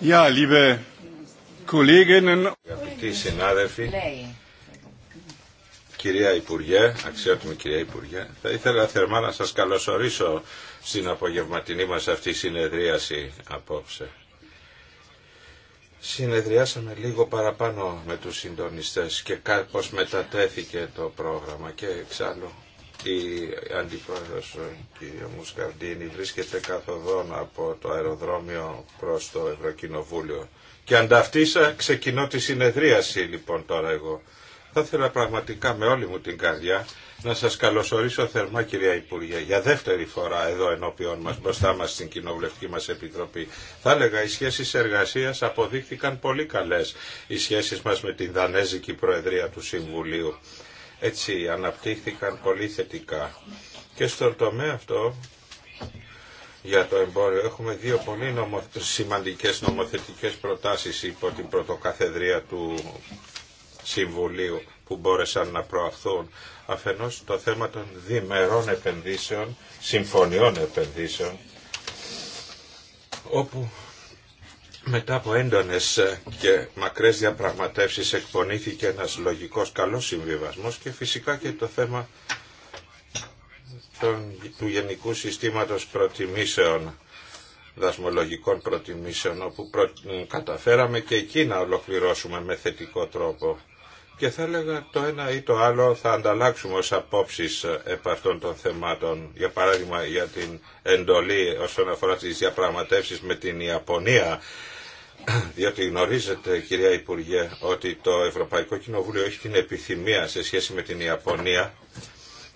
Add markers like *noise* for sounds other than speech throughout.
Ja, liebe Kolleginnen. Αγαπητοί συνάδελφοι, κυρία Υπουργέ, αξιότιμη κυρία Υπουργέ, θα ήθελα θερμά να σας καλωσορίσω στην απογευματινή μας αυτή συνεδρίαση απόψε. Συνεδριάσαμε λίγο παραπάνω με τους συντονιστές και κάπως μετατέθηκε το πρόγραμμα και εξάλλου η αντιπρόεδρος κ. Μουσκαρντίνη βρίσκεται καθοδόν από το αεροδρόμιο προς το Ευρωκοινοβούλιο. Και ανταυτίσα ξεκινώ τη συνεδρίαση λοιπόν τώρα εγώ. Θα ήθελα πραγματικά με όλη μου την καρδιά να σας καλωσορίσω θερμά κυρία Υπουργέ για δεύτερη φορά εδώ ενώπιον μας μπροστά μας στην Κοινοβουλευτική μας Επιτροπή. Θα έλεγα οι σχέσεις εργασίας αποδείχθηκαν πολύ καλές οι σχέσεις μας με την Δανέζικη Προεδρία του Συμβουλίου έτσι αναπτύχθηκαν πολύ θετικά. Και στον τομέα αυτό για το εμπόριο έχουμε δύο πολύ νομο... σημαντικές νομοθετικές προτάσεις υπό την πρωτοκαθεδρία του Συμβουλίου που μπόρεσαν να προαχθούν. Αφενός το θέμα των διμερών επενδύσεων, συμφωνιών επενδύσεων, όπου μετά από έντονες και μακρές διαπραγματεύσεις εκπονήθηκε ένας λογικός καλός συμβιβασμός και φυσικά και το θέμα του Γενικού Συστήματος Προτιμήσεων, δασμολογικών προτιμήσεων, όπου καταφέραμε και εκεί να ολοκληρώσουμε με θετικό τρόπο. Και θα έλεγα το ένα ή το άλλο θα ανταλλάξουμε ως απόψεις ε, επ' αυτών των θεμάτων. Για παράδειγμα για την εντολή όσον αφορά τις διαπραγματεύσεις με την Ιαπωνία διότι γνωρίζετε κυρία Υπουργέ ότι το Ευρωπαϊκό Κοινοβούλιο έχει την επιθυμία σε σχέση με την Ιαπωνία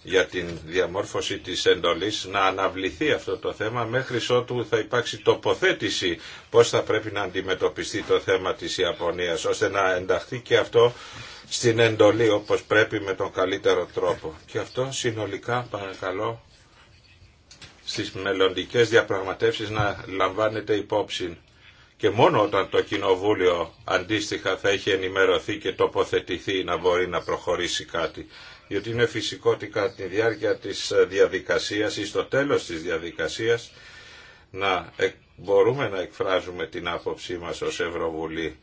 για την διαμόρφωση της εντολής να αναβληθεί αυτό το θέμα μέχρι ότου θα υπάρξει τοποθέτηση πώς θα πρέπει να αντιμετωπιστεί το θέμα της Ιαπωνίας ώστε να ενταχθεί και αυτό στην εντολή όπως πρέπει με τον καλύτερο τρόπο. Και αυτό συνολικά παρακαλώ στις μελλοντικές διαπραγματεύσεις να λαμβάνετε υπόψη και μόνο όταν το Κοινοβούλιο αντίστοιχα θα έχει ενημερωθεί και τοποθετηθεί να μπορεί να προχωρήσει κάτι. Διότι είναι φυσικό ότι κατά τη διάρκεια της διαδικασίας ή στο τέλος της διαδικασίας να μπορούμε να εκφράζουμε την άποψή μας ως Ευρωβουλή.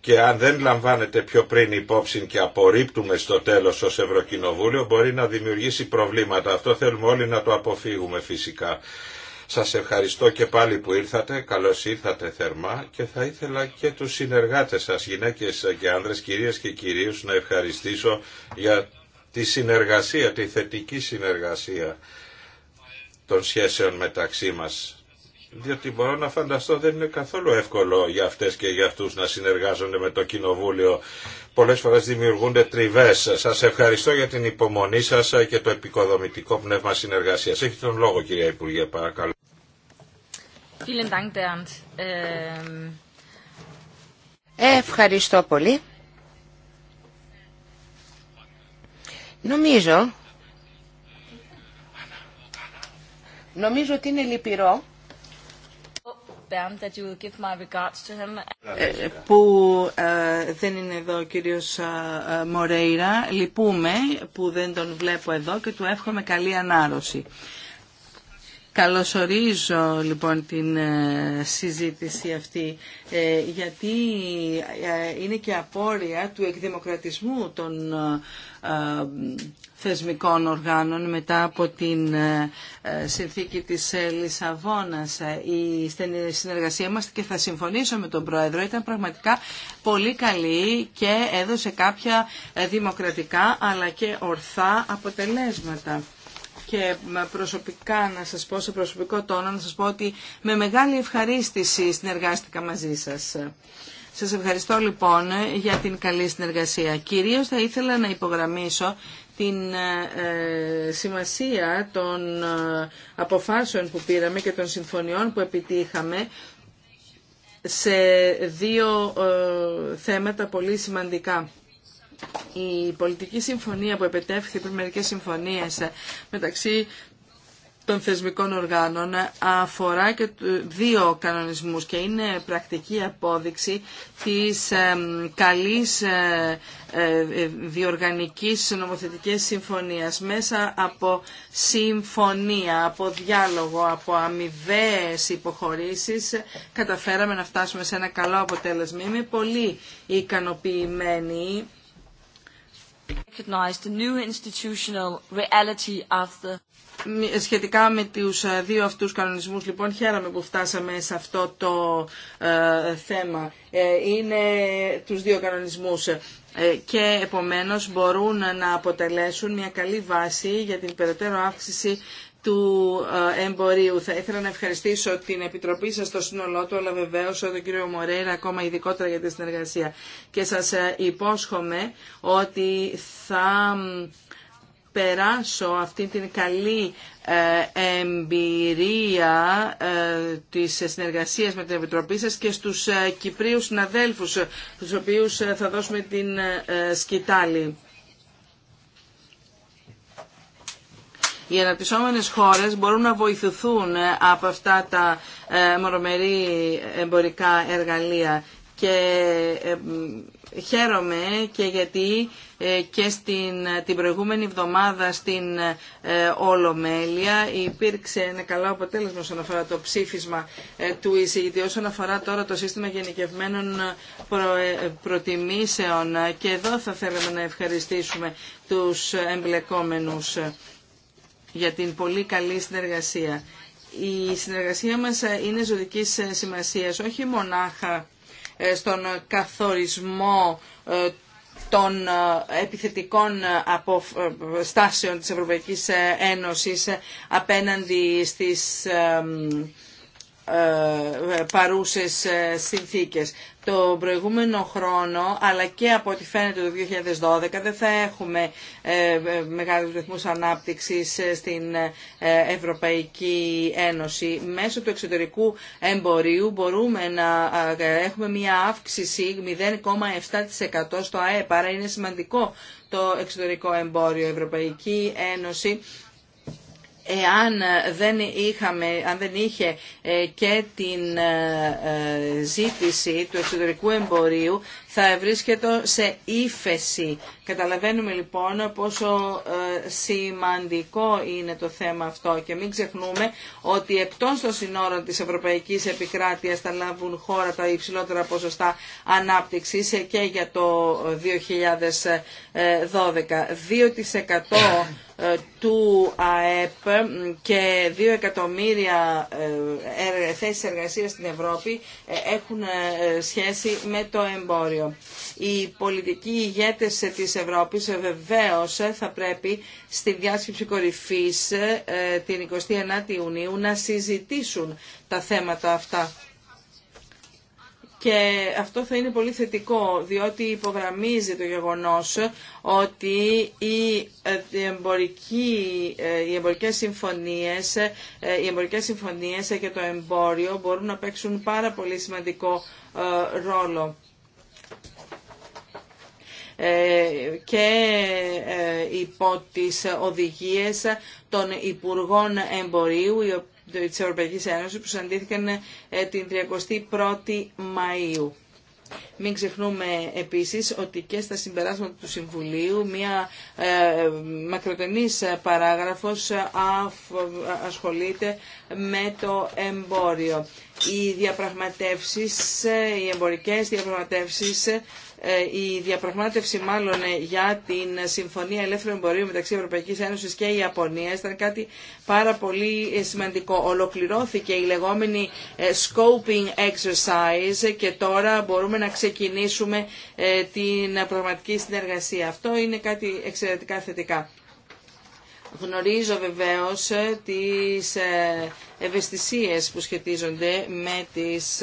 Και αν δεν λαμβάνεται πιο πριν υπόψη και απορρίπτουμε στο τέλος ως Ευρωκοινοβούλιο μπορεί να δημιουργήσει προβλήματα. Αυτό θέλουμε όλοι να το αποφύγουμε φυσικά. Σας ευχαριστώ και πάλι που ήρθατε, καλώς ήρθατε θερμά και θα ήθελα και τους συνεργάτες σας, γυναίκες και άνδρες, κυρίες και κυρίους, να ευχαριστήσω για τη συνεργασία, τη θετική συνεργασία των σχέσεων μεταξύ μας διότι μπορώ να φανταστώ δεν είναι καθόλου εύκολο για αυτές και για αυτούς να συνεργάζονται με το Κοινοβούλιο. Πολλές φορές δημιουργούνται τριβές. Σας ευχαριστώ για την υπομονή σας και το επικοδομητικό πνεύμα συνεργασίας. Έχετε τον λόγο κυρία Υπουργέ, παρακαλώ. Ευχαριστώ πολύ. Νομίζω, νομίζω ότι είναι λυπηρό που δεν είναι εδώ ο κύριος ε, ε, Μορέιρα. Λυπούμε που δεν τον βλέπω εδώ και του εύχομαι καλή ανάρρωση. Καλωσορίζω λοιπόν την ε, συζήτηση αυτή ε, γιατί ε, είναι και απόρρια του εκδημοκρατισμού των θεσμικών οργάνων μετά από την συνθήκη της Λισαβόνας. Η συνεργασία μας και θα συμφωνήσω με τον Πρόεδρο ήταν πραγματικά πολύ καλή και έδωσε κάποια δημοκρατικά αλλά και ορθά αποτελέσματα και προσωπικά να σας πω, σε προσωπικό τόνο, να σας πω ότι με μεγάλη ευχαρίστηση συνεργάστηκα μαζί σας. Σας ευχαριστώ λοιπόν για την καλή συνεργασία. Κυρίως θα ήθελα να υπογραμμίσω την ε, σημασία των ε, αποφάσεων που πήραμε και των συμφωνιών που επιτύχαμε σε δύο ε, θέματα πολύ σημαντικά η πολιτική συμφωνία που επετέφθη πριν μερικές συμφωνίες ε, μεταξύ των θεσμικών οργάνων ε, αφορά και δύο κανονισμούς και είναι πρακτική απόδειξη της ε, καλής διοργανικής νομοθετικής συμφωνίας μέσα από συμφωνία, από διάλογο, από αμοιβαίες υποχωρήσεις καταφέραμε να φτάσουμε σε ένα καλό αποτέλεσμα. Είμαι πολύ ικανοποιημένη ε, σχετικά με τους ε, δύο αυτούς κανονισμούς, λοιπόν, χαίρομαι που φτάσαμε σε αυτό το ε, θέμα. είναι τους δύο κανονισμούς και επομένως μπορούν να αποτελέσουν μια καλή βάση για την περαιτέρω αύξηση του ε, εμπορίου. Θα ήθελα να ευχαριστήσω την Επιτροπή σας στο σύνολό του, αλλά βεβαίως τον κύριο Μορέιρα ακόμα ειδικότερα για τη συνεργασία. Και σας ε, υπόσχομαι ότι θα περάσω αυτή την καλή ε, εμπειρία της συνεργασίας με την Επιτροπή σας και στους Κυπρίους συναδέλφους, τους οποίους θα δώσουμε την σκητάλη. Οι αναπτυσσόμενες χώρες μπορούν να βοηθηθούν ε, από αυτά τα ε, μορομερή εμπορικά εργαλεία και ε, χαίρομαι και γιατί και στην, την προηγούμενη εβδομάδα στην ε, Ολομέλεια υπήρξε ένα καλό αποτέλεσμα όσον αφορά το ψήφισμα του εισηγητή όσον αφορά τώρα το σύστημα γενικευμένων προ, προτιμήσεων και εδώ θα θέλαμε να ευχαριστήσουμε τους εμπλεκόμενους για την πολύ καλή συνεργασία. Η συνεργασία μας είναι ζωτικής σημασίας, όχι μονάχα ε, στον καθορισμό ε, των ε, επιθετικών στάσεων της Ευρωπαϊκής Ένωσης απέναντι στις ε, ε, παρούσες ε, συνθήκες. Το προηγούμενο χρόνο, αλλά και από ό,τι φαίνεται το 2012, δεν θα έχουμε μεγάλους ρυθμούς ανάπτυξης στην Ευρωπαϊκή Ένωση. Μέσω του εξωτερικού εμπορίου μπορούμε να έχουμε μια αύξηση 0,7% στο ΑΕΠ, άρα είναι σημαντικό το εξωτερικό εμπόριο. Η Ευρωπαϊκή Ένωση εάν ε, δεν, είχαμε, αν δεν είχε ε, και την ε, ζήτηση του εξωτερικού εμπορίου θα βρίσκεται σε ύφεση Καταλαβαίνουμε λοιπόν πόσο ε, σημαντικό είναι το θέμα αυτό και μην ξεχνούμε ότι εκτός των συνόρων της Ευρωπαϊκής Επικράτειας θα λάβουν χώρα τα υψηλότερα ποσοστά ανάπτυξης και για το 2012. 2% ε, του ΑΕΠ και 2 εκατομμύρια ε, θέσεις εργασίας στην Ευρώπη έχουν σχέση με το εμπόριο. Οι πολιτικοί ηγέτες της Ευρώπης ε, βεβαίως ε, θα πρέπει στη διάσκεψη κορυφής ε, την 29η Ιουνίου να συζητήσουν τα θέματα αυτά. Και αυτό θα είναι πολύ θετικό, διότι υπογραμμίζει το γεγονός ότι οι, εμπορικοί, οι εμπορικές οι εμπορικές συμφωνίες και το εμπόριο μπορούν να παίξουν πάρα πολύ σημαντικό ρόλο. Ε, και ε, υπό τις οδηγίες των Υπουργών Εμπορίου της Ευρωπαϊκής Ένωσης που συναντήθηκαν ε, την 31η Μαΐου. Μην ξεχνούμε επίσης ότι και στα συμπεράσματα του Συμβουλίου μία ε, μακροτενής παράγραφος ασχολείται με το εμπόριο. Οι διαπραγματεύσεις, οι εμπορικές διαπραγματεύσεις ε, η διαπραγμάτευση μάλλον ε, για την Συμφωνία Ελεύθερου Εμπορίου μεταξύ Ευρωπαϊκής Ένωσης και Ιαπωνία ήταν κάτι πάρα πολύ ε, σημαντικό. Ολοκληρώθηκε η λεγόμενη scoping exercise και τώρα μπορούμε να ξεκινήσουμε την πραγματική συνεργασία. Αυτό είναι κάτι εξαιρετικά θετικά. Γνωρίζω βεβαίως τις ευαισθησίες που σχετίζονται με τις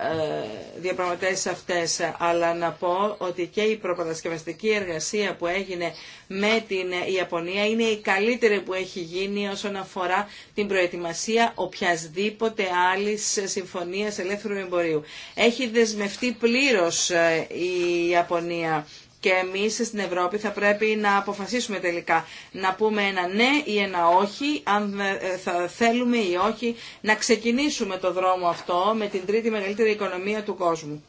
ε, Διαπραγματεύσει αυτές, αλλά να πω ότι και η προπαρασκευαστική εργασία που έγινε με την Ιαπωνία είναι η καλύτερη που έχει γίνει όσον αφορά την προετοιμασία οποιασδήποτε άλλη συμφωνίας ελεύθερου εμπορίου. Έχει δεσμευτεί πλήρως ε, η Ιαπωνία και εμείς στην Ευρώπη θα πρέπει να αποφασίσουμε τελικά να πούμε ένα ναι ή ένα όχι, αν ε, θα θέλουμε ή όχι να ξεκινήσουμε το δρόμο αυτό με την τρίτη μεγαλύτερη οικονομία του κόσμου.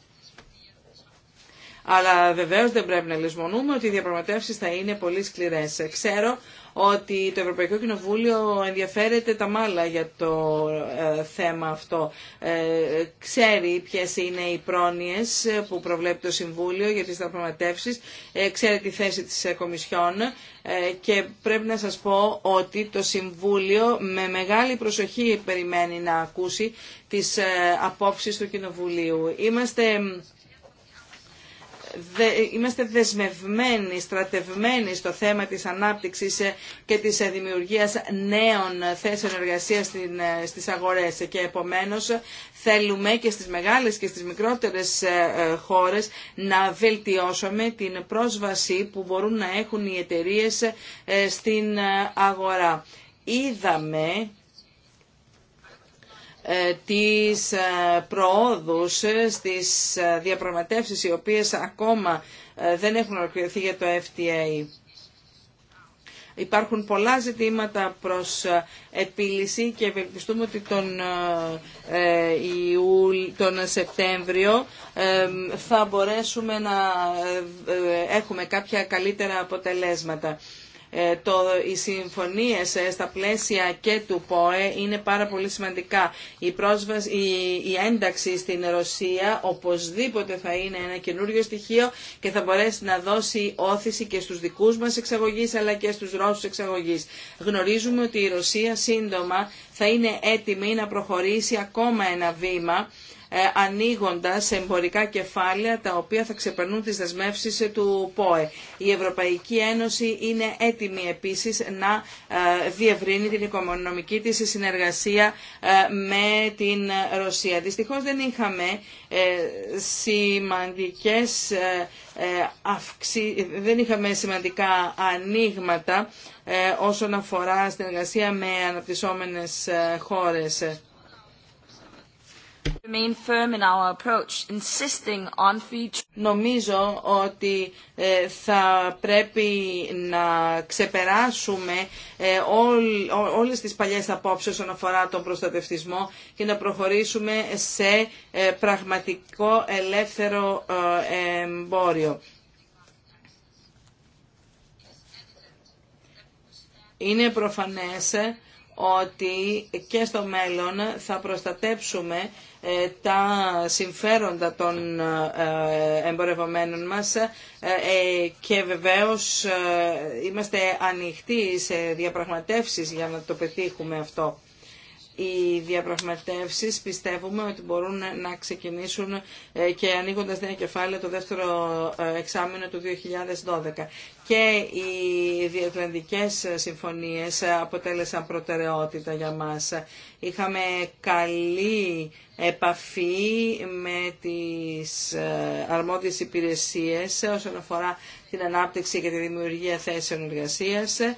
Αλλά βεβαίως δεν πρέπει να λησμονούμε ότι οι διαπραγματεύσεις θα είναι πολύ σκληρές. Ε, ξέρω ότι το Ευρωπαϊκό Κοινοβούλιο ενδιαφέρεται τα μάλα για το ε, θέμα αυτό. Ε, ξέρει ποιες είναι οι πρόνοιες που προβλέπει το Συμβούλιο για τις διαπραγματεύσεις, ε, ξέρει τη θέση της Κομισιόν και πρέπει να σας πω ότι το Συμβούλιο με μεγάλη προσοχή περιμένει να ακούσει τις απόψεις του Κοινοβουλίου. Είμαστε είμαστε δεσμευμένοι, στρατευμένοι στο θέμα της ανάπτυξης και της δημιουργίας νέων θέσεων εργασίας ε, στις αγορές και επομένως θέλουμε και στις μεγάλες και στις μικρότερες ε, ε, χώρες να βελτιώσουμε την πρόσβαση που μπορούν να έχουν οι εταιρείες στην αγορά. Είδαμε ε, τις ε, προόδους ε, στις διαπραγματεύσεις οι οποίες ακόμα δεν έχουν ολοκληρωθεί για το FTA. Υπάρχουν πολλά ζητήματα προς επίλυση και ευελπιστούμε ότι τον, Ιούλ, τον Σεπτέμβριο θα μπορέσουμε να έχουμε κάποια καλύτερα αποτελέσματα. Ε, το, οι συμφωνίες ε, στα πλαίσια και του ΠΟΕ είναι πάρα πολύ σημαντικά. Η, πρόσβαση, η, η ένταξη στην Ρωσία οπωσδήποτε θα είναι ένα καινούριο στοιχείο και θα μπορέσει να δώσει όθηση και στους δικούς μας εξαγωγείς αλλά και στους Ρώσους εξαγωγείς. Γνωρίζουμε ότι η Ρωσία σύντομα θα είναι έτοιμη να προχωρήσει ακόμα ένα βήμα ε, ανοίγοντας εμπορικά κεφάλαια τα οποία θα ξεπερνούν τις δεσμεύσεις ε, του ΠΟΕ. Η Ευρωπαϊκή Ένωση είναι έτοιμη επίσης να ε, διευρύνει την οικονομική της συνεργασία με την Ρωσία. Δυστυχώς δεν είχαμε σημαντικές δεν είχαμε σημαντικά ανοίγματα όσον αφορά συνεργασία με αναπτυσσόμενες χώρες. Νομίζω ότι ε, θα πρέπει να ξεπεράσουμε ε, όλες τις παλιές απόψεις όσον αφορά τον προστατευτισμό και να προχωρήσουμε σε ε, πραγματικό ελεύθερο εμπόριο. Είναι προφανές ότι και στο μέλλον θα προστατέψουμε ε, τα συμφέροντα των ε, εμπορευομένων μας ε, και βεβαίως είμαστε ανοιχτοί σε διαπραγματεύσεις για να το πετύχουμε αυτό οι διαπραγματεύσεις πιστεύουμε ότι μπορούν να ξεκινήσουν ε, και ανοίγοντας νέα κεφάλαια το δεύτερο ε, εξάμεινο του 2012. Και οι διατλαντικές συμφωνίες αποτέλεσαν προτεραιότητα για μας. Είχαμε καλή επαφή με τις ε, αρμόδιες υπηρεσίες όσον αφορά την ανάπτυξη και τη δημιουργία θέσεων εργασίας. Ε,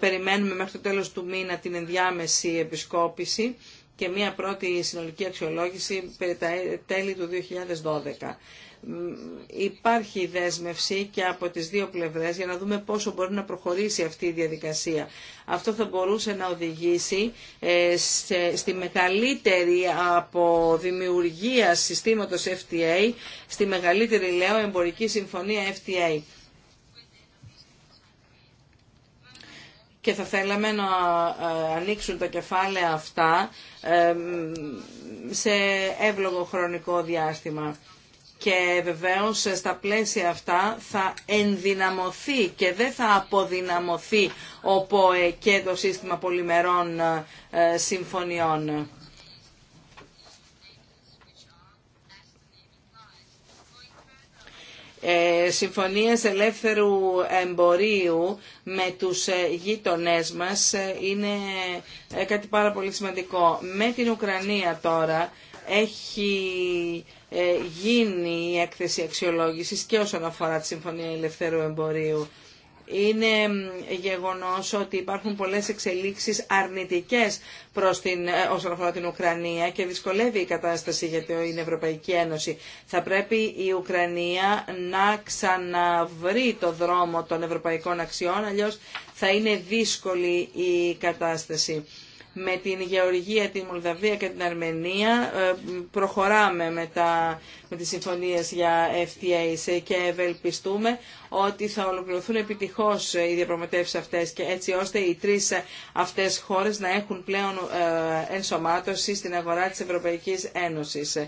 περιμένουμε μέχρι το τέλος του μήνα την ενδιάμεση επισκόπηση και μία πρώτη συνολική αξιολόγηση περί τα ε, τέλη του 2012. Υπάρχει δέσμευση και από τις δύο πλευρές για να δούμε πόσο μπορεί να προχωρήσει αυτή η διαδικασία. Αυτό θα μπορούσε να οδηγήσει ε, στη μεγαλύτερη από δημιουργία συστήματος FTA, στη μεγαλύτερη, λέω, εμπορική συμφωνία FTA. και θα θέλαμε να ε, ανοίξουν τα κεφάλαια αυτά ε, σε εύλογο χρονικό διάστημα. Και βεβαίως ε, στα πλαίσια αυτά θα ενδυναμωθεί και δεν θα αποδυναμωθεί ο ΠΟΕ και το σύστημα πολυμερών συμφωνιών. Ε, συμφωνίες ελεύθερου εμπορίου με τους ε, γείτονές μας ε, είναι κάτι πάρα πολύ σημαντικό. Με την Ουκρανία τώρα έχει γίνει η έκθεση αξιολόγησης και όσον αφορά τη Συμφωνία Ελευθέρου Εμπορίου είναι γεγονός ότι υπάρχουν πολλές εξελίξεις αρνητικές προς την, ε, όσον αφορά την Ουκρανία και δυσκολεύει η κατάσταση για την Ευρωπαϊκή Ένωση. Θα πρέπει η Ουκρανία να ξαναβρει το δρόμο των ευρωπαϊκών αξιών, αλλιώς θα είναι δύσκολη η κατάσταση με την Γεωργία, την Μολδαβία και την Αρμενία ε, προχωράμε με, τα, με τις συμφωνίες για FTAs και ευελπιστούμε ότι θα ολοκληρωθούν επιτυχώς οι διαπραγματεύσεις αυτές και έτσι ώστε οι τρεις αυτές χώρες να έχουν πλέον ε, ενσωμάτωση στην αγορά της Ευρωπαϊκής Ένωσης. Ε,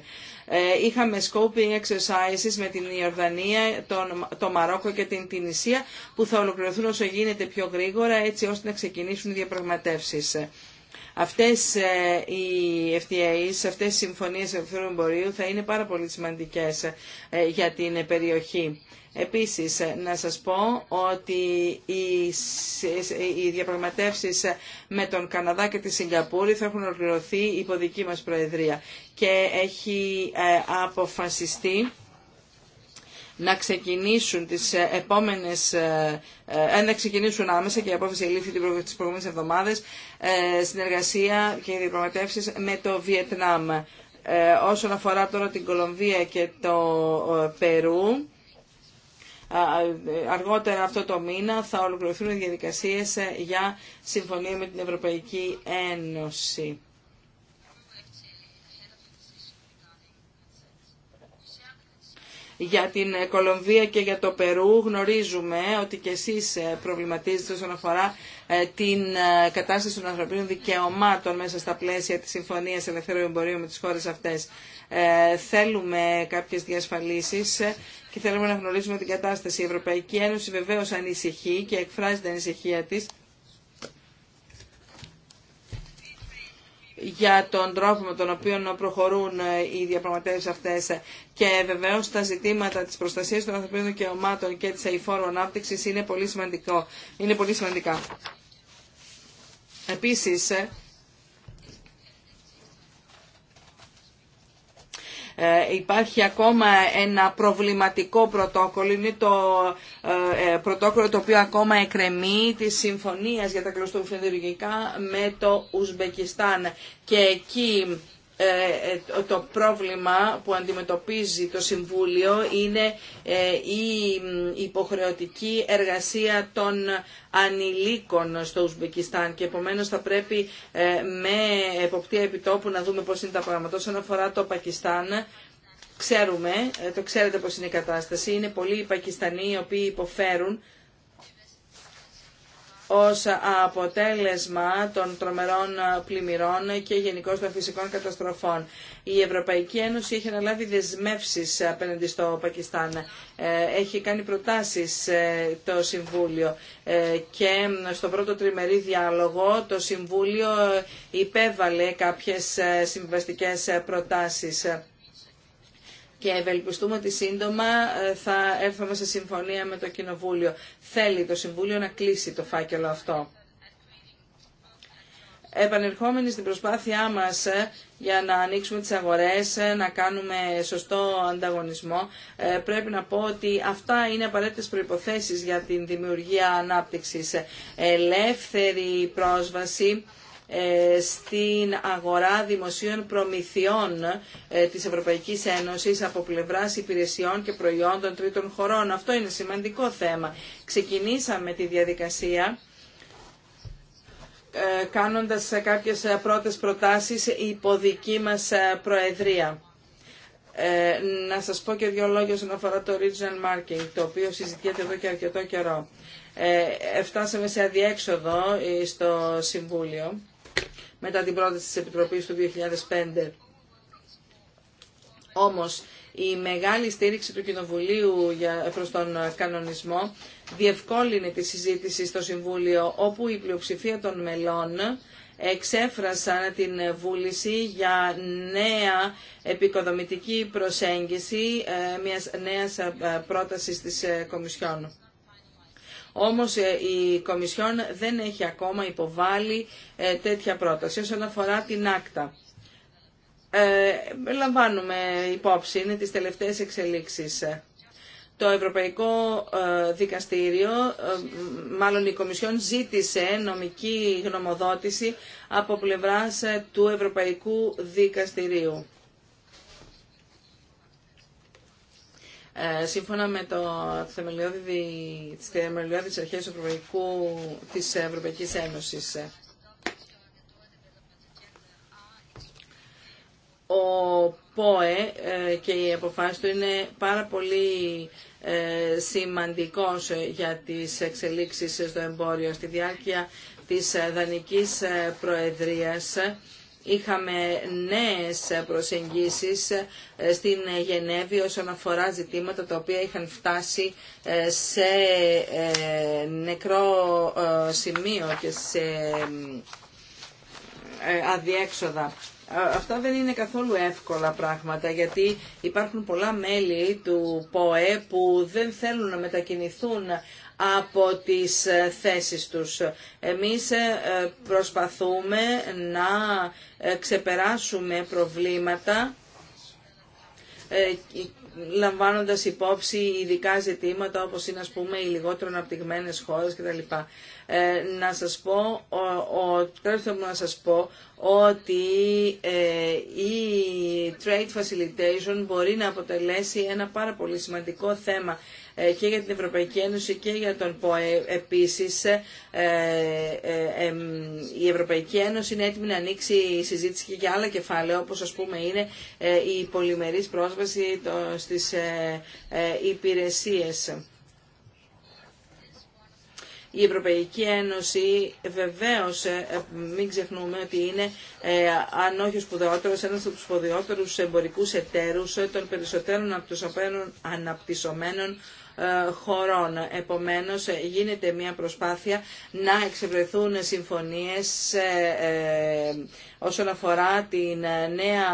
είχαμε scoping exercises με την Ιορδανία, τον, το Μαρόκο και την Τινησία που θα ολοκληρωθούν όσο γίνεται πιο γρήγορα έτσι ώστε να ξεκινήσουν οι διαπραγματεύσεις. Αυτές ε, οι FTAs, αυτές οι συμφωνίες ελευθερών εμπορίου θα είναι πάρα πολύ σημαντικές ε, για την περιοχή. Επίσης, ε, να σας πω ότι οι διαπραγματεύσεις με τον Καναδά και τη Σιγκαπούρη θα έχουν ολοκληρωθεί υπό δική μας Προεδρία και έχει αποφασιστεί να ξεκινήσουν τις ε, επόμενες, ε, ε, να ξεκινήσουν άμεσα και η απόφαση λήφθη τις προηγούμενες εβδομάδες, συνεργασία και διαπραγματεύσεις με το Βιετνάμ. Όσον αφορά τώρα την Κολομβία και το Περού, αργότερα αυτό το μήνα θα ολοκληρωθούν οι διαδικασίες για συμφωνία με την Ευρωπαϊκή Ένωση. Για την Κολομβία και για το Περού γνωρίζουμε ότι και εσείς ε, προβληματίζετε όσον αφορά ε, την ε, κατάσταση των ανθρωπίνων δικαιωμάτων μέσα στα πλαίσια της Συμφωνίας Ελευθερού Εμπορίου με τις χώρες αυτές. θέλουμε κάποιες διασφαλίσεις και θέλουμε να γνωρίζουμε την κατάσταση. Η Ευρωπαϊκή Ένωση βεβαίως ανησυχεί και εκφράζει την ανησυχία της για τον τρόπο με τον οποίο προχωρούν ε, οι διαπραγματεύσει αυτές και βεβαίω τα ζητήματα της προστασίας των ανθρωπίνων δικαιωμάτων και της αηφόρου ανάπτυξη είναι πολύ, είναι πολύ σημαντικά. Επίσης, ε, Ε, υπάρχει ακόμα ένα προβληματικό πρωτόκολλο, είναι το ε, ε, πρωτόκολλο το οποίο ακόμα εκρεμεί τη συμφωνία για τα κλωστοφιδουργικά με το Ουσμπεκιστάν. Και εκεί ε, ε, το πρόβλημα που αντιμετωπίζει το Συμβούλιο είναι ε, η υποχρεωτική εργασία των ανηλίκων στο Ουσμπεκιστάν και επομένως θα πρέπει με εποπτεία επιτόπου να δούμε πώς είναι τα πράγματα. Όσον αφορά το Πακιστάν, ξέρουμε, το ξέρετε πώς είναι η κατάσταση, είναι πολλοί οι Πακιστανοί οι οποίοι υποφέρουν ως αποτέλεσμα των τρομερών πλημμυρών και γενικώ των φυσικών καταστροφών. Η Ευρωπαϊκή Ένωση έχει αναλάβει δεσμεύσεις απέναντι στο Πακιστάν. Ε, έχει κάνει προτάσεις ε, το Συμβούλιο ε, και στο πρώτο τριμερή διάλογο το Συμβούλιο υπέβαλε κάποιες συμβαστικές προτάσεις και ευελπιστούμε ότι σύντομα ε, θα έρθουμε σε συμφωνία με το Κοινοβούλιο. Θέλει το Συμβούλιο να κλείσει το φάκελο αυτό. Επανερχόμενοι στην προσπάθειά μας ε, για να ανοίξουμε τις αγορές, ε, να κάνουμε σωστό ανταγωνισμό, πρέπει να πω ότι αυτά είναι απαραίτητες προϋποθέσεις για την δημιουργία ανάπτυξης. Ελεύθερη πρόσβαση ε, στην αγορά δημοσίων προμηθειών ε, της Ευρωπαϊκής Ένωσης από πλευράς υπηρεσιών και προϊόντων τρίτων χωρών. Αυτό είναι σημαντικό θέμα. Ξεκινήσαμε τη διαδικασία ε, κάνοντας κάποιες πρώτες προτάσεις υπό δική μας προεδρία. να σας πω και δύο λόγια όσον αφορά το Regional Marketing, το οποίο συζητιέται εδώ και αρκετό καιρό. Ε, σε αδιέξοδο στο Συμβούλιο μετά την πρόταση της Επιτροπής του 2005. Όμως, η μεγάλη στήριξη του Κοινοβουλίου για, προς τον κανονισμό διευκόλυνε τη συζήτηση στο Συμβούλιο όπου η πλειοψηφία των μελών εξέφρασαν την βούληση για νέα επικοδομητική προσέγγιση ε, μιας νέας ε, πρότασης της ε, Κομισιόν. Όμως ε, η Κομισιόν δεν έχει ακόμα υποβάλει ε, τέτοια πρόταση όσον αφορά την άκτα. Ε, λαμβάνουμε υπόψη, είναι τις τελευταίες εξελίξεις. Το Ευρωπαϊκό ε, Δικαστήριο, μάλλον η Κομισιόν, ζήτησε νομική γνωμοδότηση από πλευράς του Ευρωπαϊκού Δικαστηρίου. Ε, σύμφωνα με το θεμελιώδη, τις θεμελιώδεις αρχές Ευρωπαϊκού, της Ευρωπαϊκής Ένωσης. Ο ΠΟΕ ε, και η αποφάση του είναι πάρα πολύ ε, σημαντικός για τις εξελίξεις στο εμπόριο. Στη διάρκεια της Δανικής Προεδρίας είχαμε νέες προσεγγίσεις ε, στην Γενέβη όσον αφορά ζητήματα τα οποία είχαν φτάσει ε, σε ε, νεκρό σημείο και σε αδιέξοδα. Αυτά δεν είναι καθόλου εύκολα πράγματα γιατί υπάρχουν πολλά μέλη του ΠΟΕ που δεν θέλουν να μετακινηθούν από τις ε, θέσεις τους. Εμείς ε, προσπαθούμε να ε, ξεπεράσουμε προβλήματα λαμβάνοντας υπόψη ειδικά ζητήματα όπως είναι ας πούμε οι λιγότερο αναπτυγμένες χώρες κτλ. να σας πω, ο, ο, να σας πω ότι ε, η trade facilitation μπορεί να αποτελέσει ένα πάρα πολύ σημαντικό θέμα ε, και για την Ευρωπαϊκή Ένωση και για τον ΠΟΕ. Επίσης, ε, ε, η Ευρωπαϊκή Ένωση είναι έτοιμη να ανοίξει συζήτηση και για άλλα κεφάλαια, όπως ας πούμε είναι η πολυμερής πρόσβαση στις υπηρεσίες. Η Ευρωπαϊκή Ένωση βεβαίως, μην ξεχνούμε ότι είναι, αν όχι ο σπουδαιότερος, ένας από τους σπουδαιότερους εμπορικούς εταίρους των περισσότερων αναπτυσσομένων ε, χωρών. Επομένως γίνεται μια προσπάθεια να εξευρεθούν συμφωνίες ε, ε, όσον αφορά την νέα,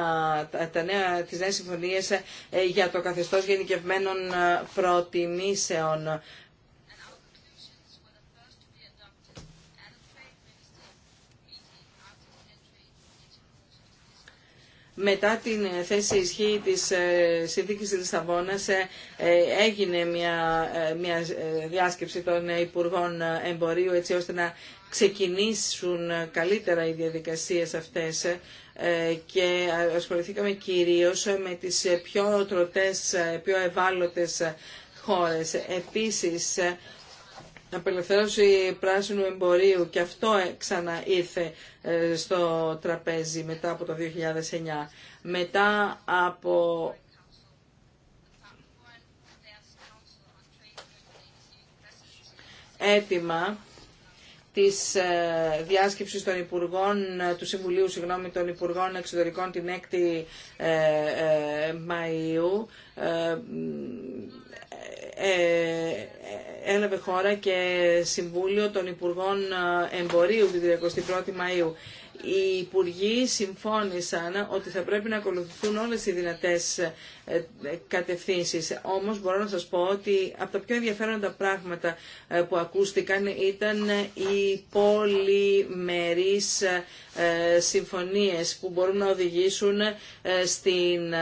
τα νέα, τις νέες συμφωνίες για το καθεστώς γενικευμένων προτιμήσεων. μετά την ε, θέση ισχύ της ε, συνθήκης της Λισαβόνας ε, έγινε μια, μια διάσκεψη των Υπουργών Εμπορίου έτσι ώστε να ξεκινήσουν καλύτερα οι διαδικασίες αυτές και ασχοληθήκαμε κυρίως με τις πιο τροτές, πιο ευάλωτες χώρες. Επίσης, απελευθέρωση πράσινου εμπορίου και αυτό ε, ξανά ήρθε ε, στο τραπέζι μετά από το 2009. Μετά από έτοιμα της ε, διάσκεψης των Υπουργών, του Συμβουλίου συγγνώμη, των Υπουργών Εξωτερικών την 6η Μαΐου ε, έλαβε χώρα και Συμβούλιο των Υπουργών ε, Εμπορίου την 31η Μαΐου. Οι Υπουργοί συμφώνησαν ότι θα πρέπει να ακολουθηθούν όλες οι δυνατές ε, κατευθύνσεις. Όμως μπορώ να σας πω ότι από τα πιο ενδιαφέροντα πράγματα που ακούστηκαν ήταν οι πολυμερείς συμφωνίες που μπορούν να οδηγήσουν στην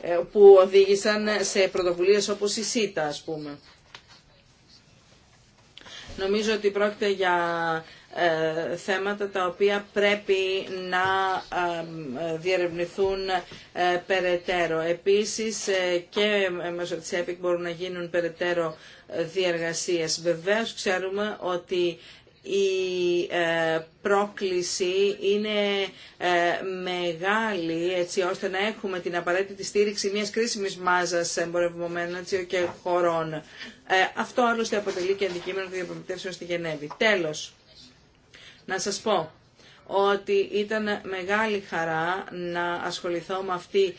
ε, που οδήγησαν σε πρωτοβουλίες όπως η ΣΥΤΑ ας πούμε. Νομίζω ότι πρόκειται για ε, θέματα τα οποία πρέπει να διερευνηθούν ε, περαιτέρω. Επίσης και μέσω της ΕΠΙΚ μπορούν να γίνουν περαιτέρω διεργασίες. Βεβαίως ξέρουμε ότι η ε, πρόκληση είναι ε, μεγάλη έτσι ώστε να έχουμε την απαραίτητη στήριξη μιας κρίσιμης μάζας εμπορευμένων έτσι, και χωρών. Ε, αυτό άλλωστε αποτελεί και αντικείμενο του διαπραγματεύσεων στη Γενέβη. Τέλος, να σας πω ότι ήταν μεγάλη χαρά να ασχοληθώ με αυτή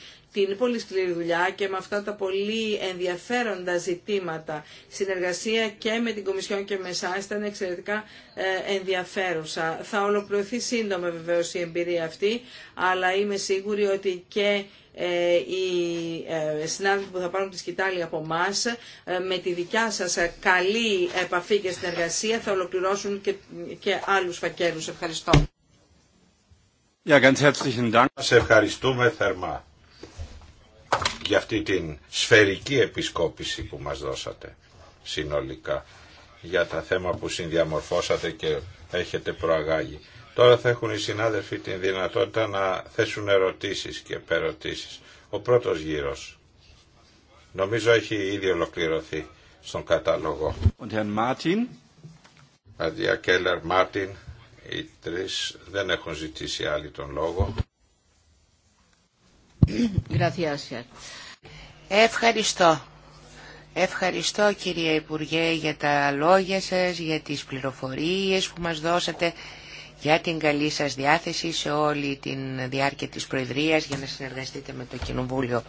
την πολύ σκληρή δουλειά και με αυτά τα πολύ ενδιαφέροντα ζητήματα. Συνεργασία και με την Κομισιόν και με εσά ήταν εξαιρετικά ε, ενδιαφέρουσα. Θα ολοκληρωθεί σύντομα βεβαίω η εμπειρία αυτή, αλλά είμαι σίγουρη ότι και ε, οι ε, συνάδελφοι που θα πάρουν τη σκητάλη από εμά με τη δικιά σας καλή επαφή και συνεργασία θα ολοκληρώσουν και, και άλλους Ευχαριστώ. Ja, ganz herzlichen Dank. Σε ευχαριστούμε θερμά για αυτή την σφαιρική επισκόπηση που μας δώσατε συνολικά για τα θέματα που συνδιαμορφώσατε και έχετε προαγάγει. Τώρα θα έχουν οι συνάδελφοι την δυνατότητα να θέσουν ερωτήσεις και περωτήσεις. Ο πρώτος γύρος νομίζω έχει ήδη ολοκληρωθεί στον κατάλογο. Αντία Μάρτιν, οι τρεις δεν έχουν ζητήσει άλλοι τον λόγο. Ευχαριστώ. Ευχαριστώ κύριε Υπουργέ για τα λόγια σας, για τις πληροφορίες που μας δώσατε, για την καλή σας διάθεση σε όλη τη διάρκεια της Προεδρίας για να συνεργαστείτε με το Κοινοβούλιο.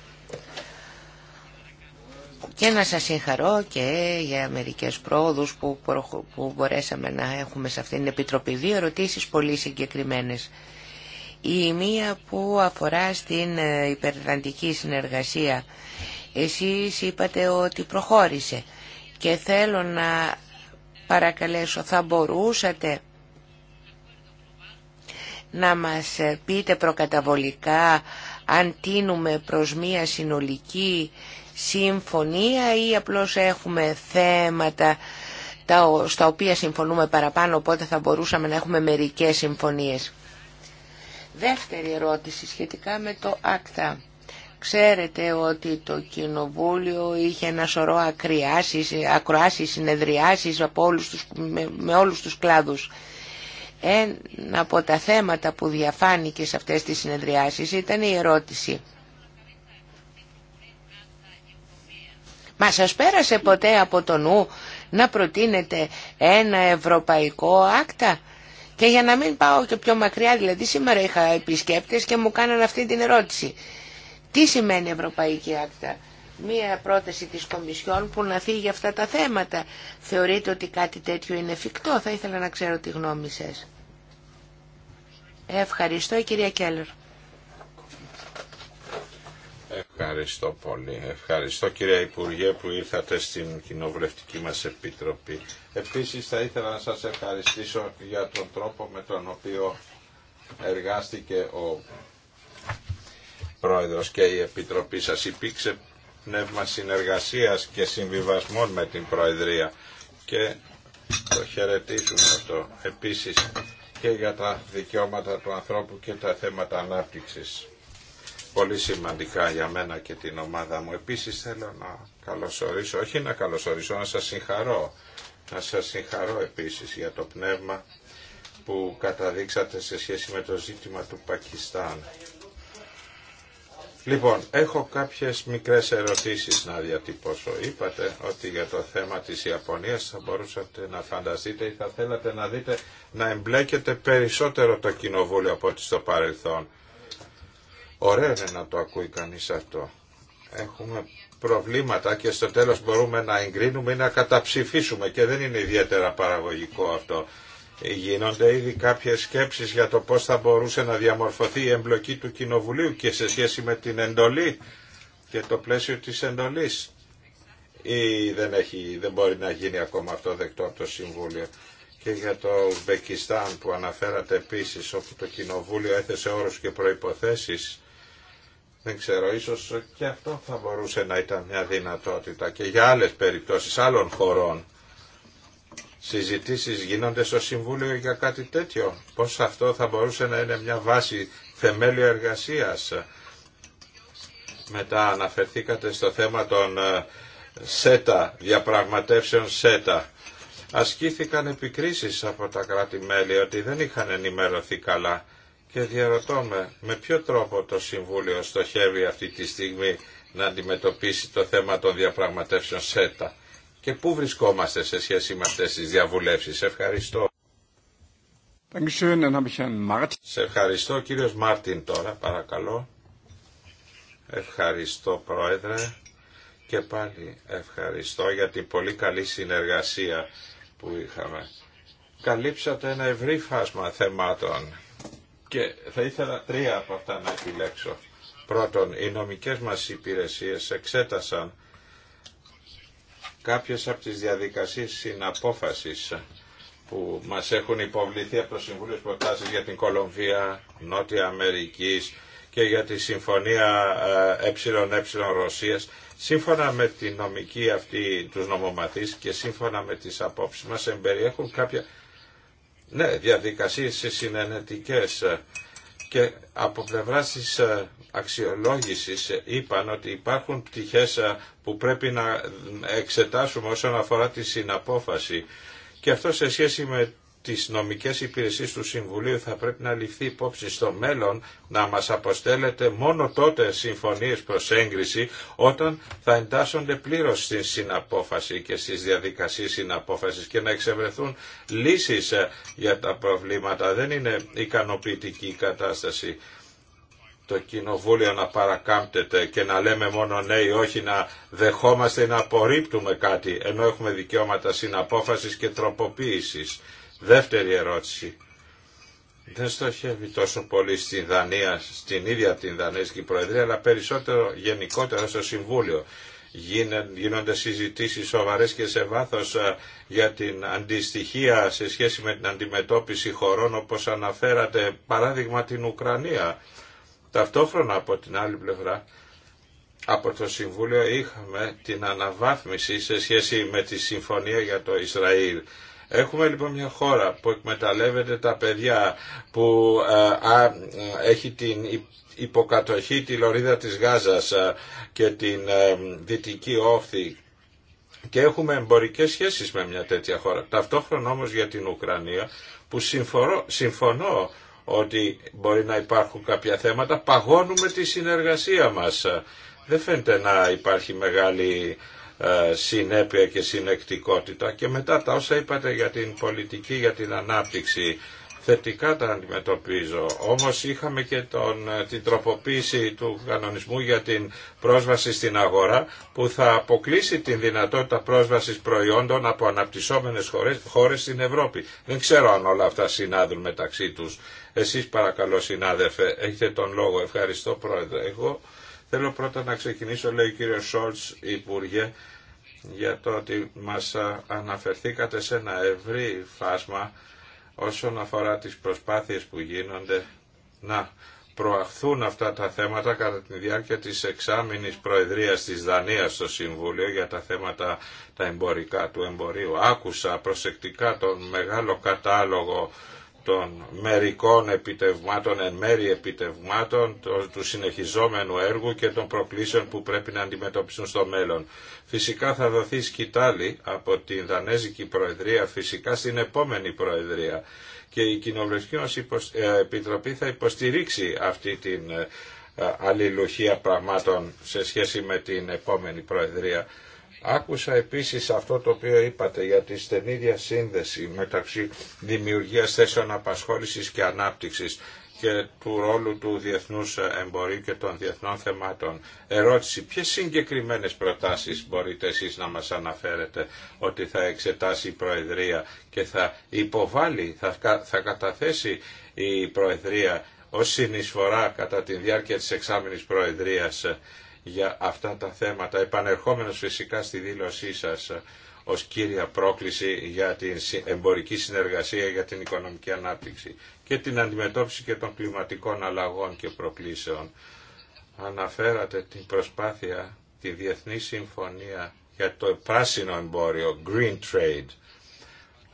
Και να σας συγχαρώ και για μερικές πρόοδους που, μπορέσαμε να έχουμε σε αυτήν την Επιτροπή. Δύο ερωτήσεις πολύ συγκεκριμένες. Η μία που αφορά στην ε, υπερδραντική συνεργασία. Εσείς είπατε ότι προχώρησε και θέλω να παρακαλέσω, θα μπορούσατε να μας ε, πείτε προκαταβολικά αν τίνουμε προς μία συνολική συμφωνία ή απλώς έχουμε θέματα στα οποία συμφωνούμε παραπάνω, οπότε θα μπορούσαμε να έχουμε μερικές συμφωνίες. Δεύτερη ερώτηση σχετικά με το ΑΚΤΑ. Ξέρετε ότι το Κοινοβούλιο είχε ένα σωρό ακριάσεις, ακροάσεις, συνεδριάσεις όλους τους, με, με όλους τους κλάδους. Ένα από τα θέματα που διαφάνηκε σε αυτές τις συνεδριάσεις ήταν η ερώτηση. Μα σας πέρασε ποτέ από το νου να προτείνετε ένα ευρωπαϊκό άκτα και για να μην πάω και πιο μακριά, δηλαδή σήμερα είχα επισκέπτες και μου κάνανε αυτή την ερώτηση. Τι σημαίνει Ευρωπαϊκή Άκτα, μία πρόταση της Κομισιόν που να φύγει αυτά τα θέματα. Θεωρείτε ότι κάτι τέτοιο είναι εφικτό, θα ήθελα να ξέρω τη γνώμη σας. Ευχαριστώ κυρία Κέλλερ. Ευχαριστώ πολύ. Ευχαριστώ κύριε Υπουργέ που ήρθατε στην κοινοβουλευτική μας επιτροπή. Επίσης θα ήθελα να σας ευχαριστήσω για τον τρόπο με τον οποίο εργάστηκε ο Πρόεδρος και η Επιτροπή σας. Υπήρξε πνεύμα συνεργασίας και συμβιβασμών με την Προεδρία και το χαιρετίζουμε αυτό. Επίσης και για τα δικαιώματα του ανθρώπου και τα θέματα ανάπτυξης πολύ σημαντικά για μένα και την ομάδα μου. Επίσης θέλω να καλωσορίσω, όχι να καλωσορίσω, να σας συγχαρώ. Να σας συγχαρώ επίσης για το πνεύμα που καταδείξατε σε σχέση με το ζήτημα του Πακιστάν. Λοιπόν, έχω κάποιες μικρές ερωτήσεις να διατυπώσω. Είπατε ότι για το θέμα της Ιαπωνίας θα μπορούσατε να φανταστείτε ή θα θέλατε να δείτε να εμπλέκετε περισσότερο το κοινοβούλιο από ό,τι στο παρελθόν. Ωραία είναι να το ακούει κανείς αυτό. Έχουμε προβλήματα και στο τέλος μπορούμε να εγκρίνουμε ή να καταψηφίσουμε και δεν είναι ιδιαίτερα παραγωγικό αυτό. Γίνονται ήδη κάποιες σκέψεις για το πώς θα μπορούσε να διαμορφωθεί η εμπλοκή του Κοινοβουλίου και σε σχέση με την εντολή και το πλαίσιο της εντολής. Ή δεν, έχει, δεν μπορεί να γίνει ακόμα αυτό δεκτό από το Συμβούλιο. Και για το Ουσμπεκιστάν που αναφέρατε επίσης όπου το Κοινοβούλιο έθεσε όρους και προϋποθέσεις δεν ξέρω, ίσως και αυτό θα μπορούσε να ήταν μια δυνατότητα και για άλλες περιπτώσεις άλλων χωρών. Συζητήσεις γίνονται στο Συμβούλιο για κάτι τέτοιο. Πώς αυτό θα μπορούσε να είναι μια βάση θεμέλιο εργασίας. Μετά αναφερθήκατε στο θέμα των ε, ΣΕΤΑ, διαπραγματεύσεων ΣΕΤΑ. Ασκήθηκαν επικρίσεις από τα κράτη-μέλη ότι δεν είχαν ενημερωθεί καλά και διαρωτώ με, με ποιο τρόπο το Συμβούλιο στοχεύει αυτή τη στιγμή να αντιμετωπίσει το θέμα των διαπραγματεύσεων ΣΕΤΑ και πού βρισκόμαστε σε σχέση με αυτές τις διαβουλεύσεις. Ευχαριστώ. Σε ευχαριστώ κύριος Μάρτιν τώρα, παρακαλώ. Ευχαριστώ Πρόεδρε και πάλι ευχαριστώ για την πολύ καλή συνεργασία που είχαμε. Καλύψατε ένα ευρύ φάσμα θεμάτων και θα ήθελα τρία από αυτά να επιλέξω. Πρώτον, οι νομικές μας υπηρεσίες εξέτασαν κάποιες από τις διαδικασίες συναπόφασης που μας έχουν υποβληθεί από το Συμβούλιο Προτάσεις για την Κολομβία, Νότια Αμερικής και για τη Συμφωνία ΕΕ Ρωσίας. Σύμφωνα με τη νομική αυτή τους νομομαθείς και σύμφωνα με τις απόψεις μας εμπεριέχουν κάποια ναι, διαδικασίες συνενετικές ε, και από πλευρά της ε, αξιολόγησης ε, είπαν ότι υπάρχουν πτυχές που πρέπει να εξετάσουμε όσον αφορά τη συναπόφαση και αυτό σε σχέση με τις νομικές υπηρεσίες του Συμβουλίου θα πρέπει να ληφθεί υπόψη στο μέλλον να μας αποστέλετε μόνο τότε συμφωνίες προς έγκριση όταν θα εντάσσονται πλήρως στην συναπόφαση και στις διαδικασίες συναπόφασης και να εξευρεθούν λύσεις ε, για τα προβλήματα. Δεν είναι ικανοποιητική η κατάσταση το κοινοβούλιο να παρακάμπτεται και να λέμε μόνο ναι όχι να δεχόμαστε να απορρίπτουμε κάτι ενώ έχουμε δικαιώματα συναπόφασης και τροποποίησης. Δεύτερη ερώτηση. Δεν στοχεύει τόσο πολύ στην Δανία, στην ίδια την Δανέζικη Προεδρία, αλλά περισσότερο γενικότερα στο Συμβούλιο. Γίνονται συζητήσεις σοβαρές και σε βάθος για την αντιστοιχία σε σχέση με την αντιμετώπιση χωρών, όπως αναφέρατε, παράδειγμα την Ουκρανία. Ταυτόχρονα από την άλλη πλευρά, από το Συμβούλιο είχαμε την αναβάθμιση σε σχέση με τη Συμφωνία για το Ισραήλ. Έχουμε λοιπόν μια χώρα που εκμεταλλεύεται τα παιδιά, που ε, ε, έχει την υποκατοχή τη λωρίδα της Γάζας ε, και την δυτική Όφθη και έχουμε εμπορικές σχέσεις με μια τέτοια χώρα. Ταυτόχρονα όμως για την Ουκρανία που συμφωνώ ότι μπορεί να υπάρχουν κάποια θέματα, παγώνουμε τη συνεργασία μας. Δεν φαίνεται να υπάρχει μεγάλη ε, συνέπεια και συνεκτικότητα και μετά τα όσα είπατε για την πολιτική, για την ανάπτυξη θετικά τα αντιμετωπίζω. Όμως είχαμε και τον, ε, την τροποποίηση του κανονισμού για την πρόσβαση στην αγορά που θα αποκλείσει την δυνατότητα πρόσβασης προϊόντων από αναπτυσσόμενες χώρες, χώρες στην Ευρώπη. Δεν ξέρω αν όλα αυτά συνάδουν μεταξύ τους. Εσείς παρακαλώ συνάδελφε, έχετε τον λόγο. Ευχαριστώ πρόεδρε. Εγώ Θέλω πρώτα να ξεκινήσω, λέει ο κύριος Σόλτς, Υπουργέ, για το ότι μας αναφερθήκατε σε ένα ευρύ φάσμα όσον αφορά τις προσπάθειες που γίνονται να προαχθούν αυτά τα θέματα κατά τη διάρκεια της εξάμηνης προεδρίας της Δανίας στο Συμβούλιο για τα θέματα τα εμπορικά του εμπορίου. Άκουσα προσεκτικά τον μεγάλο κατάλογο των μερικών επιτευγμάτων, εν μέρη επιτευγμάτων, το, του συνεχιζόμενου έργου και των προκλήσεων που πρέπει να αντιμετωπίσουν στο μέλλον. Φυσικά θα δοθεί σκητάλη από την Δανέζικη Προεδρία, φυσικά στην επόμενη Προεδρία. Και η Κοινοβουλευτική μας ε, Επιτροπή θα υποστηρίξει αυτή την ε, αλληλουχία πραγμάτων σε σχέση με την επόμενη Προεδρία. Άκουσα επίσης αυτό το οποίο είπατε για τη στενή διασύνδεση μεταξύ δημιουργίας θέσεων απασχόλησης και ανάπτυξης και του ρόλου του διεθνούς εμπορίου και των διεθνών θεμάτων. Ερώτηση, ποιες συγκεκριμένες προτάσεις μπορείτε εσείς να μας αναφέρετε ότι θα εξετάσει η Προεδρία και θα υποβάλει, θα, θα καταθέσει η Προεδρία ως συνεισφορά κατά τη διάρκεια της εξάμηνης Προεδρίας για αυτά τα θέματα, επανερχόμενος φυσικά στη δήλωσή σας ε, ως κύρια πρόκληση για την εμπορική συνεργασία για την οικονομική ανάπτυξη και την αντιμετώπιση και των κλιματικών αλλαγών και προκλήσεων. Αναφέρατε την προσπάθεια, τη Διεθνή Συμφωνία για το πράσινο εμπόριο, Green Trade.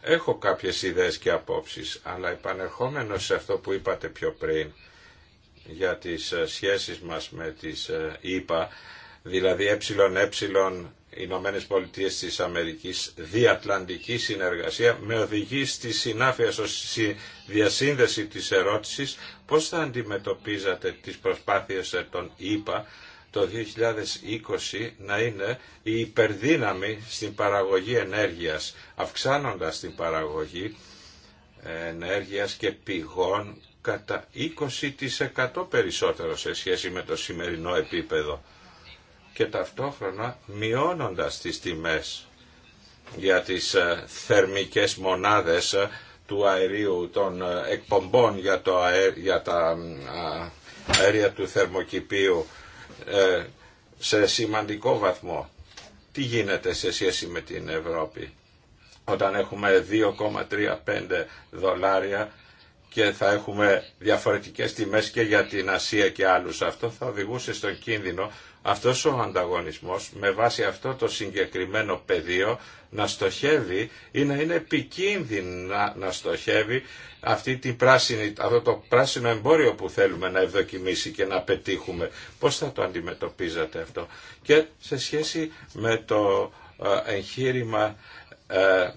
Έχω κάποιες ιδέες και απόψεις, αλλά επανερχόμενος σε αυτό που είπατε πιο πριν, για τις ε, σχέσεις μας με τις ε, ΗΠΑ, δηλαδή ΕΕ Ηνωμένε Πολιτείε τη Αμερική, διατλαντική συνεργασία, με οδηγεί στη συνάφεια, στη διασύνδεση τη ερώτηση πώ θα αντιμετωπίζατε τι προσπάθειε ε, των ΗΠΑ το 2020 να είναι η υπερδύναμη στην παραγωγή ενέργειας, αυξάνοντας την παραγωγή ενέργειας και πηγών κατά 20% περισσότερο σε σχέση με το σημερινό επίπεδο και ταυτόχρονα μειώνοντας τις τιμές για τις ε, θερμικές μονάδες ε, του αερίου, των ε, εκπομπών για, το αέ, για τα αέρια του θερμοκηπίου σε σημαντικό βαθμό. Τι γίνεται σε σχέση με την Ευρώπη όταν έχουμε 2,35 δολάρια και θα έχουμε διαφορετικές τιμές και για την Ασία και άλλους. Αυτό θα οδηγούσε στον κίνδυνο αυτός ο ανταγωνισμός με βάση αυτό το συγκεκριμένο πεδίο να στοχεύει ή να είναι επικίνδυνο να στοχεύει αυτή την πράσινη, αυτό το πράσινο εμπόριο που θέλουμε να ευδοκιμήσει και να πετύχουμε. Πώς θα το αντιμετωπίζατε αυτό. Και σε σχέση με το ε, εγχείρημα ε,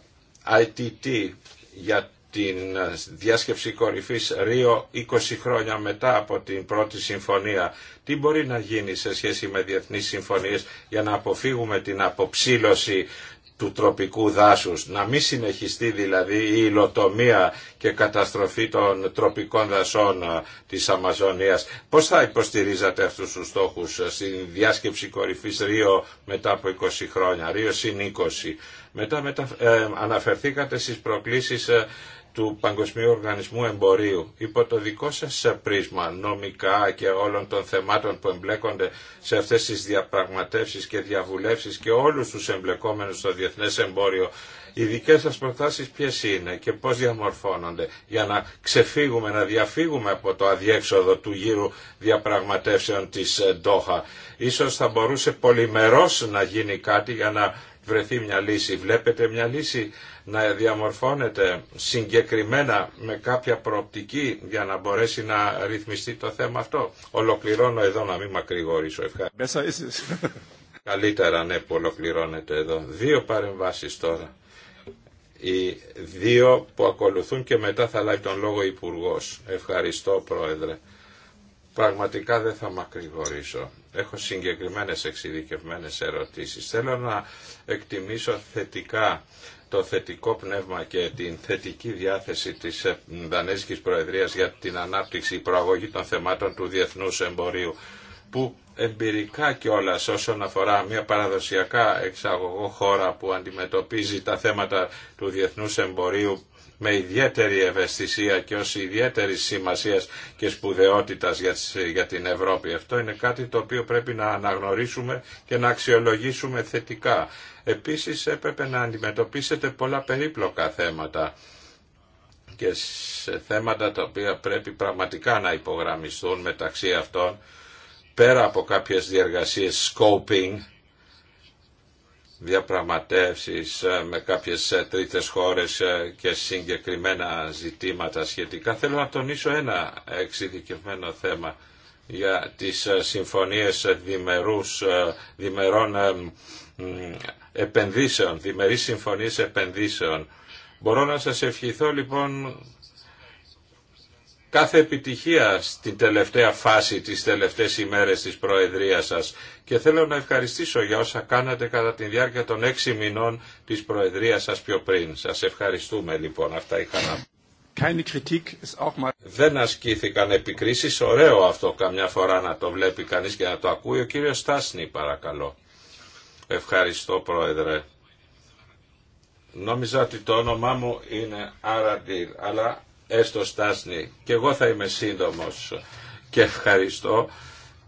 ITT για την ε, διάσκεψη κορυφής Ρίο 20 χρόνια μετά από την πρώτη συμφωνία. Τι μπορεί να γίνει σε σχέση με διεθνείς συμφωνίες για να αποφύγουμε την αποψήλωση του τροπικού δάσους, να μην συνεχιστεί δηλαδή η υλοτομία και καταστροφή των τροπικών δασών ε, της Αμαζονίας. Πώς θα υποστηρίζατε αυτούς τους στόχους ε, στην διάσκεψη κορυφής Ρίο μετά από 20 χρόνια, Ρίο συν 20. Μετά, αναφερθήκατε στις προκλήσεις του Παγκοσμίου Οργανισμού Εμπορίου υπό το δικό σας πρίσμα νομικά και όλων των θεμάτων που εμπλέκονται σε αυτές τις διαπραγματεύσεις και διαβουλεύσεις και όλους τους εμπλεκόμενους στο διεθνές εμπόριο οι δικές σας προτάσεις ποιες είναι και πώς διαμορφώνονται για να ξεφύγουμε, να διαφύγουμε από το αδιέξοδο του γύρου διαπραγματεύσεων της Ντόχα. Ίσως θα μπορούσε πολυμερός να γίνει κάτι για να βρεθεί μια λύση. Βλέπετε μια λύση να διαμορφώνεται συγκεκριμένα με κάποια προοπτική για να μπορέσει να ρυθμιστεί το θέμα αυτό. Ολοκληρώνω εδώ να μην μακρηγορήσω. Ευχαριστώ. Καλύτερα ναι που ολοκληρώνεται εδώ. Δύο παρεμβάσεις τώρα. Οι δύο που ακολουθούν και μετά θα λάβει τον λόγο Υπουργό. Ευχαριστώ Πρόεδρε. Πραγματικά δεν θα μακρηγορήσω. Έχω συγκεκριμένες εξειδικευμένες ερωτήσεις. Θέλω να εκτιμήσω θετικά το θετικό πνεύμα και την θετική διάθεση της ε, Δανέζικης Προεδρίας για την ανάπτυξη προαγωγή των θεμάτων του διεθνούς εμπορίου που εμπειρικά κιόλα όσον αφορά μια παραδοσιακά εξαγωγό χώρα που αντιμετωπίζει τα θέματα του διεθνούς εμπορίου με ιδιαίτερη ευαισθησία και ως ιδιαίτερη σημασίας και σπουδαιότητας για την Ευρώπη. Αυτό είναι κάτι το οποίο πρέπει να αναγνωρίσουμε και να αξιολογήσουμε θετικά. Επίσης έπρεπε να αντιμετωπίσετε πολλά περίπλοκα θέματα και θέματα τα οποία πρέπει πραγματικά να υπογραμμιστούν μεταξύ αυτών πέρα από κάποιες διεργασίες scoping διαπραγματεύσεις ε, με κάποιες ε, τρίτες χώρες ε, και συγκεκριμένα ζητήματα σχετικά. Θέλω να τονίσω ένα εξειδικευμένο θέμα για τις συμφωνίες διμερούς, διμερών επενδύσεων, διμερείς συμφωνίες επενδύσεων. Μπορώ να σας ευχηθώ λοιπόν κάθε επιτυχία στην τελευταία φάση, τις τελευταίες ημέρες της Προεδρίας σας και θέλω να ευχαριστήσω για όσα κάνατε κατά τη διάρκεια των έξι μηνών της Προεδρίας σας πιο πριν. Σας ευχαριστούμε λοιπόν, αυτά είχα να δεν ασκήθηκαν επικρίσεις, ωραίο αυτό καμιά φορά να το βλέπει κανείς και να το ακούει. Ο κύριος Στάσνη παρακαλώ. Ευχαριστώ πρόεδρε. Νόμιζα ότι το όνομά μου είναι Άραντιλ, αλλά Έστω Στάσνη. Και εγώ θα είμαι σύντομος και ευχαριστώ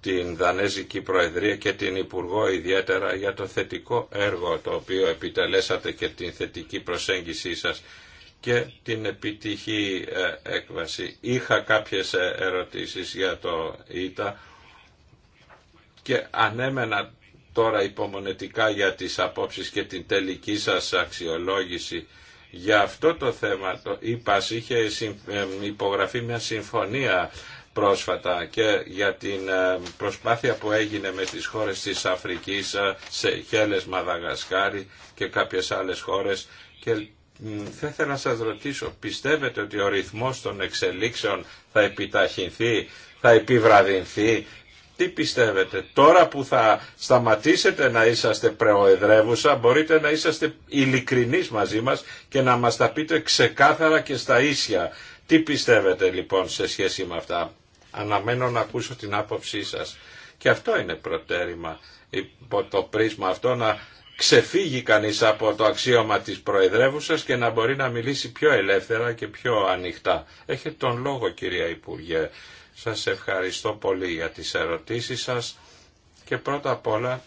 την Δανέζικη Προεδρία και την Υπουργό ιδιαίτερα για το θετικό έργο το οποίο επιτελέσατε και την θετική προσέγγιση σας και την επιτυχή ε, έκβαση. Είχα κάποιες ε, ερωτήσεις για το ΙΤΑ και ανέμενα τώρα υπομονετικά για τις απόψεις και την τελική σας αξιολόγηση για αυτό το θέμα το ΙΠΑΣ είχε υπογραφεί μια συμφωνία πρόσφατα και για την ε, προσπάθεια που έγινε με τις χώρες της Αφρικής ε, σε Χέλες, Μαδαγασκάρι και κάποιες άλλες χώρες και θα ήθελα να σας ρωτήσω, πιστεύετε ότι ο ρυθμός των εξελίξεων θα επιταχυνθεί, θα επιβραδυνθεί τι πιστεύετε, τώρα που θα σταματήσετε να είσαστε προεδρεύουσα, μπορείτε να είσαστε ειλικρινείς μαζί μας και να μας τα πείτε ξεκάθαρα και στα ίσια. Τι πιστεύετε λοιπόν σε σχέση με αυτά. Αναμένω να ακούσω την άποψή σας. Και αυτό είναι προτέρημα υπό το πρίσμα αυτό να ξεφύγει κανείς από το αξίωμα της προεδρεύουσας και να μπορεί να μιλήσει πιο ελεύθερα και πιο ανοιχτά. Έχετε τον λόγο κυρία Υπουργέ. Σας ευχαριστώ πολύ για τις ερωτήσεις σας και πρώτα απ' όλα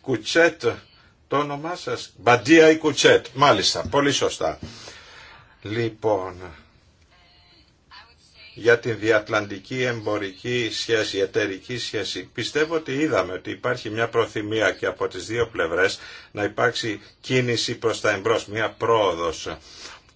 Κουτσέτ το όνομά σας Μπαντία ή Κουτσέτ μάλιστα πολύ σωστά λοιπόν για την διατλαντική εμπορική σχέση, εταιρική σχέση. Πιστεύω ότι είδαμε ότι υπάρχει μια προθυμία και από τις δύο πλευρές να υπάρξει κίνηση προς τα εμπρός, μια πρόοδος.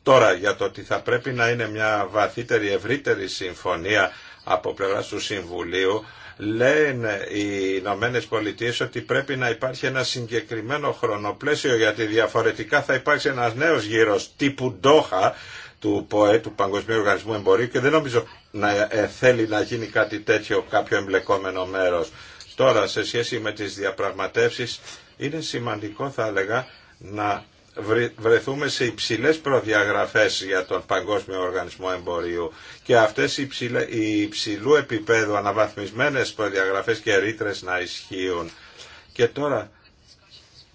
Τώρα για το ότι θα πρέπει να είναι μια βαθύτερη, ευρύτερη συμφωνία από πλευρά του Συμβουλίου, λένε οι Ηνωμένε Πολιτείε ότι πρέπει να υπάρχει ένα συγκεκριμένο χρονοπλαίσιο γιατί διαφορετικά θα υπάρξει ένας νέος γύρος τύπου Ντόχα του ΠΟΕ, του Παγκοσμίου Οργανισμού Εμπορίου και δεν νομίζω να ε, θέλει να γίνει κάτι τέτοιο κάποιο εμπλεκόμενο μέρος. Τώρα σε σχέση με τις διαπραγματεύσεις είναι σημαντικό θα έλεγα να βρεθούμε σε υψηλές προδιαγραφές για τον Παγκόσμιο Οργανισμό Εμπορίου και αυτές οι, υψηλού επίπεδου αναβαθμισμένες προδιαγραφές και ρήτρε να ισχύουν. Και τώρα,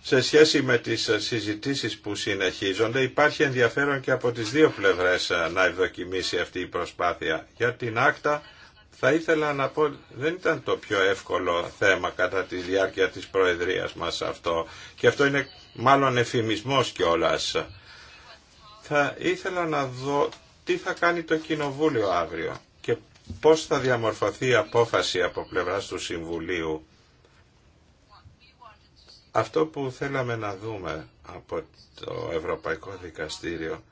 σε σχέση με τις συζητήσεις που συνεχίζονται, υπάρχει ενδιαφέρον και από τις δύο πλευρές να ευδοκιμήσει αυτή η προσπάθεια. Για την άκτα, θα ήθελα να πω, δεν ήταν το πιο εύκολο θέμα κατά τη διάρκεια της Προεδρίας μας αυτό. Και αυτό είναι μάλλον εφημισμός κιόλα. Θα ήθελα να δω τι θα κάνει το Κοινοβούλιο αύριο και πώς θα διαμορφωθεί η απόφαση από πλευράς του Συμβουλίου. Αυτό που θέλαμε να δούμε από το Ευρωπαϊκό Δικαστήριο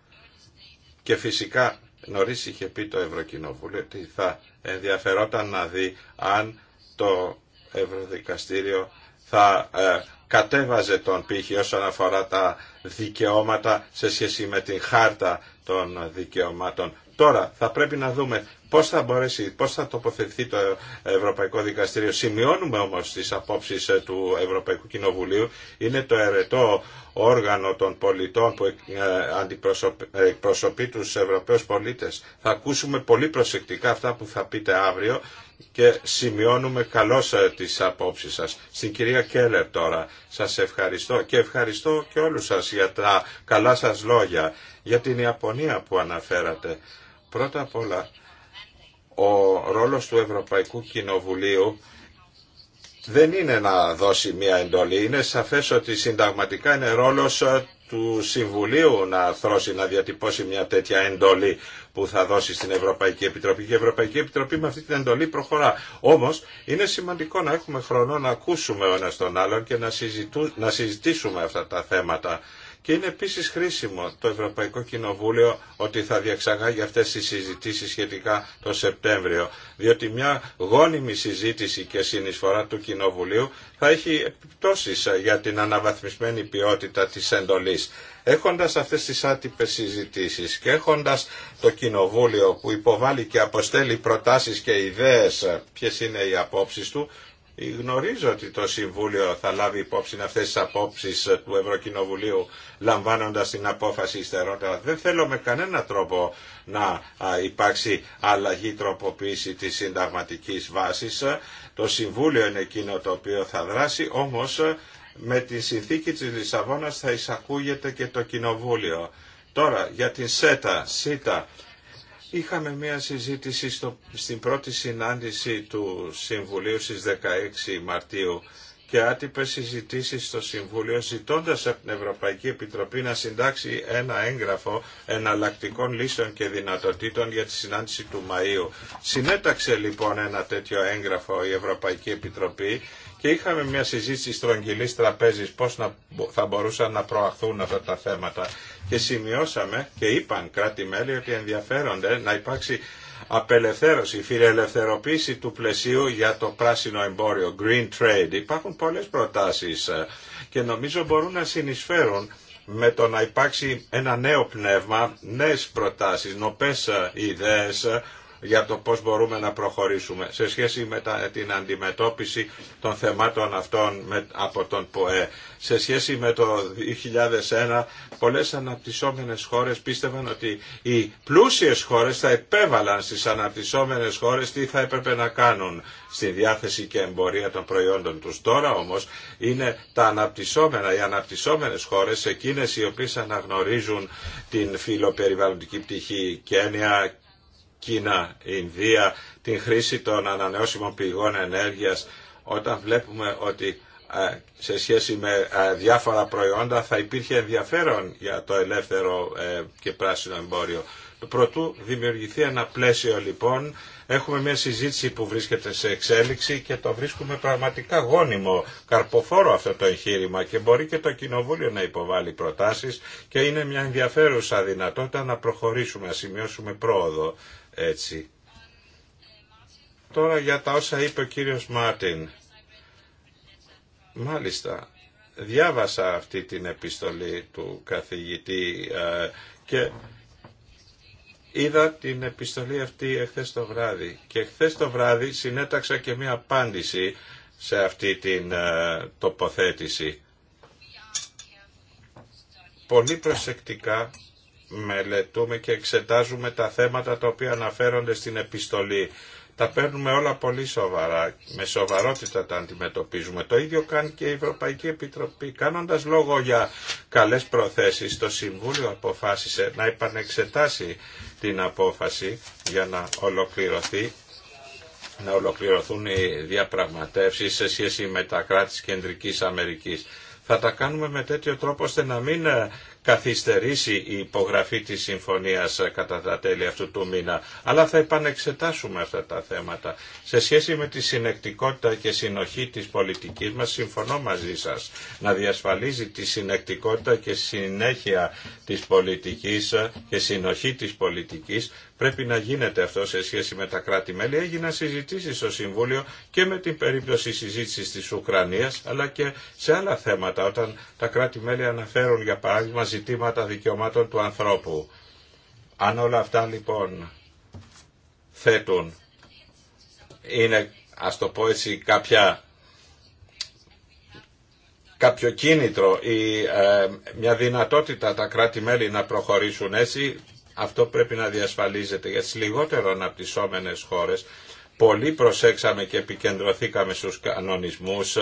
και φυσικά νωρίς είχε πει το Ευρωκοινοβούλιο ότι θα ενδιαφερόταν να δει αν το Ευρωδικαστήριο θα ε, κατέβαζε τον πύχη όσον αφορά τα δικαιώματα σε σχέση με την χάρτα των δικαιωμάτων. Τώρα θα πρέπει να δούμε Πώς θα μπορέσει, πώς θα τοποθετηθεί το Ευρωπαϊκό Δικαστήριο. Σημειώνουμε όμως τις απόψεις ε, του Ευρωπαϊκού Κοινοβουλίου. Είναι το αιρετό όργανο των πολιτών που ε, εκπροσωπεί τους Ευρωπαίους πολίτες. Θα ακούσουμε πολύ προσεκτικά αυτά που θα πείτε αύριο και σημειώνουμε καλώς ε, τις απόψεις σας. Στην κυρία Κέλλερ τώρα, σας ευχαριστώ και ευχαριστώ και όλους σας για τα καλά σας λόγια, για την Ιαπωνία που αναφέρατε. Πρώτα απ' όλα ο ρόλος του Ευρωπαϊκού Κοινοβουλίου δεν είναι να δώσει μια εντολή. Είναι σαφές ότι συνταγματικά είναι ρόλος ε, του Συμβουλίου να θρώσει, να διατυπώσει μια τέτοια εντολή που θα δώσει στην Ευρωπαϊκή Επιτροπή. Και η Ευρωπαϊκή Επιτροπή με αυτή την εντολή προχωρά. Όμως είναι σημαντικό να έχουμε χρόνο να ακούσουμε ο ένας τον άλλον και να, να συζητήσουμε αυτά τα θέματα και είναι επίσης χρήσιμο το Ευρωπαϊκό Κοινοβούλιο ότι θα διεξαγάγει αυτές τις συζητήσεις σχετικά το Σεπτέμβριο, διότι μια γόνιμη συζήτηση και συνεισφορά του Κοινοβουλίου θα έχει επιπτώσεις για την αναβαθμισμένη ποιότητα της εντολής. Έχοντας αυτές τις άτυπες συζητήσεις και έχοντας το Κοινοβούλιο που υποβάλλει και αποστέλει προτάσεις και ιδέες ποιες είναι οι απόψεις του, Γνωρίζω ότι το Συμβούλιο θα λάβει υπόψη αυτές τις απόψεις του Ευρωκοινοβουλίου λαμβάνοντας την απόφαση υστερότερα. Δεν θέλω με κανένα τρόπο να υπάρξει αλλαγή τροποποίηση της συνταγματικής βάσης. Το Συμβούλιο είναι εκείνο το οποίο θα δράσει, όμως με τη συνθήκη της Λισαβόνας θα εισακούγεται και το Κοινοβούλιο. Τώρα για την ΣΕΤΑ, ΣΥΤΑ, Είχαμε μία συζήτηση στο, στην πρώτη συνάντηση του Συμβουλίου στις 16 Μαρτίου και άτυπε συζητήσεις στο Συμβούλιο ζητώντα από την Ευρωπαϊκή Επιτροπή να συντάξει ένα έγγραφο εναλλακτικών λύσεων και δυνατοτήτων για τη συνάντηση του Μαΐου. Συνέταξε λοιπόν ένα τέτοιο έγγραφο η Ευρωπαϊκή Επιτροπή και είχαμε μια συζήτηση στρογγυλής τραπέζης πώς να, θα μπορούσαν να προαχθούν αυτά τα θέματα και σημειώσαμε και είπαν κράτη-μέλη ότι ενδιαφέρονται να υπάρξει απελευθέρωση, φιλελευθεροποίηση του πλαισίου για το πράσινο εμπόριο, green trade. Υπάρχουν πολλές προτάσεις ε, και νομίζω μπορούν να συνεισφέρουν με το να υπάρξει ένα νέο πνεύμα, νέες προτάσεις, νοπές ε, ιδέες για το πώς μπορούμε να προχωρήσουμε σε σχέση με την αντιμετώπιση των θεμάτων αυτών από τον ΠΟΕ. Σε σχέση με το 2001 πολλές αναπτυσσόμενες χώρες πίστευαν ότι οι πλούσιες χώρες θα επέβαλαν στις αναπτυσσόμενες χώρες τι θα έπρεπε να κάνουν στη διάθεση και εμπορία των προϊόντων τους. Τώρα όμως είναι τα αναπτυσσόμενα, οι αναπτυσσόμενες χώρες, εκείνες οι οποίες αναγνωρίζουν την φιλοπεριβαλλοντική πτυχή Κένια, Κίνα, Ινδία, την χρήση των ανανεώσιμων πηγών ενέργειας, όταν βλέπουμε ότι ε, σε σχέση με ε, διάφορα προϊόντα θα υπήρχε ενδιαφέρον για το ελεύθερο ε, και πράσινο εμπόριο. Προτού δημιουργηθεί ένα πλαίσιο λοιπόν, έχουμε μια συζήτηση που βρίσκεται σε εξέλιξη και το βρίσκουμε πραγματικά γόνιμο, καρποφόρο αυτό το εγχείρημα και μπορεί και το Κοινοβούλιο να υποβάλει προτάσεις και είναι μια ενδιαφέρουσα δυνατότητα να προχωρήσουμε, να σημειώσουμε πρόοδο έτσι. Τώρα για τα όσα είπε ο κύριος Μάρτιν. Μάλιστα, διάβασα αυτή την επιστολή του καθηγητή ε, και είδα την επιστολή αυτή εχθές το βράδυ. Και εχθές το βράδυ συνέταξα και μία απάντηση σε αυτή την ε, τοποθέτηση. Πολύ προσεκτικά μελετούμε και εξετάζουμε τα θέματα τα οποία αναφέρονται στην επιστολή. Τα παίρνουμε όλα πολύ σοβαρά, με σοβαρότητα τα αντιμετωπίζουμε. Το ίδιο κάνει και η Ευρωπαϊκή Επιτροπή. Κάνοντας λόγο για καλές προθέσεις, το Συμβούλιο αποφάσισε να επανεξετάσει την απόφαση για να ολοκληρωθεί να ολοκληρωθούν οι διαπραγματεύσεις σε σχέση με τα κράτη της Κεντρικής Αμερικής. Θα τα κάνουμε με τέτοιο τρόπο ώστε να μην καθυστερήσει η υπογραφή της συμφωνίας κατά τα τέλη αυτού του μήνα. Αλλά θα επανεξετάσουμε αυτά τα θέματα. Σε σχέση με τη συνεκτικότητα και συνοχή της πολιτικής μας, συμφωνώ μαζί σας να διασφαλίζει τη συνεκτικότητα και συνέχεια της πολιτικής και συνοχή της πολιτικής πρέπει να γίνεται αυτό σε σχέση με τα κράτη-μέλη. Έγιναν συζητήσει στο Συμβούλιο και με την περίπτωση συζήτηση τη Ουκρανία, αλλά και σε άλλα θέματα, όταν τα κράτη-μέλη αναφέρουν, για παράδειγμα, ζητήματα δικαιωμάτων του ανθρώπου. Αν όλα αυτά λοιπόν θέτουν, είναι, ας το πω έτσι, κάποια κάποιο κίνητρο ή ε, μια δυνατότητα τα κράτη-μέλη να προχωρήσουν έτσι αυτό πρέπει να διασφαλίζεται για τις λιγότερο αναπτυσσόμενες χώρες. Πολύ προσέξαμε και επικεντρωθήκαμε στους κανονισμούς.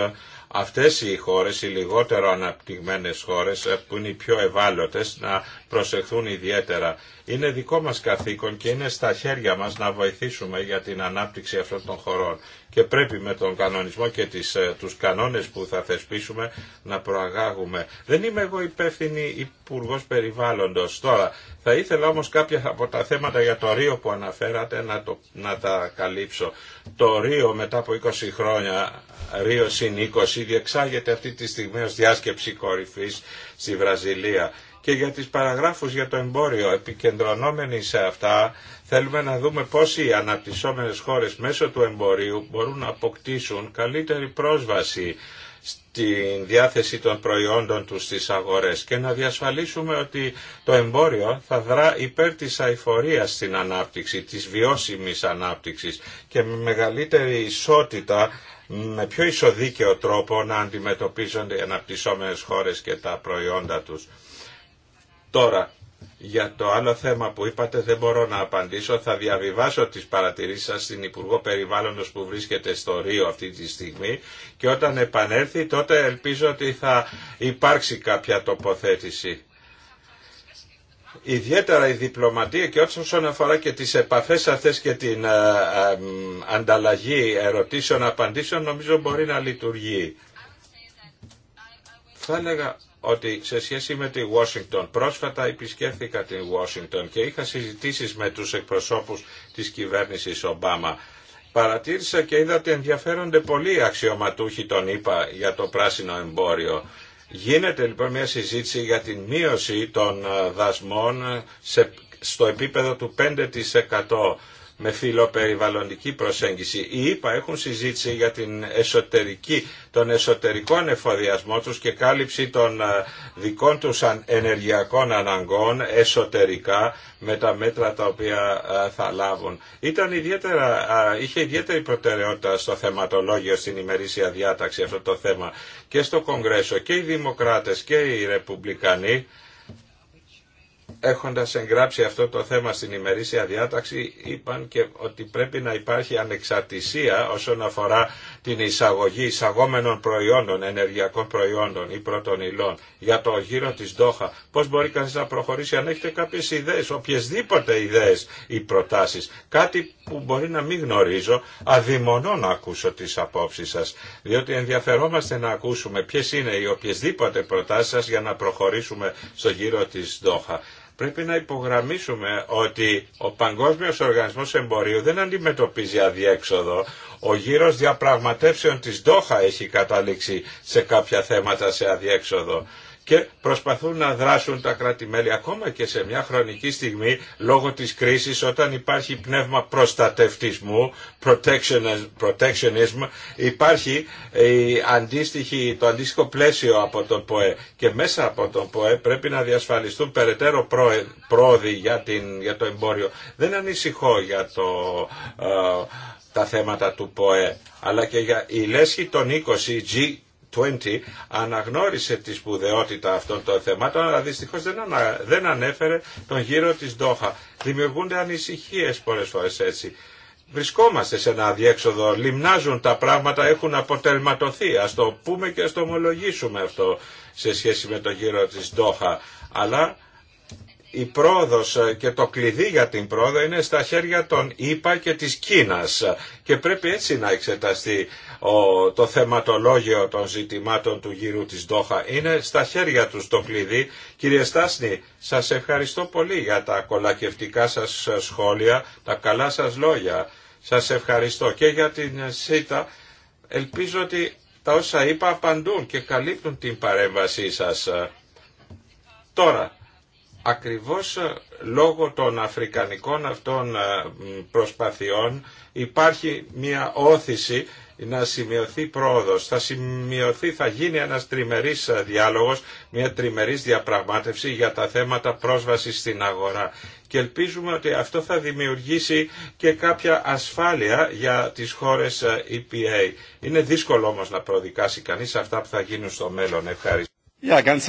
Αυτές οι χώρες, οι λιγότερο αναπτυγμένες χώρες ε, που είναι οι πιο ευάλωτες να προσεχθούν ιδιαίτερα. Είναι δικό μας καθήκον και είναι στα χέρια μας να βοηθήσουμε για την ανάπτυξη αυτών των χωρών και πρέπει με τον κανονισμό και τις, ε, τους κανόνες που θα θεσπίσουμε να προαγάγουμε. Δεν είμαι εγώ υπεύθυνη υπουργό Περιβάλλοντος τώρα. Θα ήθελα όμως κάποια από τα θέματα για το Ρίο που αναφέρατε να, το, να τα καλύψω. Το Ρίο μετά από 20 χρόνια, Ρίο συν 20, διεξάγεται αυτή τη στιγμή ως διάσκεψη κορυφής στη Βραζιλία και για τις παραγράφους για το εμπόριο επικεντρωνόμενοι σε αυτά θέλουμε να δούμε πώς οι αναπτυσσόμενες χώρες μέσω του εμπορίου μπορούν να αποκτήσουν καλύτερη πρόσβαση στη διάθεση των προϊόντων τους στις αγορές και να διασφαλίσουμε ότι το εμπόριο θα δρά υπέρ της αηφορίας στην ανάπτυξη, της βιώσιμης ανάπτυξης και με μεγαλύτερη ισότητα με πιο ισοδίκαιο τρόπο να αντιμετωπίζονται οι αναπτυσσόμενες χώρες και τα προϊόντα τους. Τώρα, για το άλλο θέμα που είπατε δεν μπορώ να απαντήσω. Θα διαβιβάσω τις παρατηρήσεις σας στην Υπουργό Περιβάλλοντος που βρίσκεται στο Ρίο αυτή τη στιγμή και όταν επανέλθει τότε ελπίζω ότι θα υπάρξει κάποια τοποθέτηση. Ιδιαίτερα η διπλωματία και όσον αφορά και τις επαφές αυτές και την α, ε, ε, ανταλλαγή ερωτήσεων-απαντήσεων νομίζω μπορεί να λειτουργεί. Θα έλεγα ότι σε σχέση με τη Ουάσιγκτον, πρόσφατα επισκέφθηκα την Ουάσιγκτον και είχα συζητήσεις με τους εκπροσώπους της κυβέρνησης Ομπάμα. Παρατήρησα και είδα ότι ενδιαφέρονται πολλοί αξιωματούχοι τον είπα, για το πράσινο εμπόριο. Γίνεται λοιπόν μια συζήτηση για την μείωση των ε, δασμών ε, στο επίπεδο του 5% με φιλοπεριβαλλοντική προσέγγιση. Οι ΙΠΑ έχουν συζήτηση για την εσωτερική, τον εσωτερικό ανεφοδιασμό τους και κάλυψη των ε, δικών τους ενεργειακών αναγκών εσωτερικά με τα μέτρα τα οποία ε, θα λάβουν. Ήταν ιδιαίτερα, είχε ιδιαίτερη προτεραιότητα στο θεματολόγιο στην ημερήσια διάταξη αυτό το θέμα και στο Κογκρέσο και οι Δημοκράτες και οι Ρεπουμπλικανοί έχοντας εγγράψει αυτό το θέμα στην ημερήσια διάταξη είπαν και ότι πρέπει να υπάρχει ανεξαρτησία όσον αφορά την εισαγωγή εισαγόμενων προϊόντων, ενεργειακών προϊόντων ή πρώτων υλών για το γύρο της ΔΟΧΑ. Πώς μπορεί κανείς να προχωρήσει αν έχετε κάποιες ιδέες, οποιασδήποτε ιδέες ή προτάσεις. Κάτι που μπορεί να μην γνωρίζω, αδειμονώ να ακούσω τις απόψεις σας, διότι ενδιαφερόμαστε να ακούσουμε ποιες είναι οι οποιασδήποτε προτάσεις σας για να προχωρήσουμε στο γύρο της Ντόχα. Πρέπει να υπογραμμίσουμε ότι ο Παγκόσμιος Οργανισμός Εμπορίου δεν αντιμετωπίζει αδιέξοδο. Ο γύρος διαπραγματεύσεων της Ντόχα έχει καταλήξει σε κάποια θέματα σε αδιέξοδο και προσπαθούν να δράσουν τα κράτη-μέλη ακόμα και σε μια χρονική στιγμή λόγω της κρίσης όταν υπάρχει πνεύμα προστατευτισμού, protectionism, υπάρχει η αντίστοιχη, το αντίστοιχο πλαίσιο από τον ΠΟΕ και μέσα από τον ΠΟΕ πρέπει να διασφαλιστούν περαιτέρω πρόοδοι για, το εμπόριο. Δεν ανησυχώ για ε, τα θέματα του ΠΟΕ, αλλά και για η λέσχη των 20, 20 αναγνώρισε τη σπουδαιότητα αυτών των θεμάτων, αλλά δυστυχώς δεν, ανα, δεν ανέφερε τον γύρο της Ντόχα. Δημιουργούνται ανησυχίες πολλές φορές έτσι. Βρισκόμαστε σε ένα διέξοδο. λιμνάζουν τα πράγματα, έχουν αποτελματωθεί. Ας το πούμε και ας το ομολογήσουμε αυτό σε σχέση με τον γύρο της Ντόχα. Αλλά η πρόοδος ε, και το κλειδί για την πρόοδο είναι στα χέρια των ήπα και της Κίνας και πρέπει έτσι να εξεταστεί το θεματολόγιο των ζητημάτων του γύρου της Δόχα Είναι στα χέρια τους το κλειδί. Κύριε Στάσνη, σας ευχαριστώ πολύ για τα κολακευτικά σας σχόλια, τα καλά σας λόγια. Σας ευχαριστώ και για την ΣΥΤΑ. Ελπίζω ότι τα όσα είπα απαντούν και καλύπτουν την παρέμβασή σας. Τώρα, ακριβώς ε, λόγω των αφρικανικών αυτών ε, προσπαθειών υπάρχει μια όθηση να σημειωθεί πρόοδος. Θα σημειωθεί, θα γίνει ένας τριμερής ε, διάλογος, μια τριμερής διαπραγμάτευση για τα θέματα πρόσβασης στην αγορά. Και ελπίζουμε ότι αυτό θα δημιουργήσει και κάποια ασφάλεια για τις χώρες EPA. Είναι δύσκολο όμως να προδικάσει κανείς αυτά που θα γίνουν στο μέλλον. Ευχαριστώ. Σα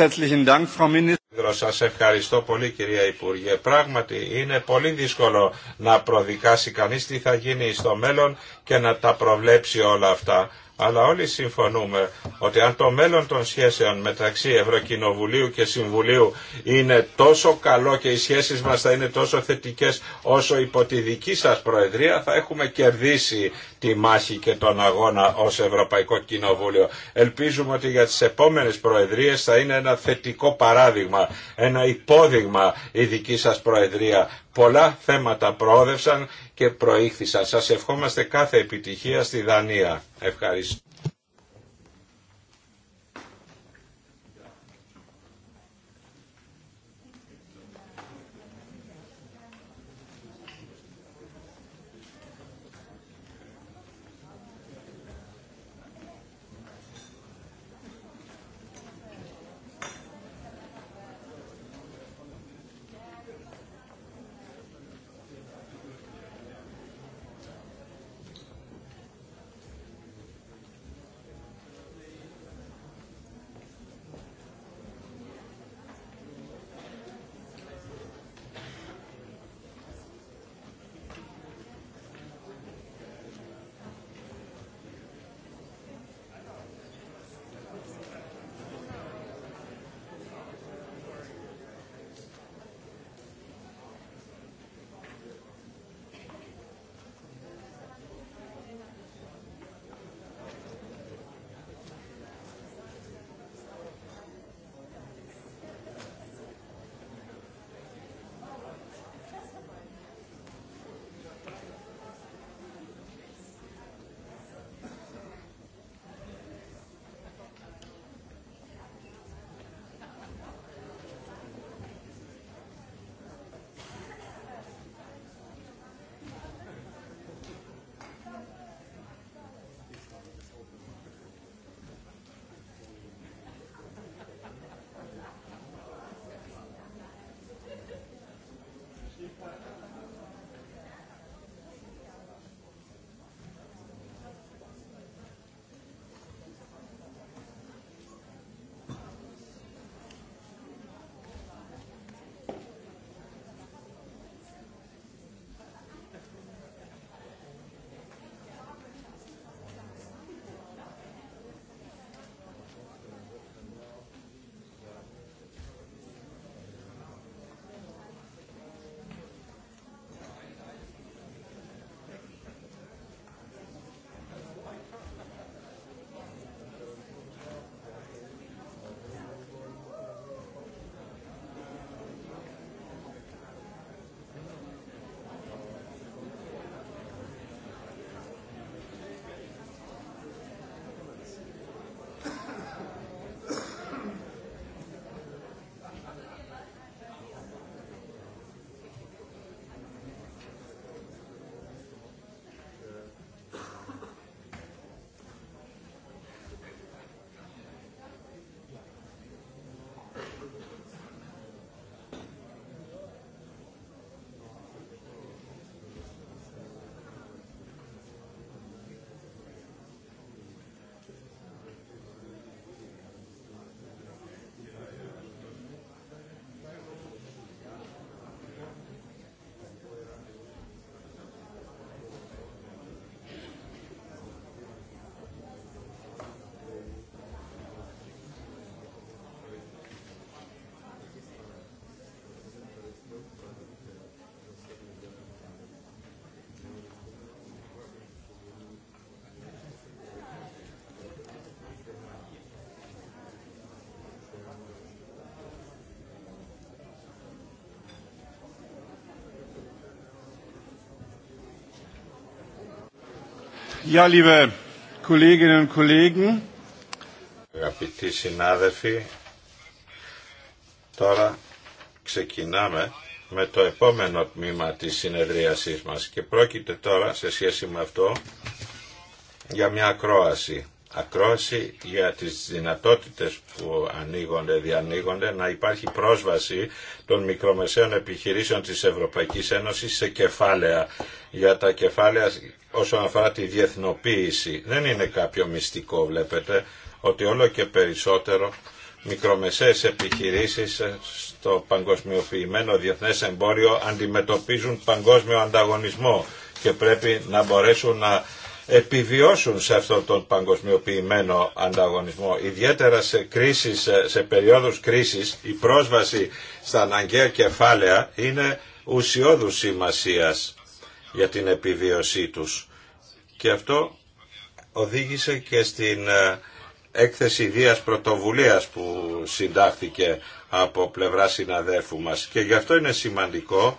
Σας ευχαριστώ πολύ κυρία Υπουργέ. Πράγματι είναι πολύ δύσκολο να προδικάσει κανείς τι θα γίνει στο μέλλον και να τα προβλέψει όλα αυτά αλλά όλοι συμφωνούμε ότι αν το μέλλον των σχέσεων μεταξύ Ευρωκοινοβουλίου και Συμβουλίου είναι τόσο καλό και οι σχέσεις μας θα είναι τόσο θετικές όσο υπό τη δική σας Προεδρία θα έχουμε κερδίσει τη μάχη και τον αγώνα ως Ευρωπαϊκό Κοινοβούλιο. Ελπίζουμε ότι για τις επόμενες Προεδρίες θα είναι ένα θετικό παράδειγμα, ένα υπόδειγμα η δική σας Προεδρία πολλά θέματα προόδευσαν και προήχθησαν. Σας ευχόμαστε κάθε επιτυχία στη Δανία. Ευχαριστώ. Ja, Kolleginnen und Kollegen. Αγαπητοί συνάδελφοι, τώρα ξεκινάμε με το επόμενο τμήμα της συνεδρίασής μας και πρόκειται τώρα σε σχέση με αυτό για μια ακρόαση για τις δυνατότητες που ανοίγονται, διανοίγονται να υπάρχει πρόσβαση των μικρομεσαίων επιχειρήσεων της Ευρωπαϊκής Ένωσης σε κεφάλαια για τα κεφάλαια όσον αφορά τη διεθνοποίηση. Δεν είναι κάποιο μυστικό βλέπετε ότι όλο και περισσότερο μικρομεσαίες επιχειρήσεις στο παγκοσμιοποιημένο διεθνές εμπόριο αντιμετωπίζουν παγκόσμιο ανταγωνισμό και πρέπει να μπορέσουν να επιβιώσουν σε αυτόν τον παγκοσμιοποιημένο ανταγωνισμό. Ιδιαίτερα σε, κρίσεις, σε περίοδους κρίσης η πρόσβαση στα αναγκαία κεφάλαια είναι ουσιώδους σημασίας για την επιβίωσή τους. Και αυτό οδήγησε και στην ε, έκθεση ιδίας πρωτοβουλίας που συντάχθηκε από πλευρά συναδέλφου μας. Και γι' αυτό είναι σημαντικό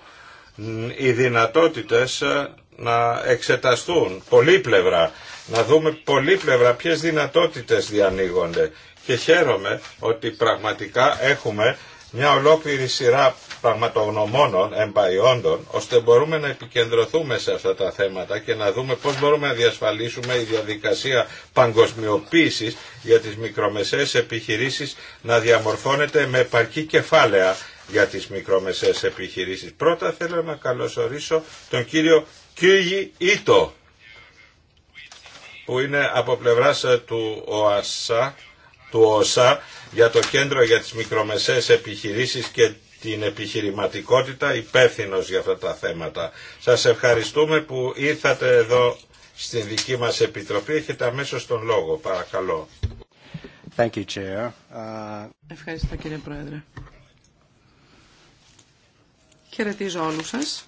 οι δυνατότητες ε, να εξεταστούν πολύπλευρα, να δούμε πολύπλευρα ποιες δυνατότητες διανοίγονται. Και χαίρομαι ότι πραγματικά έχουμε μια ολόκληρη σειρά πραγματογνωμόνων, εμπαϊόντων, ώστε μπορούμε να επικεντρωθούμε σε αυτά τα θέματα και να δούμε πώς μπορούμε να διασφαλίσουμε η διαδικασία παγκοσμιοποίησης για τις μικρομεσαίες επιχειρήσεις να διαμορφώνεται με επαρκή κεφάλαια για τις μικρομεσαίες επιχειρήσεις. Πρώτα θέλω να καλωσορίσω τον κύριο Κιούγι Ήτο που είναι από πλευράς ε, του ΟΑΣΑ, του ΟΣΑ για το Κέντρο για τις Μικρομεσαίες Επιχειρήσεις και την επιχειρηματικότητα υπεύθυνο για αυτά τα θέματα. Σας ευχαριστούμε που ήρθατε εδώ στην δική μας Επιτροπή. Έχετε αμέσω τον λόγο, παρακαλώ. Thank you, Chair. Ε, ευχαριστώ κύριε Πρόεδρε. Χαιρετίζω όλους σας.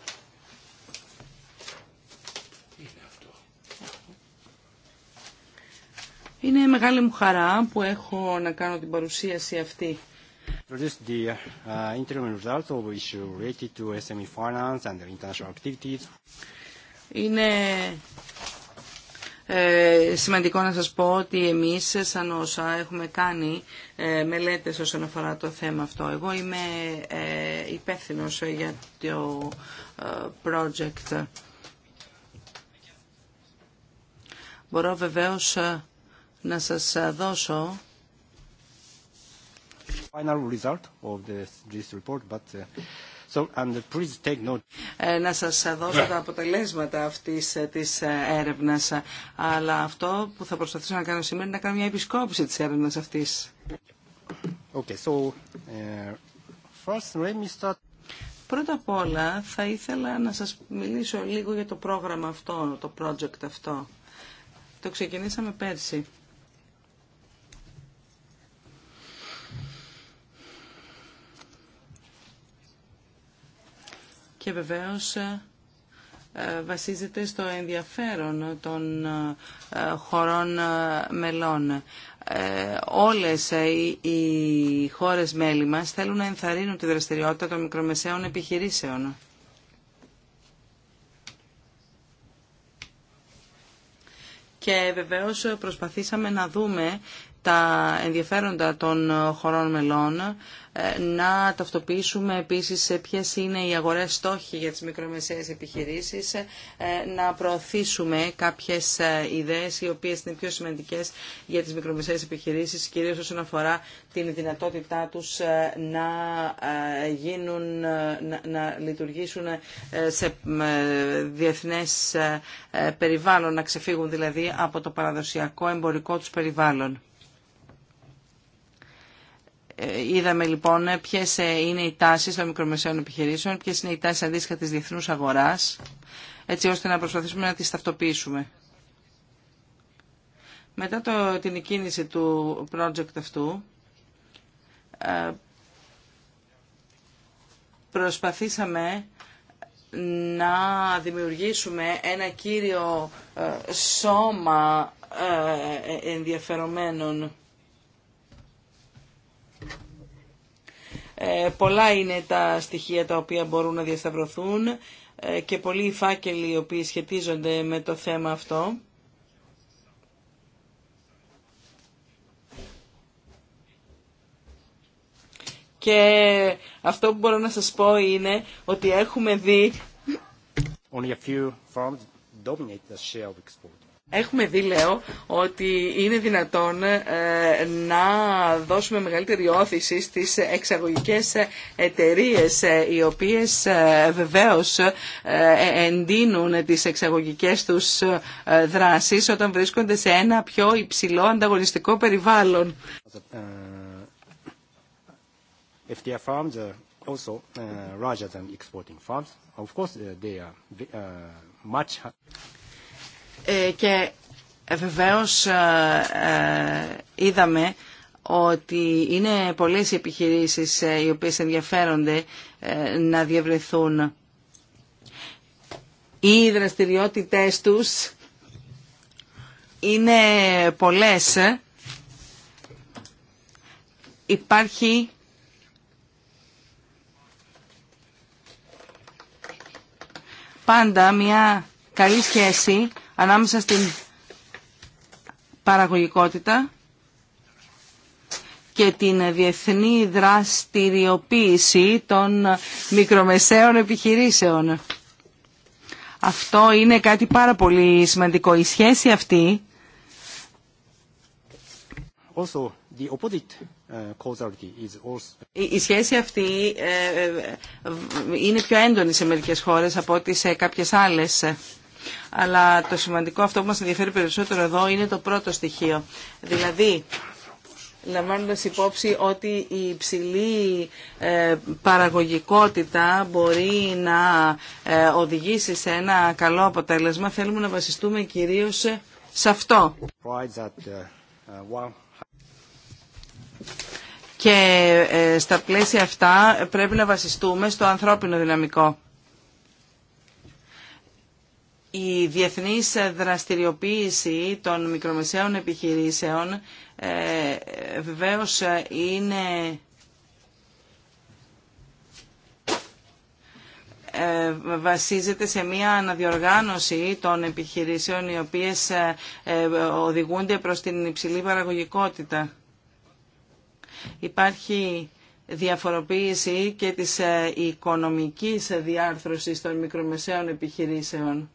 Είναι μεγάλη μου χαρά που έχω να κάνω την παρουσίαση αυτή. Είναι ε, σημαντικό να σας πω ότι εμείς σαν όσα έχουμε κάνει ε, μελέτες όσον αφορά το θέμα αυτό. Εγώ είμαι ε, υπεύθυνος για το ε, project. Μπορώ βεβαίως να σας δώσω να σας ε, δώσω τα αποτελέσματα αυτής ε, της ε, έρευνας. Αλλά αυτό που θα προσπαθήσω να κάνω σήμερα είναι να κάνω μια επισκόπηση της έρευνας αυτής. Okay, so, uh, first, let me start... Πρώτα απ' όλα θα ήθελα να σας μιλήσω λίγο για το πρόγραμμα αυτό, το project αυτό. Το ξεκινήσαμε πέρσι. και βεβαίως ε, ε, βασίζεται στο ενδιαφέρον των ε, χωρών μελών. Όλες οι χώρες μέλη μας θέλουν να ενθαρρύνουν τη δραστηριότητα των μικρομεσαίων επιχειρήσεων. Και βεβαίως προσπαθήσαμε να δούμε τα ενδιαφέροντα των χωρών μελών ε, να ταυτοποιήσουμε επίσης ποιε είναι οι αγορές στόχοι για τις μικρομεσαίες επιχειρήσεις, ε, να προωθήσουμε κάποιες ε, ιδέες οι οποίες είναι πιο σημαντικές για τις μικρομεσαίες επιχειρήσεις, κυρίως όσον αφορά την δυνατότητά τους να γίνουν, να, λειτουργήσουν σε διεθνές περιβάλλον, να ξεφύγουν δηλαδή από το παραδοσιακό εμπορικό τους περιβάλλον. Ε, είδαμε λοιπόν ποιες ε, είναι οι τάσεις των μικρομεσαίων επιχειρήσεων, ποιες είναι οι τάσεις αντίστοιχα της διεθνούς αγοράς, έτσι ώστε να προσπαθήσουμε να τις ταυτοποιήσουμε. Μετά το, την εκκίνηση του project αυτού, ε, προσπαθήσαμε να δημιουργήσουμε ένα κύριο σώμα ενδιαφερομένων Ε, πολλά είναι τα στοιχεία τα οποία μπορούν να διασταυρωθούν ε, και πολλοί οι φάκελοι οι οποίοι σχετίζονται με το θέμα αυτό. Και αυτό που μπορώ να σας πω είναι ότι έχουμε δει a few dominate Έχουμε δει, λέω, ότι είναι δυνατόν ε, να δώσουμε μεγαλύτερη όθηση στις εξαγωγικές εταιρείες, ε, οι οποίες ε, βεβαίως εντείνουν τις εξαγωγικές τους δράσεις όταν βρίσκονται σε ένα πιο υψηλό ανταγωνιστικό περιβάλλον. Ε, και ε, βεβαίως ε, είδαμε ότι είναι πολλές οι επιχειρήσεις οι οποίες ενδιαφέρονται να διευρεθούν. Οι δραστηριότητες τους είναι πολλές. Υπάρχει πάντα μια καλή σχέση ανάμεσα στην παραγωγικότητα και την διεθνή δραστηριοποίηση των μικρομεσαίων επιχειρήσεων. Αυτό είναι κάτι πάρα πολύ σημαντικό. Η σχέση αυτή uh, Η σχέση αυτή ε, ε, ε, είναι πιο έντονη σε μερικές χώρες από ό,τι σε κάποιες άλλες. Αλλά το σημαντικό αυτό που μας ενδιαφέρει περισσότερο εδώ είναι το πρώτο στοιχείο. Δηλαδή, λαμβάνοντας υπόψη ότι η υψηλή ε, παραγωγικότητα μπορεί να ε, οδηγήσει σε ένα καλό αποτέλεσμα, θέλουμε να βασιστούμε κυρίως σε αυτό. Uh, uh, Και ε, στα πλαίσια αυτά πρέπει να βασιστούμε στο ανθρώπινο δυναμικό η διεθνής δραστηριοποίηση των μικρομεσαίων επιχειρήσεων ε, βεβαίως είναι ε, βασίζεται σε μια αναδιοργάνωση των επιχειρήσεων οι οποίες ε, οδηγούνται προς την υψηλή παραγωγικότητα. Υπάρχει διαφοροποίηση και της οικονομικής διάρθρωσης των μικρομεσαίων επιχειρήσεων.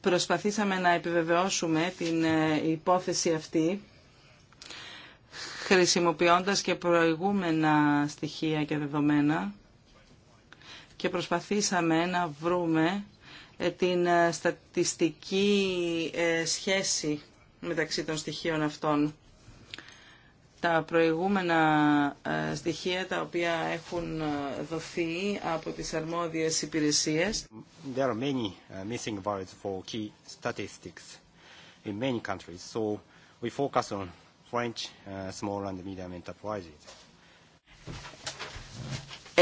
προσπαθήσαμε να επιβεβαιώσουμε την ε, υπόθεση αυτή χρησιμοποιώντας και προηγούμενα στοιχεία και δεδομένα και προσπαθήσαμε να βρούμε ε, την ε, στατιστική σχέση μεταξύ των στοιχείων αυτών τα προηγούμενα στοιχεία τα οποία έχουν δοθεί από τις αρμόδιες υπηρεσίες. There are many missing words for key statistics in many countries, so we focus on French small and medium enterprises.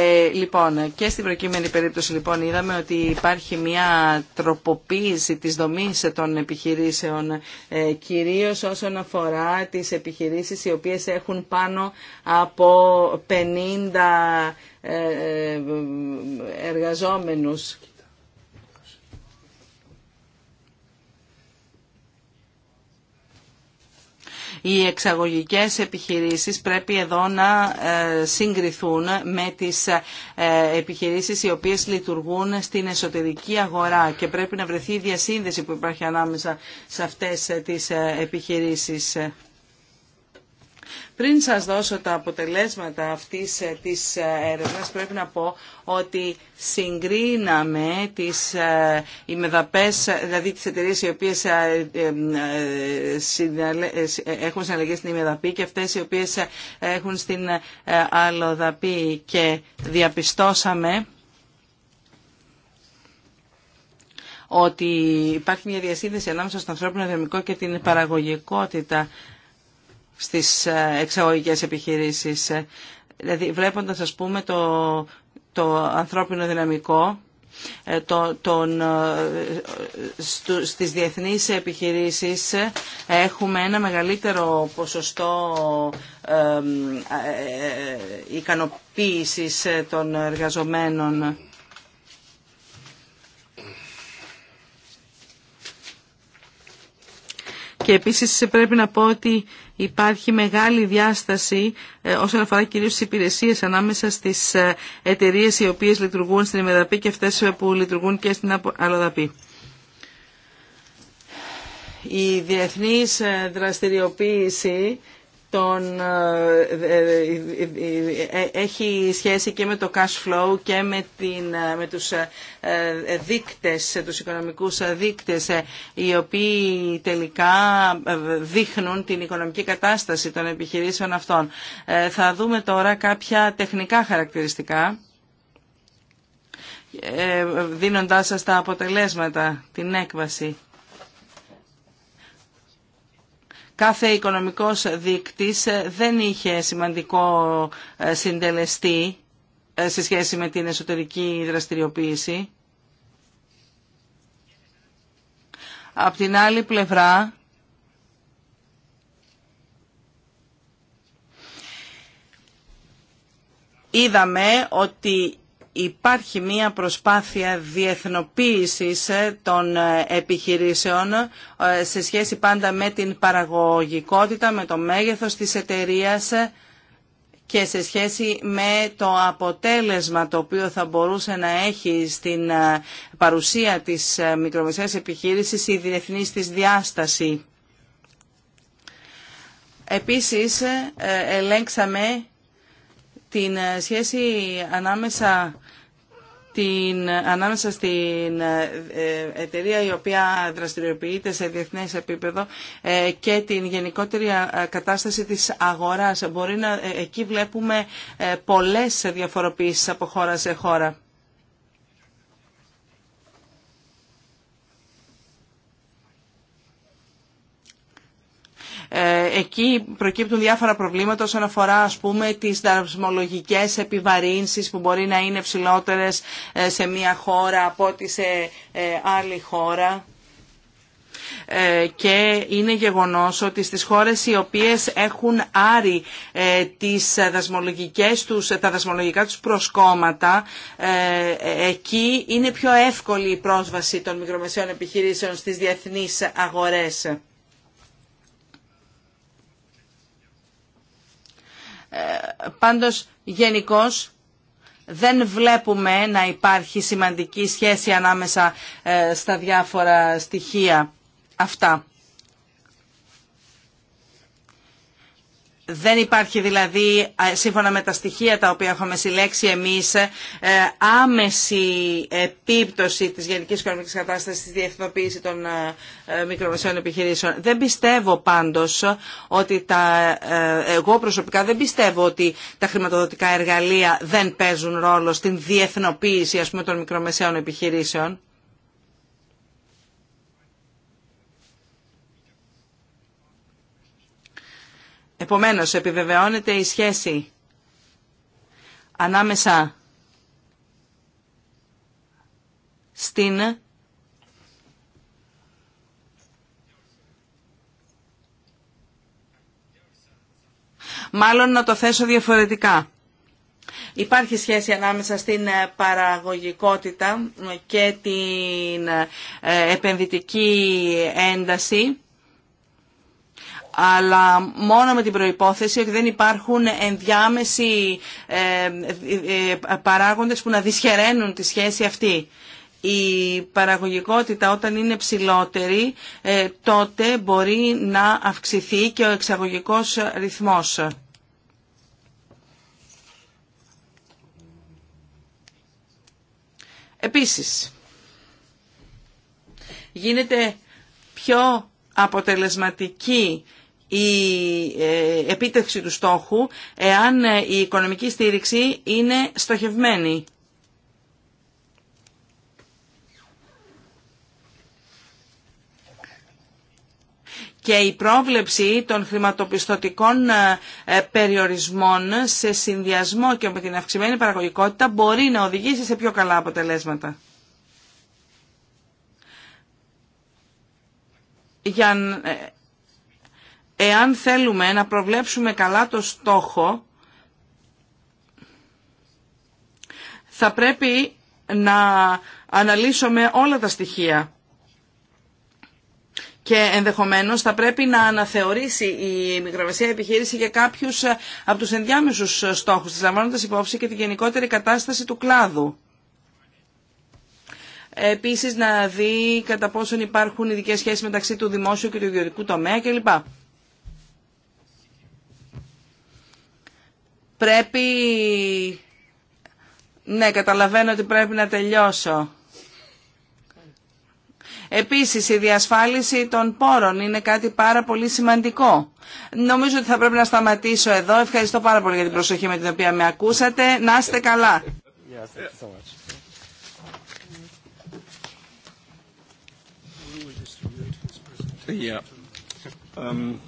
Ε, λοιπόν, και στην προκείμενη περίπτωση λοιπόν είδαμε ότι υπάρχει μια τροποποίηση της δομής των επιχειρήσεων ε, κυρίως όσον αφορά τις επιχειρήσεις οι οποίες έχουν πάνω από 50 ε, ε, εργαζόμενους Οι εξαγωγικές επιχειρήσεις πρέπει εδώ να ε, συγκριθούν με τις ε, επιχειρήσεις οι οποίες λειτουργούν στην εσωτερική αγορά και πρέπει να βρεθεί η διασύνδεση που υπάρχει ανάμεσα σε αυτές ε, τις επιχειρήσεις. Πριν σας δώσω τα αποτελέσματα αυτής ε, της ε, έρευνας πρέπει να πω ότι συγκρίναμε τις ημεδαπές, ε, δηλαδή τις εταιρείες οι οποίες έχουν συναλλαγές στην ημεδαπή και αυτές οι οποίες έχουν στην αλλοδαπή και διαπιστώσαμε ότι υπάρχει μια διασύνδεση ανάμεσα στον ανθρώπινο δυναμικό και την παραγωγικότητα στις ε, εξαγωγικές επιχειρήσεις. Ε, δηλαδή βλέποντας ας πούμε το, το ανθρώπινο δυναμικό ε, το, τον, στο, στις διεθνείς επιχειρήσεις έχουμε ένα μεγαλύτερο ποσοστό ε, ικανοποίησης των εργαζομένων. Και επίσης πρέπει να πω ότι Υπάρχει μεγάλη διάσταση ε, όσον αφορά κυρίως τις υπηρεσίες ανάμεσα στις ε, εταιρείες οι οποίες λειτουργούν στην ΕΜΕΔΑΠΗ και αυτές ε, που λειτουργούν και στην αλλοδαπή. Η διεθνής δραστηριοποίηση τον, ε, ε, ε, έχει σχέση και με το cash flow και με, την, με τους δείκτες, τους οικονομικούς δείκτες οι οποίοι τελικά δείχνουν την οικονομική κατάσταση των επιχειρήσεων αυτών. Θα δούμε τώρα κάποια τεχνικά χαρακτηριστικά δίνοντάς σας τα αποτελέσματα, την έκβαση. κάθε οικονομικός δείκτης δεν είχε σημαντικό ε, συντελεστή ε, σε σχέση με την εσωτερική δραστηριοποίηση. Απ' την άλλη πλευρά, είδαμε ότι υπάρχει μία προσπάθεια διεθνοποίησης ε, των ε, επιχειρήσεων ε, σε σχέση πάντα με την παραγωγικότητα, με το μέγεθος της εταιρείας και σε σχέση με το αποτέλεσμα το οποίο θα μπορούσε να έχει στην παρουσία της μικρομεσαίας επιχείρησης η διεθνής της διάσταση. Επίσης, ελέγξαμε την ε, σχέση ανάμεσα την, ανάμεσα στην ε, ε, εταιρεία η οποία δραστηριοποιείται σε διεθνές επίπεδο και την γενικότερη κατάσταση της αγοράς. Μπορεί να, εκεί βλέπουμε πολλές διαφοροποιήσεις από χώρα σε χώρα. Ε, εκεί προκύπτουν διάφορα προβλήματα όσον αφορά ας πούμε τις δασμολογικές επιβαρύνσεις που μπορεί να είναι ψηλότερες ε, σε μια χώρα από ότι σε ε, άλλη χώρα και είναι γεγονός ότι στις χώρες οι οποίες έχουν άρει τις δασμολογικές τους, τα δασμολογικά τους προσκόμματα εκεί είναι πιο εύκολη η πρόσβαση των μικρομεσαίων επιχειρήσεων στις διεθνείς αγορές. πάντως γενικώ δεν βλέπουμε να υπάρχει σημαντική σχέση ανάμεσα ε, στα διάφορα στοιχεία αυτά. Δεν υπάρχει δηλαδή, σύμφωνα με τα στοιχεία τα οποία έχουμε συλλέξει εμείς, ε, άμεση επίπτωση της γενικής οικονομικής κατάστασης στη διεθνοποίηση των ε, ε, μικρομεσαίων επιχειρήσεων. Δεν πιστεύω πάντως ότι τα... Εγώ προσωπικά δεν πιστεύω ότι τα χρηματοδοτικά εργαλεία δεν παίζουν ρόλο στην διεθνοποίηση ας πούμε, των μικρομεσαίων επιχειρήσεων. Επομένως, επιβεβαιώνεται η σχέση ανάμεσα στην Μάλλον να το θέσω διαφορετικά. Υπάρχει σχέση ανάμεσα στην ε, παραγωγικότητα και την ε, επενδυτική ένταση αλλά μόνο με την προϋπόθεση ότι δεν υπάρχουν ενδιάμεσοι ε, ε, παράγοντες που να δυσχεραίνουν τη σχέση αυτή. Η παραγωγικότητα όταν είναι ψηλότερη ε, τότε μπορεί να αυξηθεί και ο εξαγωγικός ρυθμός. Επίσης, γίνεται πιο αποτελεσματική η ε, επίτευξη του στόχου εάν ε, η οικονομική στήριξη είναι στοχευμένη. και η πρόβλεψη των χρηματοπιστωτικών ε, περιορισμών σε συνδυασμό και με την αυξημένη παραγωγικότητα μπορεί να οδηγήσει σε πιο καλά αποτελέσματα. Για εάν θέλουμε να προβλέψουμε καλά το στόχο, θα πρέπει να αναλύσουμε όλα τα στοιχεία. Και ενδεχομένως θα πρέπει να αναθεωρήσει η μικρομεσαία επιχείρηση για κάποιους ε, από τους ενδιάμεσους στόχους της, λαμβάνοντας υπόψη και την γενικότερη κατάσταση του κλάδου. Επίσης να δει κατά πόσον υπάρχουν ειδικές σχέσεις μεταξύ του δημόσιου και του ιδιωτικού τομέα κλπ. Πρέπει... Ναι, καταλαβαίνω ότι πρέπει να τελειώσω. Επίσης, η διασφάλιση των πόρων είναι κάτι πάρα πολύ σημαντικό. Νομίζω ότι θα πρέπει να σταματήσω εδώ. Ευχαριστώ πάρα πολύ για την προσοχή με την οποία με ακούσατε. Να είστε καλά. Yeah. Um,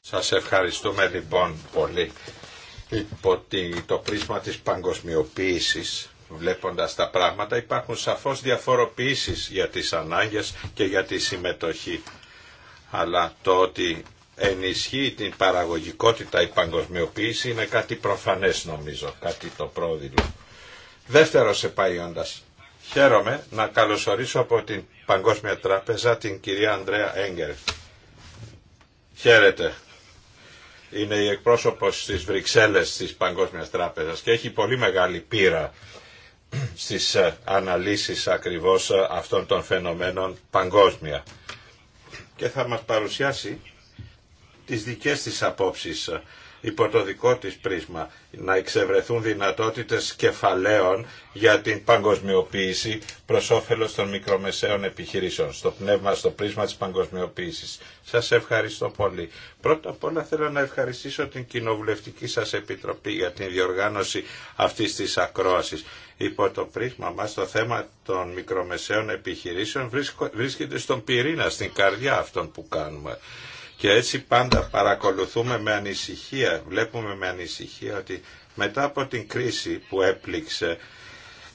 σας ευχαριστούμε λοιπόν πολύ. Υπό το πρίσμα της παγκοσμιοποίησης βλέποντας τα πράγματα υπάρχουν σαφώς διαφοροποιήσεις για τις ανάγκες και για τη συμμετοχή. Αλλά το ότι ενισχύει την παραγωγικότητα η παγκοσμιοποίηση είναι κάτι προφανές νομίζω, κάτι το πρόδειλο. Δεύτερο σε πάει Χαίρομαι να καλωσορίσω από την Παγκόσμια Τράπεζα την κυρία Ανδρέα Έγκερ. Χαίρετε. Είναι η εκπρόσωπος της Βρυξέλλες της Παγκόσμιας Τράπεζας και έχει πολύ μεγάλη πείρα στις ε, αναλύσεις ακριβώς ε, αυτών των φαινομένων παγκόσμια. Και θα μας παρουσιάσει τις δικές της απόψεις ε, υπό το δικό της πρίσμα να εξευρεθούν δυνατότητες κεφαλαίων για την παγκοσμιοποίηση προς όφελος των μικρομεσαίων επιχειρήσεων στο πνεύμα, στο πρίσμα της παγκοσμιοποίησης. Σας ευχαριστώ πολύ. Πρώτα απ' όλα θέλω να ευχαριστήσω την Κοινοβουλευτική σας Επιτροπή για την διοργάνωση αυτής της ακρόασης. Υπό το πρίσμα μας το θέμα των μικρομεσαίων επιχειρήσεων βρίσκεται στον πυρήνα, στην καρδιά αυτών που κάνουμε. Και έτσι πάντα παρακολουθούμε με ανησυχία, βλέπουμε με ανησυχία ότι μετά από την κρίση που έπληξε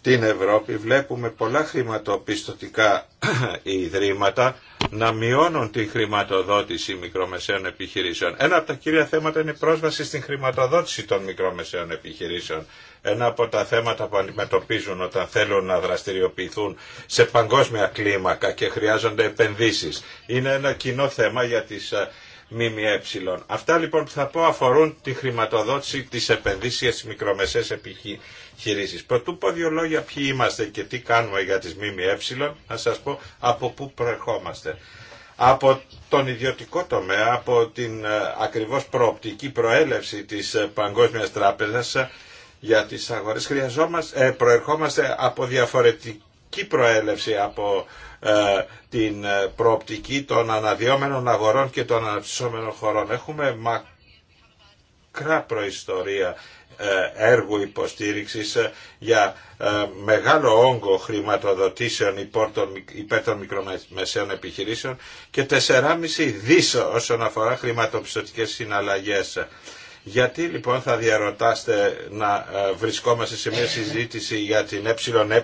την Ευρώπη βλέπουμε πολλά χρηματοπιστωτικά *clears throat* ιδρύματα να μειώνουν τη χρηματοδότηση μικρομεσαίων επιχειρήσεων. Ένα από τα κύρια θέματα είναι η πρόσβαση στην χρηματοδότηση των μικρομεσαίων επιχειρήσεων ένα από τα θέματα που αντιμετωπίζουν όταν θέλουν να δραστηριοποιηθούν σε παγκόσμια κλίμακα και χρειάζονται επενδύσεις. Είναι ένα κοινό θέμα για τις ε, ΜΜΕ. Αυτά λοιπόν που θα πω αφορούν τη χρηματοδότηση της επενδύσεις στις μικρομεσαίες επιχειρήσεις. Πρωτού πω δύο λόγια ποιοι είμαστε και τι κάνουμε για τις ΜΜΕ, να σας πω από πού προερχόμαστε από τον ιδιωτικό τομέα, από την ε, ακριβώς προοπτική προέλευση της ε, Παγκόσμιας Τράπεζας για τις αγορές. Χρειαζόμαστε, ε, προερχόμαστε από διαφορετική προέλευση από ε, την ε, προοπτική των αναδυόμενων αγορών και των αναπτυσσόμενων χωρών. Έχουμε μακρά προϊστορία έργου υποστήριξης για μεγάλο όγκο χρηματοδοτήσεων υπέρ των μικρομεσαίων επιχειρήσεων και 4,5 δίσο όσον αφορά χρηματοπιστωτικές συναλλαγές. Γιατί λοιπόν θα διαρωτάστε να ε, βρισκόμαστε σε μια συζήτηση για την ΕΕ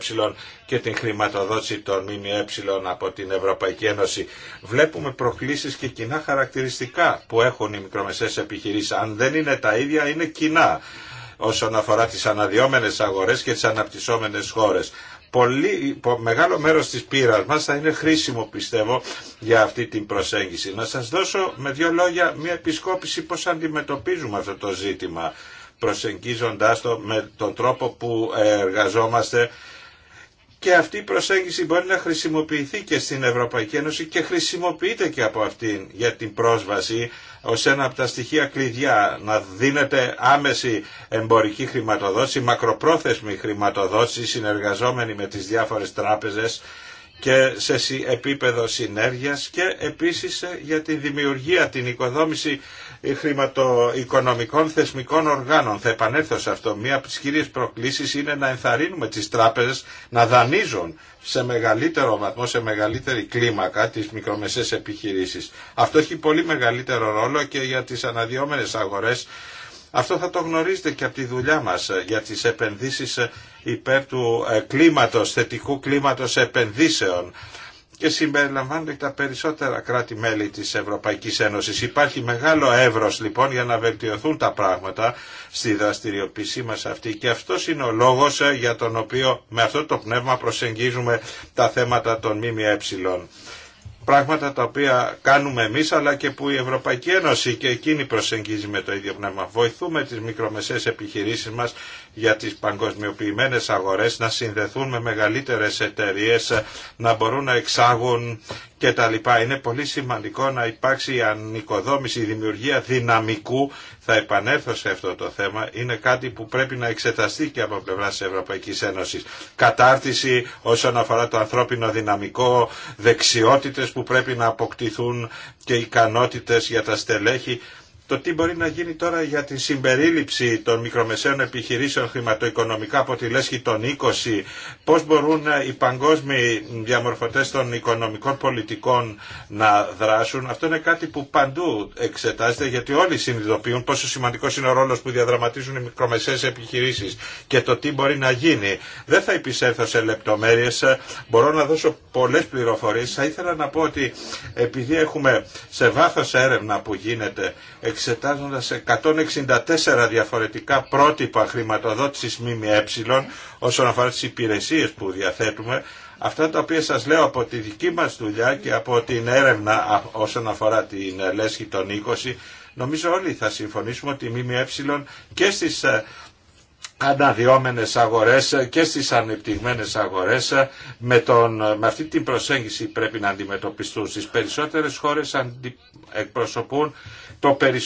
και την χρηματοδότηση των ΜΜΕ από την Ευρωπαϊκή Ένωση. Βλέπουμε προκλήσεις και κοινά χαρακτηριστικά που έχουν οι μικρομεσαίες επιχειρήσεις. Αν δεν είναι τα ίδια είναι κοινά όσον αφορά τις αναδυόμενες αγορές και τις αναπτυσσόμενες χώρες πολύ, μεγάλο μέρος της πείρας μας θα είναι χρήσιμο πιστεύω για αυτή την προσέγγιση. Να σας δώσω με δύο λόγια μια επισκόπηση πώς αντιμετωπίζουμε αυτό το ζήτημα προσεγγίζοντάς το με τον τρόπο που εργαζόμαστε και αυτή η προσέγγιση μπορεί να χρησιμοποιηθεί και στην Ευρωπαϊκή Ένωση και χρησιμοποιείται και από αυτήν για την πρόσβαση ως ένα από τα στοιχεία κλειδιά να δίνεται άμεση εμπορική χρηματοδότηση, μακροπρόθεσμη χρηματοδότηση συνεργαζόμενη με τις διάφορες τράπεζες και σε επίπεδο συνέργειας και επίσης ε, για τη δημιουργία, την οικοδόμηση χρηματοοικονομικών θεσμικών οργάνων. Θα επανέλθω σε αυτό. Μία από τις κύριε προκλήσεις είναι να ενθαρρύνουμε τις τράπεζες να δανείζουν σε μεγαλύτερο βαθμό, σε μεγαλύτερη κλίμακα τις μικρομεσαίες επιχειρήσεις. Αυτό έχει πολύ μεγαλύτερο ρόλο και για τις αναδυόμενες αγορές. Αυτό θα το γνωρίζετε και από τη δουλειά μας ε, για τις επενδύσεις ε, υπέρ του ε, κλίματος, θετικού κλίματος επενδύσεων και συμπεριλαμβάνονται τα περισσότερα κράτη-μέλη της Ευρωπαϊκής Ένωσης. Υπάρχει μεγάλο εύρος λοιπόν για να βελτιωθούν τα πράγματα στη δραστηριοποίησή μας αυτή και αυτός είναι ο λόγος ε, για τον οποίο με αυτό το πνεύμα προσεγγίζουμε τα θέματα των ΜΜΕ πράγματα τα οποία κάνουμε εμείς αλλά και που η Ευρωπαϊκή Ένωση και εκείνη προσεγγίζει με το ίδιο πνεύμα. Βοηθούμε τις μικρομεσαίες επιχειρήσεις μας για τις παγκοσμιοποιημένες αγορές να συνδεθούν με μεγαλύτερες εταιρείες, να μπορούν να εξάγουν και τα λοιπά. Είναι πολύ σημαντικό να υπάρξει η ανοικοδόμηση, η δημιουργία δυναμικού. Θα επανέλθω σε αυτό το θέμα. Είναι κάτι που πρέπει να εξεταστεί και από πλευρά τη Ευρωπαϊκή Ένωση. Κατάρτιση όσον αφορά το ανθρώπινο δυναμικό, δεξιότητε που πρέπει να αποκτηθούν και ικανότητε για τα στελέχη το τι μπορεί να γίνει τώρα για την συμπερίληψη των μικρομεσαίων επιχειρήσεων χρηματοοικονομικά από τη λέσχη των 20, πώς μπορούν ε, οι παγκόσμιοι διαμορφωτές των οικονομικών πολιτικών να δράσουν. Αυτό είναι κάτι που παντού εξετάζεται γιατί όλοι συνειδητοποιούν πόσο σημαντικό είναι ο ρόλος που διαδραματίζουν οι μικρομεσαίες επιχειρήσεις και το τι μπορεί να γίνει. Δεν θα επισέλθω σε λεπτομέρειες, ε, μπορώ να δώσω πολλές πληροφορίες. Θα ήθελα να πω ότι επειδή έχουμε σε βάθος έρευνα που γίνεται εξετάζοντας 164 διαφορετικά πρότυπα χρηματοδότησης ΜΜΕ όσον αφορά τις υπηρεσίες που διαθέτουμε, αυτά τα οποία σας λέω από τη δική μας δουλειά και από την έρευνα όσον αφορά την ε, λέσχη των 20, νομίζω όλοι θα συμφωνήσουμε ότι η ΜΜΕ και στις ε, αναδυόμενες αγορές και στις ανεπτυγμένες αγορές με, τον, με αυτή την προσέγγιση πρέπει να αντιμετωπιστούν. Στις περισσότερες χώρες αντι, εκπροσωπούν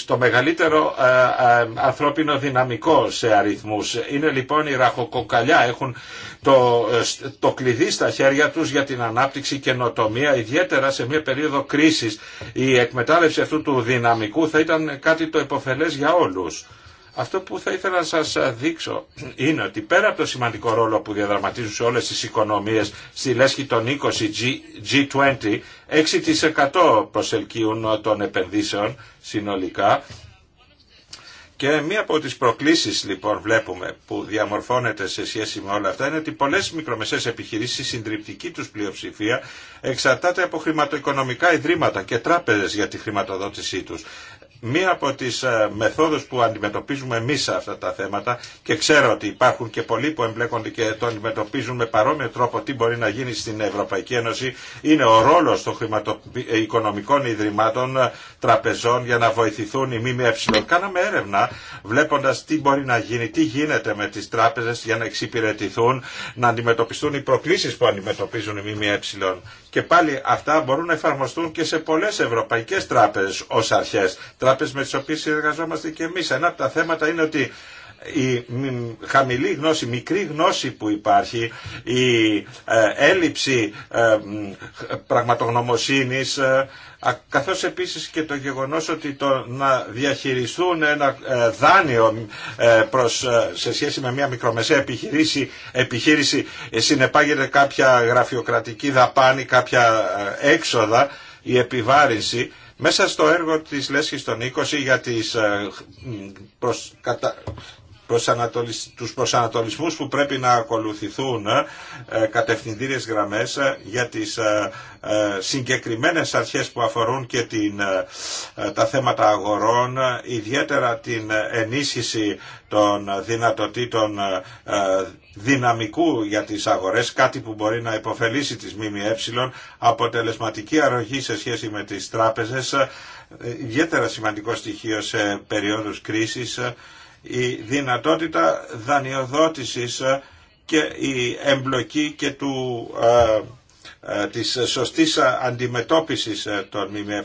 το, μεγαλύτερο ε, ε, ανθρώπινο δυναμικό σε αριθμούς. Είναι λοιπόν η ραχοκοκαλιά, έχουν το, ε, το κλειδί στα χέρια τους για την ανάπτυξη καινοτομία, ιδιαίτερα σε μια περίοδο κρίσης. Η εκμετάλλευση αυτού του δυναμικού θα ήταν κάτι το επωφελές για όλους. Αυτό που θα ήθελα να σας δείξω είναι ότι πέρα από το σημαντικό ρόλο που διαδραματίζουν σε όλες τις οικονομίες στη λέσχη των 20 G20, 6% προσελκύουν των επενδύσεων συνολικά και μία από τις προκλήσεις λοιπόν βλέπουμε που διαμορφώνεται σε σχέση με όλα αυτά είναι ότι πολλές μικρομεσαίες επιχειρήσεις, η συντριπτική τους πλειοψηφία εξαρτάται από χρηματοοικονομικά ιδρύματα και τράπεζες για τη χρηματοδότησή τους. Μία από τις ε, μεθόδους που αντιμετωπίζουμε εμείς αυτά τα θέματα και ξέρω ότι υπάρχουν και πολλοί που εμπλέκονται και το αντιμετωπίζουν με παρόμοιο τρόπο τι μπορεί να γίνει στην Ευρωπαϊκή Ένωση είναι ο ρόλος των χρηματοοικονομικών ε, ιδρυμάτων τραπεζών για να βοηθηθούν οι ΜΜΕ. Κάναμε έρευνα βλέποντα τι μπορεί να γίνει, τι γίνεται με τι τράπεζε για να εξυπηρετηθούν, να αντιμετωπιστούν οι προκλήσει που αντιμετωπίζουν οι ΜΜΕ. Και πάλι αυτά μπορούν να εφαρμοστούν και σε πολλέ ευρωπαϊκέ τράπεζε ω αρχέ. Τράπεζε με τι οποίε συνεργαζόμαστε και εμεί. Ένα από τα θέματα είναι ότι η χαμηλή γνώση, μικρή γνώση που υπάρχει, η ε, έλλειψη ε, πραγματογνωμοσύνης, ε, καθώς επίσης και το γεγονός ότι το να διαχειριστούν ένα δάνειο προς, σε σχέση με μια μικρομεσαία επιχειρήση, επιχείρηση συνεπάγεται κάποια γραφειοκρατική δαπάνη, κάποια έξοδα, η επιβάρυνση, μέσα στο έργο της Λέσχης των 20 για τις προς, κατα, τους προσανατολισμούς που πρέπει να ακολουθηθούν ε, κατευθυντήριες γραμμές ε, για τις ε, συγκεκριμένες αρχές που αφορούν και την, τα θέματα αγορών, ιδιαίτερα την ενίσχυση των δυνατοτήτων δυναμικού για τις αγορές, κάτι που μπορεί να υποφελήσει τις ΜΜΕ, αποτελεσματική αρρωγή σε σχέση με τις τράπεζες, ιδιαίτερα σημαντικό στοιχείο σε περίοδους κρίσης η δυνατότητα δανειοδότησης και η εμπλοκή και του, ε, ε της σωστής αντιμετώπισης ε, των ΜΜΕ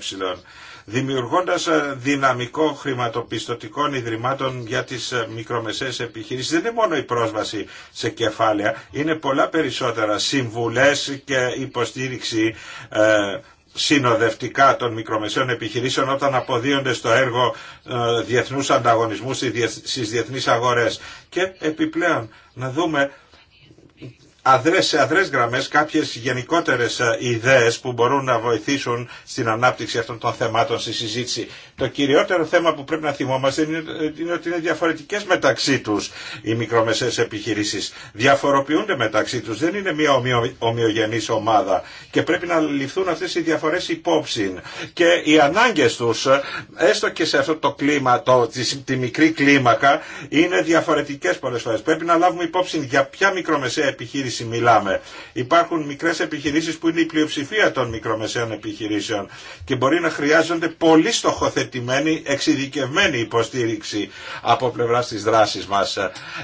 δημιουργώντας ε, δυναμικό χρηματοπιστωτικών ιδρυμάτων για τις μικρομεσαίες επιχειρήσεις. Δεν είναι μόνο η πρόσβαση σε κεφάλαια, είναι πολλά περισσότερα συμβουλές και υποστήριξη συνοδευτικά των μικρομεσαίων επιχειρήσεων όταν αποδίονται στο έργο ε, διεθνούς ανταγωνισμού στις διεθνείς αγορές. Και επιπλέον να δούμε αδρές, σε αδρές γραμμές κάποιες γενικότερες ε, ιδέες που μπορούν να βοηθήσουν στην ανάπτυξη αυτών των θεμάτων στη συζήτηση. Το κυριότερο θέμα που πρέπει να θυμόμαστε είναι ότι είναι διαφορετικέ μεταξύ του οι μικρομεσαίες επιχειρήσει. Διαφοροποιούνται μεταξύ του. δεν είναι μια ομοιογενής ομάδα και πρέπει να ληφθούν αυτέ οι διαφορέ υπόψη και οι ανάγκε του, έστω και σε αυτό το κλίμα, το, τη, τη μικρή κλίμακα είναι διαφορετικέ πολλέ φορέ. Πρέπει να λάβουμε υπόψη για ποια μικρομεσαία επιχείρηση μιλάμε. Υπάρχουν μικρέ επιχειρήσει που είναι η πλειοψηφία των μικρομεσαίων επιχειρήσεων και μπορεί να χρειάζονται πολύ στοχοθετικά εξειδικευμένη υποστήριξη από πλευρά τη δράση μα.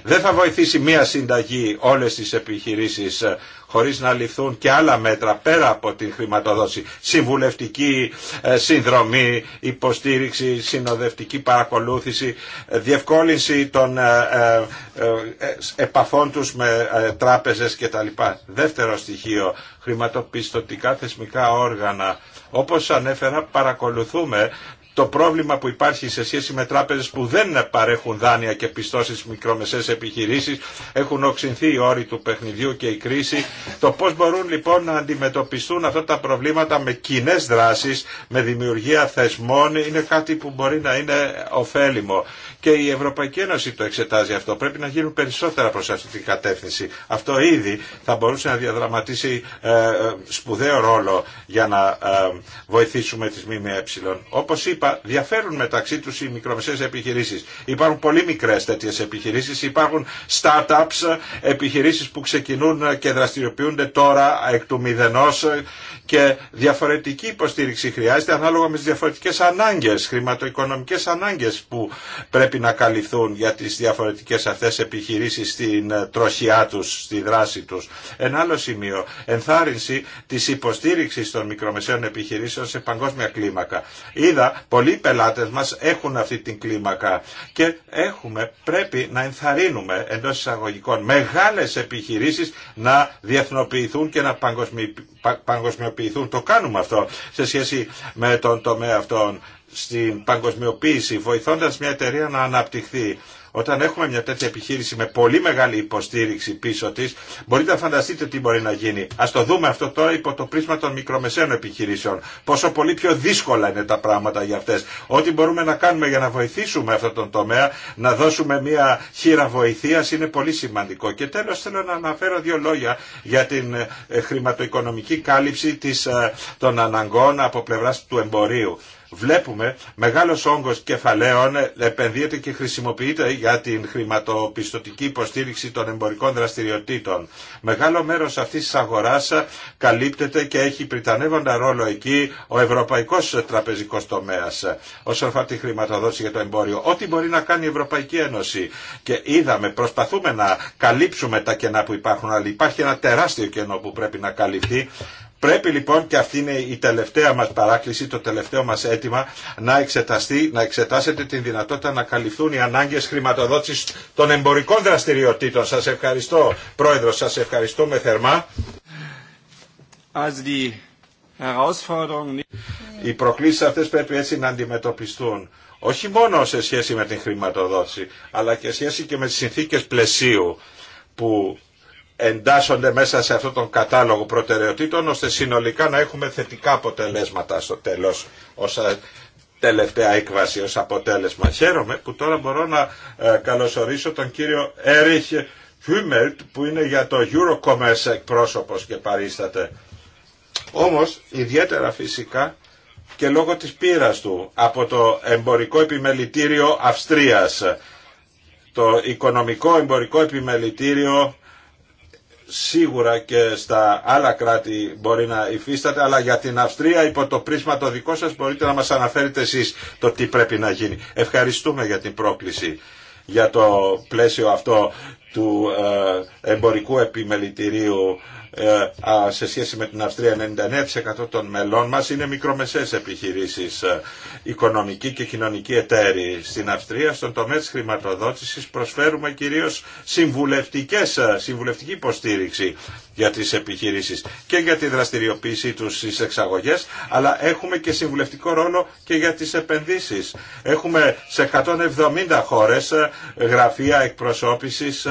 Δεν θα βοηθήσει μία συνταγή όλες τι επιχειρήσει ε, χωρίς να ληφθούν και άλλα μέτρα πέρα από την χρηματοδότηση. Συμβουλευτική ε, συνδρομή, υποστήριξη, συνοδευτική παρακολούθηση, ε, διευκόλυνση των επαφών τους με τράπεζες κτλ. Δεύτερο στοιχείο, χρηματοπιστωτικά θεσμικά όργανα. Όπως ανέφερα παρακολουθούμε το πρόβλημα που υπάρχει σε σχέση με τράπεζες που δεν παρέχουν δάνεια και πιστώσεις στις μικρομεσαίες επιχειρήσεις, έχουν οξυνθεί οι όροι του παιχνιδιού και η κρίση. Το πώς μπορούν λοιπόν να αντιμετωπιστούν αυτά τα προβλήματα με κοινέ δράσεις, με δημιουργία θεσμών, είναι κάτι που μπορεί να είναι ωφέλιμο. Και η Ευρωπαϊκή Ένωση το εξετάζει αυτό. Πρέπει να γίνουν περισσότερα προς αυτή την κατεύθυνση. Αυτό ήδη θα μπορούσε να διαδραματίσει ε, ε, σπουδαίο ρόλο για να ε, βοηθήσουμε τις ΜΜΕ. Όπως διαφέρουν μεταξύ τους οι μικρομεσαίες επιχειρήσεις. Υπάρχουν πολύ μικρές τέτοιες επιχειρήσεις, υπάρχουν start-ups, επιχειρήσεις που ξεκινούν και δραστηριοποιούνται τώρα εκ του μηδενός και διαφορετική υποστήριξη χρειάζεται ανάλογα με τις διαφορετικές ανάγκες, χρηματοοικονομικές ανάγκες που πρέπει να καλυφθούν για τις διαφορετικές αυτές επιχειρήσεις στην ε, τροχιά τους, στη δράση τους. Ένα άλλο σημείο, ενθάρρυνση της υποστήριξης των μικρομεσαίων επιχειρήσεων σε παγκόσμια κλίμακα. Είδα, πολλοί πελάτες μας έχουν αυτή την κλίμακα και έχουμε, πρέπει να ενθαρρύνουμε εντός εισαγωγικών μεγάλες επιχειρήσεις να διεθνοποιηθούν και να παγκοσμιοποιηθούν το κάνουμε αυτό σε σχέση με τον τομέα αυτόν στην παγκοσμιοποίηση, βοηθώντας μια εταιρεία να αναπτυχθεί όταν έχουμε μια τέτοια επιχείρηση με πολύ μεγάλη υποστήριξη πίσω τη, μπορείτε να φανταστείτε τι μπορεί να γίνει. Α το δούμε αυτό τώρα υπό το πρίσμα των μικρομεσαίων επιχειρήσεων. Πόσο πολύ πιο δύσκολα είναι τα πράγματα για αυτέ. Ό,τι μπορούμε να κάνουμε για να βοηθήσουμε αυτόν τον τομέα, να δώσουμε μια χείρα βοηθεία είναι πολύ σημαντικό. Και τέλο θέλω να αναφέρω δύο λόγια για την ε, χρηματοοικονομική κάλυψη ε, των αναγκών από πλευρά του εμπορίου βλέπουμε μεγάλος όγκος κεφαλαίων επενδύεται και χρησιμοποιείται για την χρηματοπιστωτική υποστήριξη των εμπορικών δραστηριοτήτων. Μεγάλο μέρος αυτής της αγοράς καλύπτεται και έχει πριτανεύοντα ρόλο εκεί ο ευρωπαϊκός τραπεζικός τομέας όσον αφορά τη χρηματοδότηση για το εμπόριο. Ό,τι μπορεί να κάνει η Ευρωπαϊκή Ένωση και είδαμε, προσπαθούμε να καλύψουμε τα κενά που υπάρχουν, αλλά υπάρχει ένα τεράστιο κενό που πρέπει να καλυφθεί Πρέπει λοιπόν και αυτή είναι η τελευταία μας παράκληση, το τελευταίο μας αίτημα να εξεταστεί, να εξετάσετε την δυνατότητα να καλυφθούν οι ανάγκες χρηματοδότησης των εμπορικών δραστηριοτήτων. Σας ευχαριστώ Πρόεδρο, σας ευχαριστούμε θερμά. Οι προκλήσεις αυτές πρέπει έτσι να αντιμετωπιστούν. Όχι μόνο σε σχέση με την χρηματοδότηση, αλλά και σε σχέση και με τις συνθήκες πλαισίου που εντάσσονται μέσα σε αυτόν τον κατάλογο προτεραιοτήτων ώστε συνολικά να έχουμε θετικά αποτελέσματα στο τέλος ως ε, τελευταία έκβαση ως αποτέλεσμα. Χαίρομαι που τώρα μπορώ να ε, καλωσορίσω τον κύριο Έριχ Χουίμερτ που είναι για το Eurocommerce εκπρόσωπος και παρίσταται. Όμως ιδιαίτερα φυσικά και λόγω της πείρας του από το εμπορικό επιμελητήριο Αυστρίας. Το οικονομικό εμπορικό επιμελητήριο σίγουρα και στα άλλα κράτη μπορεί να υφίσταται, αλλά για την Αυστρία υπό το πρίσμα το δικό σας μπορείτε να μας αναφέρετε εσείς το τι πρέπει να γίνει. Ευχαριστούμε για την πρόκληση για το πλαίσιο αυτό του ε, εμπορικού επιμελητηρίου ε, σε σχέση με την Αυστρία 99% των μελών μας είναι μικρομεσαίες επιχειρήσεις ε, οικονομική και κοινωνική εταίροι στην Αυστρία στον τομέα της χρηματοδότησης προσφέρουμε κυρίως συμβουλευτικές, συμβουλευτική υποστήριξη για τις επιχειρήσεις και για τη δραστηριοποίησή τους στις εξαγωγές αλλά έχουμε και συμβουλευτικό ρόλο και για τις επενδύσεις έχουμε σε 170 χώρες γραφεία εκπροσώπησης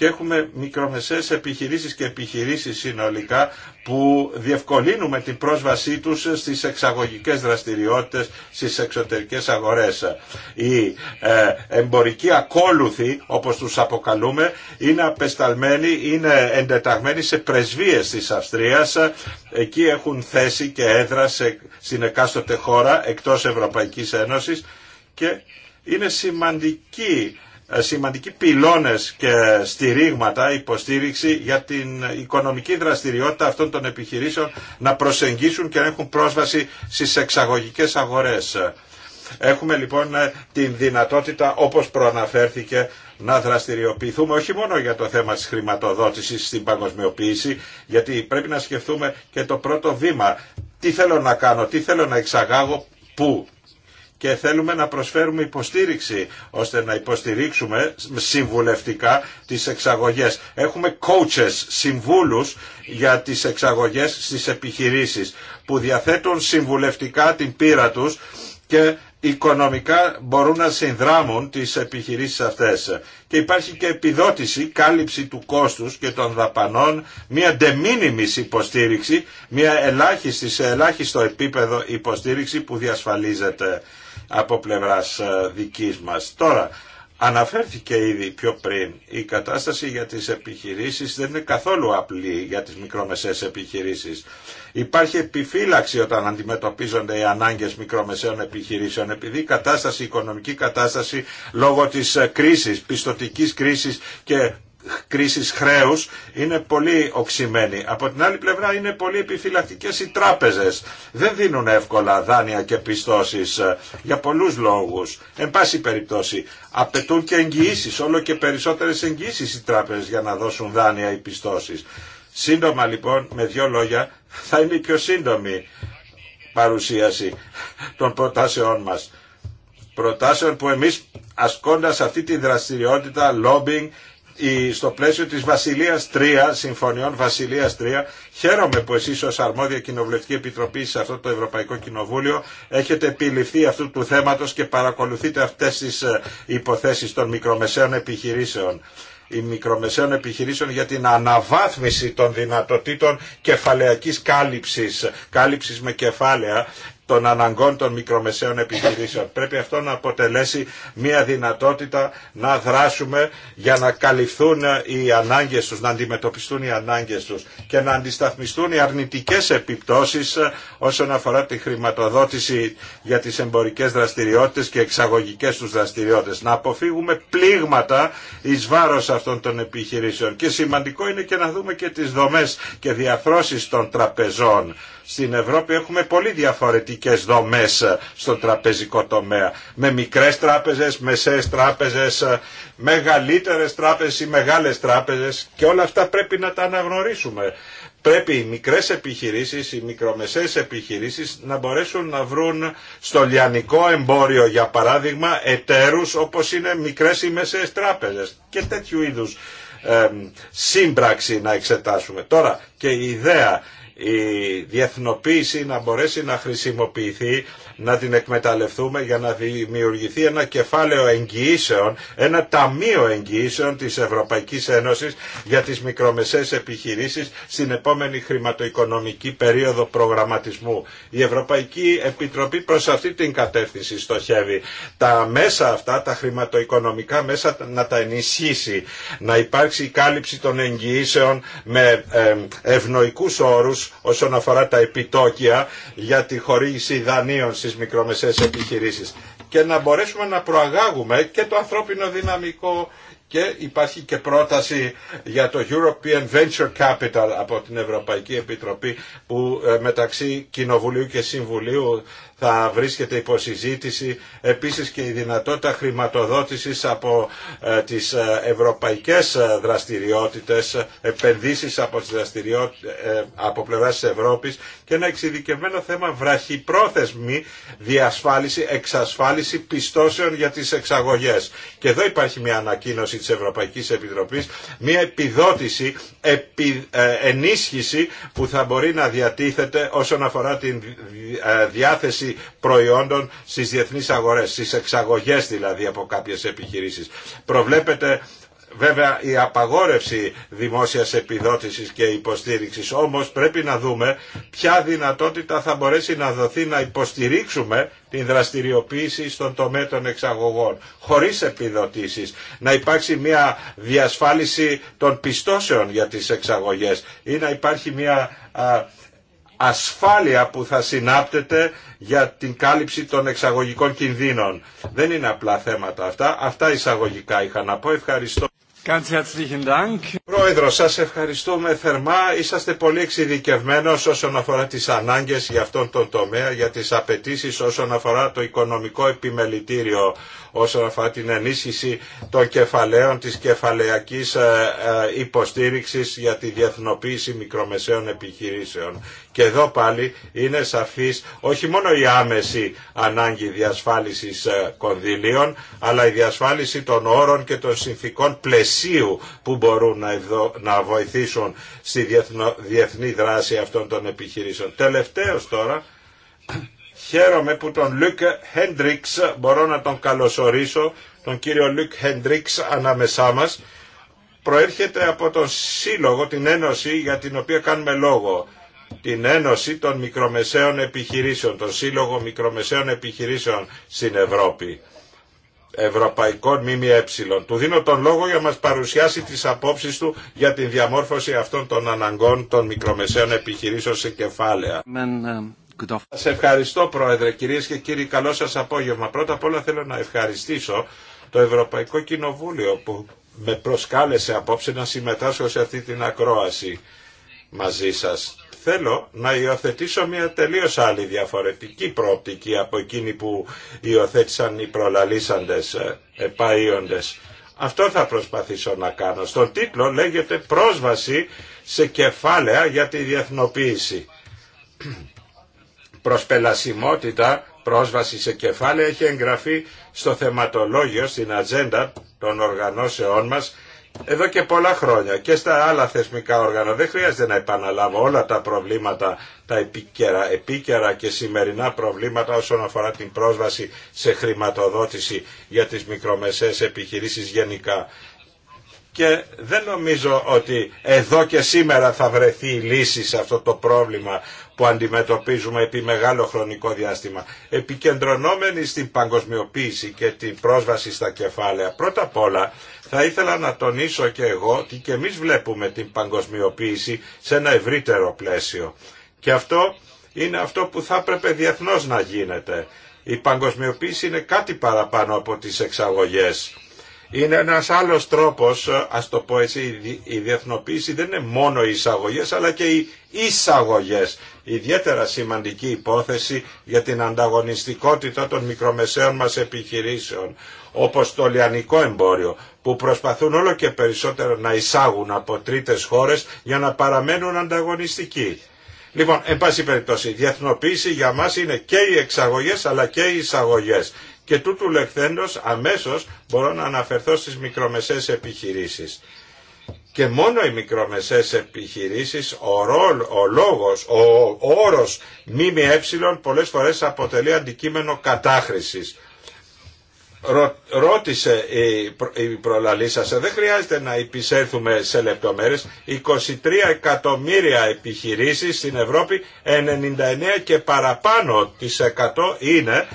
και έχουμε μικρομεσαίες επιχειρήσεις και επιχειρήσεις συνολικά που διευκολύνουμε την πρόσβασή τους στις εξαγωγικές δραστηριότητες στις εξωτερικές αγορές. Οι ε, εμπορικοί ακόλουθοι, όπως τους αποκαλούμε, είναι απεσταλμένοι, είναι εντεταγμένοι σε πρεσβείες της Αυστρίας. Εκεί έχουν θέση και έδρα στην εκάστοτε χώρα εκτός Ευρωπαϊκής Ένωσης και είναι σημαντική σημαντικοί πυλώνες και στηρίγματα, υποστήριξη για την οικονομική δραστηριότητα αυτών των επιχειρήσεων να προσεγγίσουν και να έχουν πρόσβαση στις εξαγωγικές αγορές. Έχουμε λοιπόν την δυνατότητα όπως προαναφέρθηκε να δραστηριοποιηθούμε όχι μόνο για το θέμα της χρηματοδότησης στην παγκοσμιοποίηση γιατί πρέπει να σκεφτούμε και το πρώτο βήμα. Τι θέλω να κάνω, τι θέλω να εξαγάγω, πού και θέλουμε να προσφέρουμε υποστήριξη ώστε να υποστηρίξουμε συμβουλευτικά τις εξαγωγές. Έχουμε coaches, συμβούλους για τις εξαγωγές στις επιχειρήσεις που διαθέτουν συμβουλευτικά την πείρα τους και οικονομικά μπορούν να συνδράμουν τις επιχειρήσεις αυτές. Και υπάρχει και επιδότηση, κάλυψη του κόστους και των δαπανών, μια de υποστήριξη, μια ελάχιστη σε ελάχιστο επίπεδο υποστήριξη που διασφαλίζεται από πλευράς ε, δικής μας. Τώρα, Αναφέρθηκε ήδη πιο πριν, η κατάσταση για τις επιχειρήσεις δεν είναι καθόλου απλή για τις μικρομεσαίες επιχειρήσεις. Υπάρχει επιφύλαξη όταν αντιμετωπίζονται οι ανάγκες μικρομεσαίων επιχειρήσεων επειδή η κατάσταση, η οικονομική κατάσταση λόγω της ε, κρίσης, πιστοτικής κρίσης και κρίσης χρέους είναι πολύ οξυμένη. Από την άλλη πλευρά είναι πολύ επιφυλακτικές οι τράπεζες. Δεν δίνουν εύκολα δάνεια και πιστώσεις ε, για πολλούς λόγους. Εν πάση περιπτώσει απαιτούν και εγγυήσεις, όλο και περισσότερες εγγυήσεις οι τράπεζες για να δώσουν δάνεια ή πιστώσεις. Σύντομα λοιπόν, με δύο λόγια, θα είναι η πιο σύντομη παρουσίαση των προτάσεών μας. Προτάσεων που εμείς ασκώντας αυτή τη δραστηριότητα lobbying στο πλαίσιο της Βασιλείας 3, συμφωνιών Βασιλείας 3, χαίρομαι που εσείς ως αρμόδια κοινοβουλευτική επιτροπή σε αυτό το Ευρωπαϊκό Κοινοβούλιο έχετε επιληφθεί αυτού του θέματος και παρακολουθείτε αυτές τις ε, υποθέσεις των μικρομεσαίων επιχειρήσεων οι μικρομεσαίων επιχειρήσεων για την αναβάθμιση των δυνατοτήτων κεφαλαιακής κάλυψης, κάλυψης με κεφάλαια των αναγκών των μικρομεσαίων επιχειρήσεων. Πρέπει αυτό να αποτελέσει μια δυνατότητα να δράσουμε για να καλυφθούν οι ανάγκες τους, να αντιμετωπιστούν οι ανάγκες τους και να αντισταθμιστούν οι αρνητικές επιπτώσεις όσον αφορά τη χρηματοδότηση για τις εμπορικές δραστηριότητες και εξαγωγικές τους δραστηριότητες. Να αποφύγουμε πλήγματα εις βάρος αυτών των επιχειρήσεων. Και σημαντικό είναι και να δούμε και τις δομές και διαφρόσει των τραπεζών στην Ευρώπη έχουμε πολύ διαφορετικές δομές στο τραπεζικό τομέα. Με μικρές τράπεζες, μεσαίες τράπεζες, μεγαλύτερες τράπεζες ή μεγάλες τράπεζες και όλα αυτά πρέπει να τα αναγνωρίσουμε. Πρέπει οι μικρές επιχειρήσεις, οι μικρομεσαίες επιχειρήσεις να μπορέσουν να βρουν στο λιανικό εμπόριο, για παράδειγμα, εταίρους όπως είναι μικρές ή μεσαίες τράπεζες και τέτοιου είδους σύμπραξη να εξετάσουμε. Τώρα και η ιδέα η διεθνοποίηση να μπορέσει να χρησιμοποιηθεί, να την εκμεταλλευτούμε για να δημιουργηθεί ένα κεφάλαιο εγγυήσεων, ένα ταμείο εγγυήσεων της Ευρωπαϊκής Ένωσης για τις μικρομεσαίες επιχειρήσεις στην επόμενη χρηματοοικονομική περίοδο προγραμματισμού. Η Ευρωπαϊκή Επιτροπή προς αυτή την κατεύθυνση στοχεύει. Τα μέσα αυτά, τα χρηματοοικονομικά μέσα να τα ενισχύσει, να υπάρξει η κάλυψη των εγγυήσεων με ευνοϊκούς όρους όσον αφορά τα επιτόκια για τη χορήγηση δανείων στις μικρομεσαίες επιχειρήσεις και να μπορέσουμε να προαγάγουμε και το ανθρώπινο δυναμικό και υπάρχει και πρόταση για το European Venture Capital από την Ευρωπαϊκή Επιτροπή που ε, μεταξύ Κοινοβουλίου και Συμβουλίου θα βρίσκεται υποσυζήτηση επίσης και η δυνατότητα χρηματοδότησης από ε, τις ε, ευρωπαϊκές ε, δραστηριότητες, επενδύσεις από, τις δραστηριότητες, από πλευράς της Ευρώπης και ένα εξειδικευμένο θέμα βραχυπρόθεσμη διασφάλιση, εξασφάλιση πιστώσεων για τις εξαγωγές. Και εδώ υπάρχει μια ανακοίνωση της Ευρωπαϊκής Επιτροπής, μια επιδότηση, ενίσχυση που θα μπορεί να διατίθεται όσον αφορά την διάθεση προϊόντων στις διεθνείς αγορές, στις εξαγωγές δηλαδή από κάποιες επιχειρήσεις. Προβλέπεται Βέβαια η απαγόρευση δημόσιας επιδότησης και υποστήριξης όμως πρέπει να δούμε ποια δυνατότητα θα μπορέσει να δοθεί να υποστηρίξουμε την δραστηριοποίηση στον τομέα των εξαγωγών χωρίς επιδοτήσεις να υπάρξει μια διασφάλιση των πιστώσεων για τις εξαγωγές ή να υπάρχει μια ασφάλεια που θα συνάπτεται για την κάλυψη των εξαγωγικών κινδύνων. Δεν είναι απλά θέματα αυτά. Αυτά εισαγωγικά είχα να πω. Ευχαριστώ. Ganz herzlichen Dank. Πρόεδρο, Σα ευχαριστούμε θερμά. Είσαστε πολύ εξειδικευμένο όσον αφορά τι ανάγκε για αυτόν τον τομέα, για τι απαιτήσει όσον αφορά το οικονομικό επιμελητήριο, όσον αφορά την ενίσχυση των κεφαλαίων, τη κεφαλαιακής ε, ε, υποστήριξη για τη διεθνοποίηση μικρομεσαίων επιχειρήσεων. Και εδώ πάλι είναι σαφής όχι μόνο η άμεση ανάγκη διασφάλισης ε, κονδυλίων, αλλά η διασφάλιση των όρων και των συνθήκων πλαισίου που μπορούν να βοηθήσουν στη διεθνή δράση αυτών των επιχειρήσεων. Τελευταίο τώρα, χαίρομαι που τον Λουκ Χέντριξ, μπορώ να τον καλωσορίσω, τον κύριο Λουκ Χέντριξ ανάμεσά μας, προέρχεται από τον Σύλλογο, την Ένωση για την οποία κάνουμε λόγο την Ένωση των Μικρομεσαίων Επιχειρήσεων, τον Σύλλογο Μικρομεσαίων Επιχειρήσεων στην Ευρώπη. Ευρωπαϊκών ΜΜΕ. Του δίνω τον λόγο για να μας παρουσιάσει τις απόψεις του για τη διαμόρφωση αυτών των αναγκών των μικρομεσαίων επιχειρήσεων σε κεφάλαια. Ε, σας ευχαριστώ Πρόεδρε, κυρίες και κύριοι, καλό σας απόγευμα. Πρώτα απ' όλα θέλω να ευχαριστήσω το Ευρωπαϊκό Κοινοβούλιο που με προσκάλεσε απόψε να συμμετάσχω σε αυτή την ακρόαση μαζί σας θέλω να υιοθετήσω μια τελείως άλλη διαφορετική πρόπτικη από εκείνη που υιοθέτησαν οι προλαλήσαντες ε, επαΐοντες. Αυτό θα προσπαθήσω να κάνω. Στον τίτλο λέγεται «Πρόσβαση σε κεφάλαια για τη διεθνοποίηση». *clears throat* Προσπελασιμότητα, πρόσβαση σε κεφάλαια έχει εγγραφεί στο θεματολόγιο, στην ατζέντα των οργανώσεών μας εδώ και πολλά χρόνια και στα άλλα θεσμικά όργανα. Δεν χρειάζεται να επαναλάβω όλα τα προβλήματα, τα επίκαιρα, επίκαιρα και σημερινά προβλήματα όσον αφορά την πρόσβαση σε χρηματοδότηση για τις μικρομεσαίες επιχειρήσεις γενικά. Και δεν νομίζω ότι εδώ και σήμερα θα βρεθεί η λύση σε αυτό το πρόβλημα που αντιμετωπίζουμε επί μεγάλο χρονικό διάστημα. Επικεντρωνόμενοι στην παγκοσμιοποίηση και την πρόσβαση στα κεφάλαια, πρώτα απ' όλα θα ήθελα να τονίσω και εγώ ότι και εμείς βλέπουμε την παγκοσμιοποίηση σε ένα ευρύτερο πλαίσιο. Και αυτό είναι αυτό που θα έπρεπε διεθνώς να γίνεται. Η παγκοσμιοποίηση είναι κάτι παραπάνω από τις εξαγωγές. Είναι ένας άλλος τρόπος, ας το πω έτσι, η διεθνοποίηση δεν είναι μόνο οι εισαγωγές αλλά και οι εισαγωγές. Ιδιαίτερα σημαντική υπόθεση για την ανταγωνιστικότητα των μικρομεσαίων μας επιχειρήσεων όπως το λιανικό εμπόριο που προσπαθούν όλο και περισσότερο να εισάγουν από τρίτες χώρες για να παραμένουν ανταγωνιστικοί. Λοιπόν, εν πάση περιπτώσει, η διεθνοποίηση για μας είναι και οι εξαγωγές αλλά και οι εισαγωγές. Και τούτου λεχθέντος αμέσως μπορώ να αναφερθώ στις μικρομεσαίες επιχειρήσεις. Και μόνο οι μικρομεσαίες επιχειρήσεις, ο, ρόλ, ο λόγος, ο, ο όρος ΜΜΕ πολλές φορές αποτελεί αντικείμενο κατάχρησης ρώτησε η προλαλή σα, δεν χρειάζεται να υπησέλθουμε σε λεπτομέρειες, 23 εκατομμύρια επιχειρήσεις στην Ευρώπη, 99 και παραπάνω της 100 είναι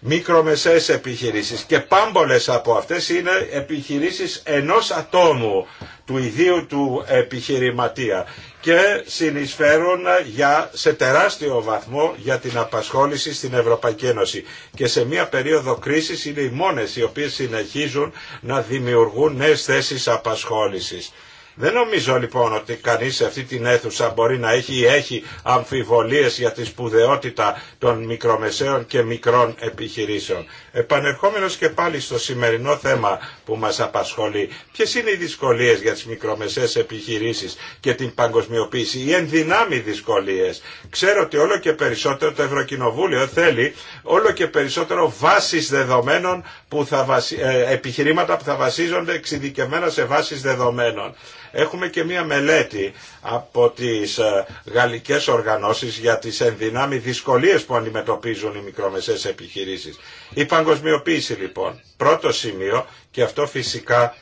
μικρομεσαίες επιχειρήσεις και πάμπολες από αυτές είναι επιχειρήσεις ενός ατόμου του ιδίου του επιχειρηματία και συνεισφέρουν για, σε τεράστιο βαθμό για την απασχόληση στην Ευρωπαϊκή Ένωση. Και σε μια περίοδο κρίσης είναι οι μόνες οι οποίες συνεχίζουν να δημιουργούν νέες θέσεις απασχόλησης. Δεν νομίζω λοιπόν ότι κανείς σε αυτή την αίθουσα μπορεί να έχει ή έχει αμφιβολίες για τη σπουδαιότητα των μικρομεσαίων και μικρών επιχειρήσεων. Επανερχόμενος και πάλι στο σημερινό θέμα που μας απασχολεί, ποιες είναι οι δυσκολίες για τις μικρομεσαίες επιχειρήσεις και την παγκοσμιοποίηση, οι ενδυνάμει δυσκολίες. Ξέρω ότι όλο και περισσότερο το Ευρωκοινοβούλιο θέλει όλο και περισσότερο βάσεις δεδομένων, που θα βασι... Ε, επιχειρήματα που θα βασίζονται εξειδικευμένα σε βάσεις δεδομένων. Έχουμε και μία μελέτη από τις ε, γαλλικές οργανώσεις για τις ενδυνάμει δυσκολίες που αντιμετωπίζουν οι μικρομεσαίες επιχειρήσεις. Η παγκοσμιοποίηση λοιπόν, πρώτο σημείο και αυτό φυσικά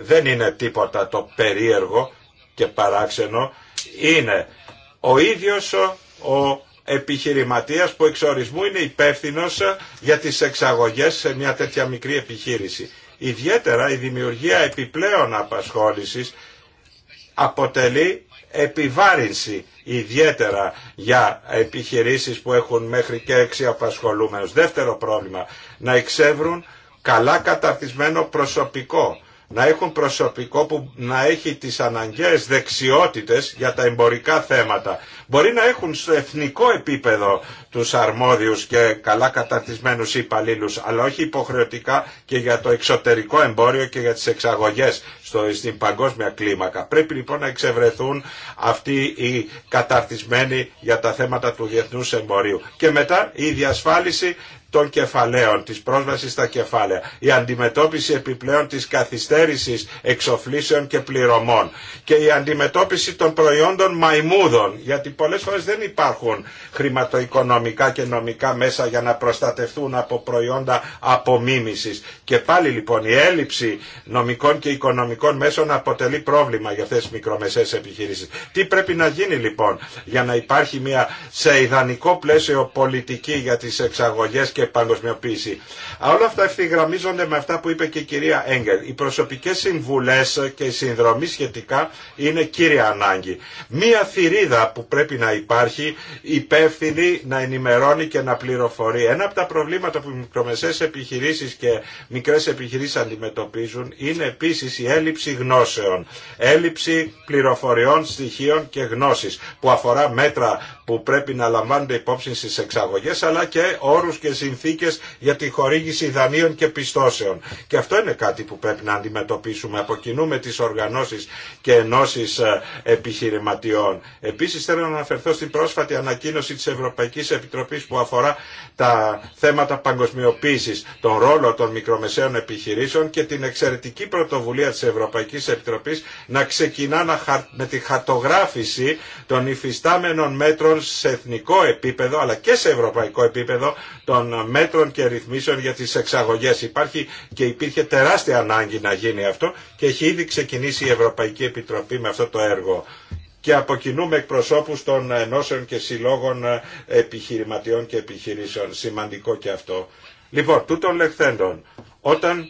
δεν είναι τίποτα το περίεργο και παράξενο, είναι ο ίδιος ο επιχειρηματίας που εξορισμού είναι υπεύθυνο ε, για τις εξαγωγές σε μια τέτοια μικρή επιχείρηση. Ιδιαίτερα η δημιουργία επιπλέον απασχόλησης αποτελεί επιβάρυνση ιδιαίτερα για επιχειρήσεις που έχουν μέχρι και έξι απασχολούμενους. Δεύτερο πρόβλημα, να εξεύρουν καλά καταρτισμένο προσωπικό να έχουν προσωπικό που να έχει τις αναγκαίες δεξιότητες για τα εμπορικά θέματα. Μπορεί να έχουν στο εθνικό επίπεδο τους αρμόδιους και καλά καταρτισμένους υπαλλήλους, αλλά όχι υποχρεωτικά και για το εξωτερικό εμπόριο και για τις εξαγωγές στο, στην παγκόσμια κλίμακα. Πρέπει λοιπόν να εξευρεθούν αυτοί οι καταρτισμένοι για τα θέματα του διεθνούς εμπορίου. Και μετά η διασφάλιση των κεφαλαίων, της πρόσβασης στα κεφάλαια, η αντιμετώπιση επιπλέον της καθυστέρησης εξοφλήσεων και πληρωμών και η αντιμετώπιση των προϊόντων μαϊμούδων, γιατί πολλές φορές δεν υπάρχουν χρηματοοικονομικά και νομικά μέσα για να προστατευτούν από προϊόντα απομίμησης. Και πάλι λοιπόν η έλλειψη νομικών και οικονομικών μέσων αποτελεί πρόβλημα για αυτές τις μικρομεσαίες επιχειρήσεις. Τι πρέπει να γίνει λοιπόν για να υπάρχει μια σε ιδανικό πλαίσιο πολιτική για τις εξαγωγές και και παγκοσμιοποίηση. Όλα αυτά ευθυγραμμίζονται με αυτά που είπε και η κυρία Έγκελ. Οι προσωπικές συμβουλές και οι συνδρομή σχετικά είναι κύρια ανάγκη. Μία θηρίδα που πρέπει να υπάρχει υπεύθυνη να ενημερώνει και να πληροφορεί. Ένα από τα προβλήματα που οι μικρομεσαίες επιχειρήσεις και μικρές επιχειρήσεις αντιμετωπίζουν είναι επίσης η έλλειψη γνώσεων, έλλειψη πληροφοριών, στοιχείων και γνώσης που αφορά μέτρα που πρέπει να λαμβάνονται υπόψη στις εξαγωγές αλλά και όρους και για τη χορήγηση δανείων και πιστώσεων. Και αυτό είναι κάτι που πρέπει να αντιμετωπίσουμε από κοινού με τις οργανώσεις και ενώσει ε, επιχειρηματιών. Επίση, θέλω να αναφερθώ στην πρόσφατη ανακοίνωση τη Ευρωπαϊκή Επιτροπή που αφορά τα θέματα παγκοσμιοποίηση τον ρόλο των μικρομεσαίων επιχειρήσεων και την εξαιρετική πρωτοβουλία τη Ευρωπαϊκή Επιτροπή να ξεκινά με τη χαρτογράφηση των υφιστάμενων μέτρων σε εθνικό επίπεδο αλλά και σε ευρωπαϊκό επίπεδο των μέτρων και ρυθμίσεων για τις εξαγωγές. Υπάρχει και υπήρχε τεράστια ανάγκη να γίνει αυτό και έχει ήδη ξεκινήσει η Ευρωπαϊκή Επιτροπή με αυτό το έργο και από κοινού εκπροσώπους των ενώσεων και συλλόγων ε, επιχειρηματιών και επιχειρήσεων. Σημαντικό και αυτό. Λοιπόν, τούτων λεχθέντων, όταν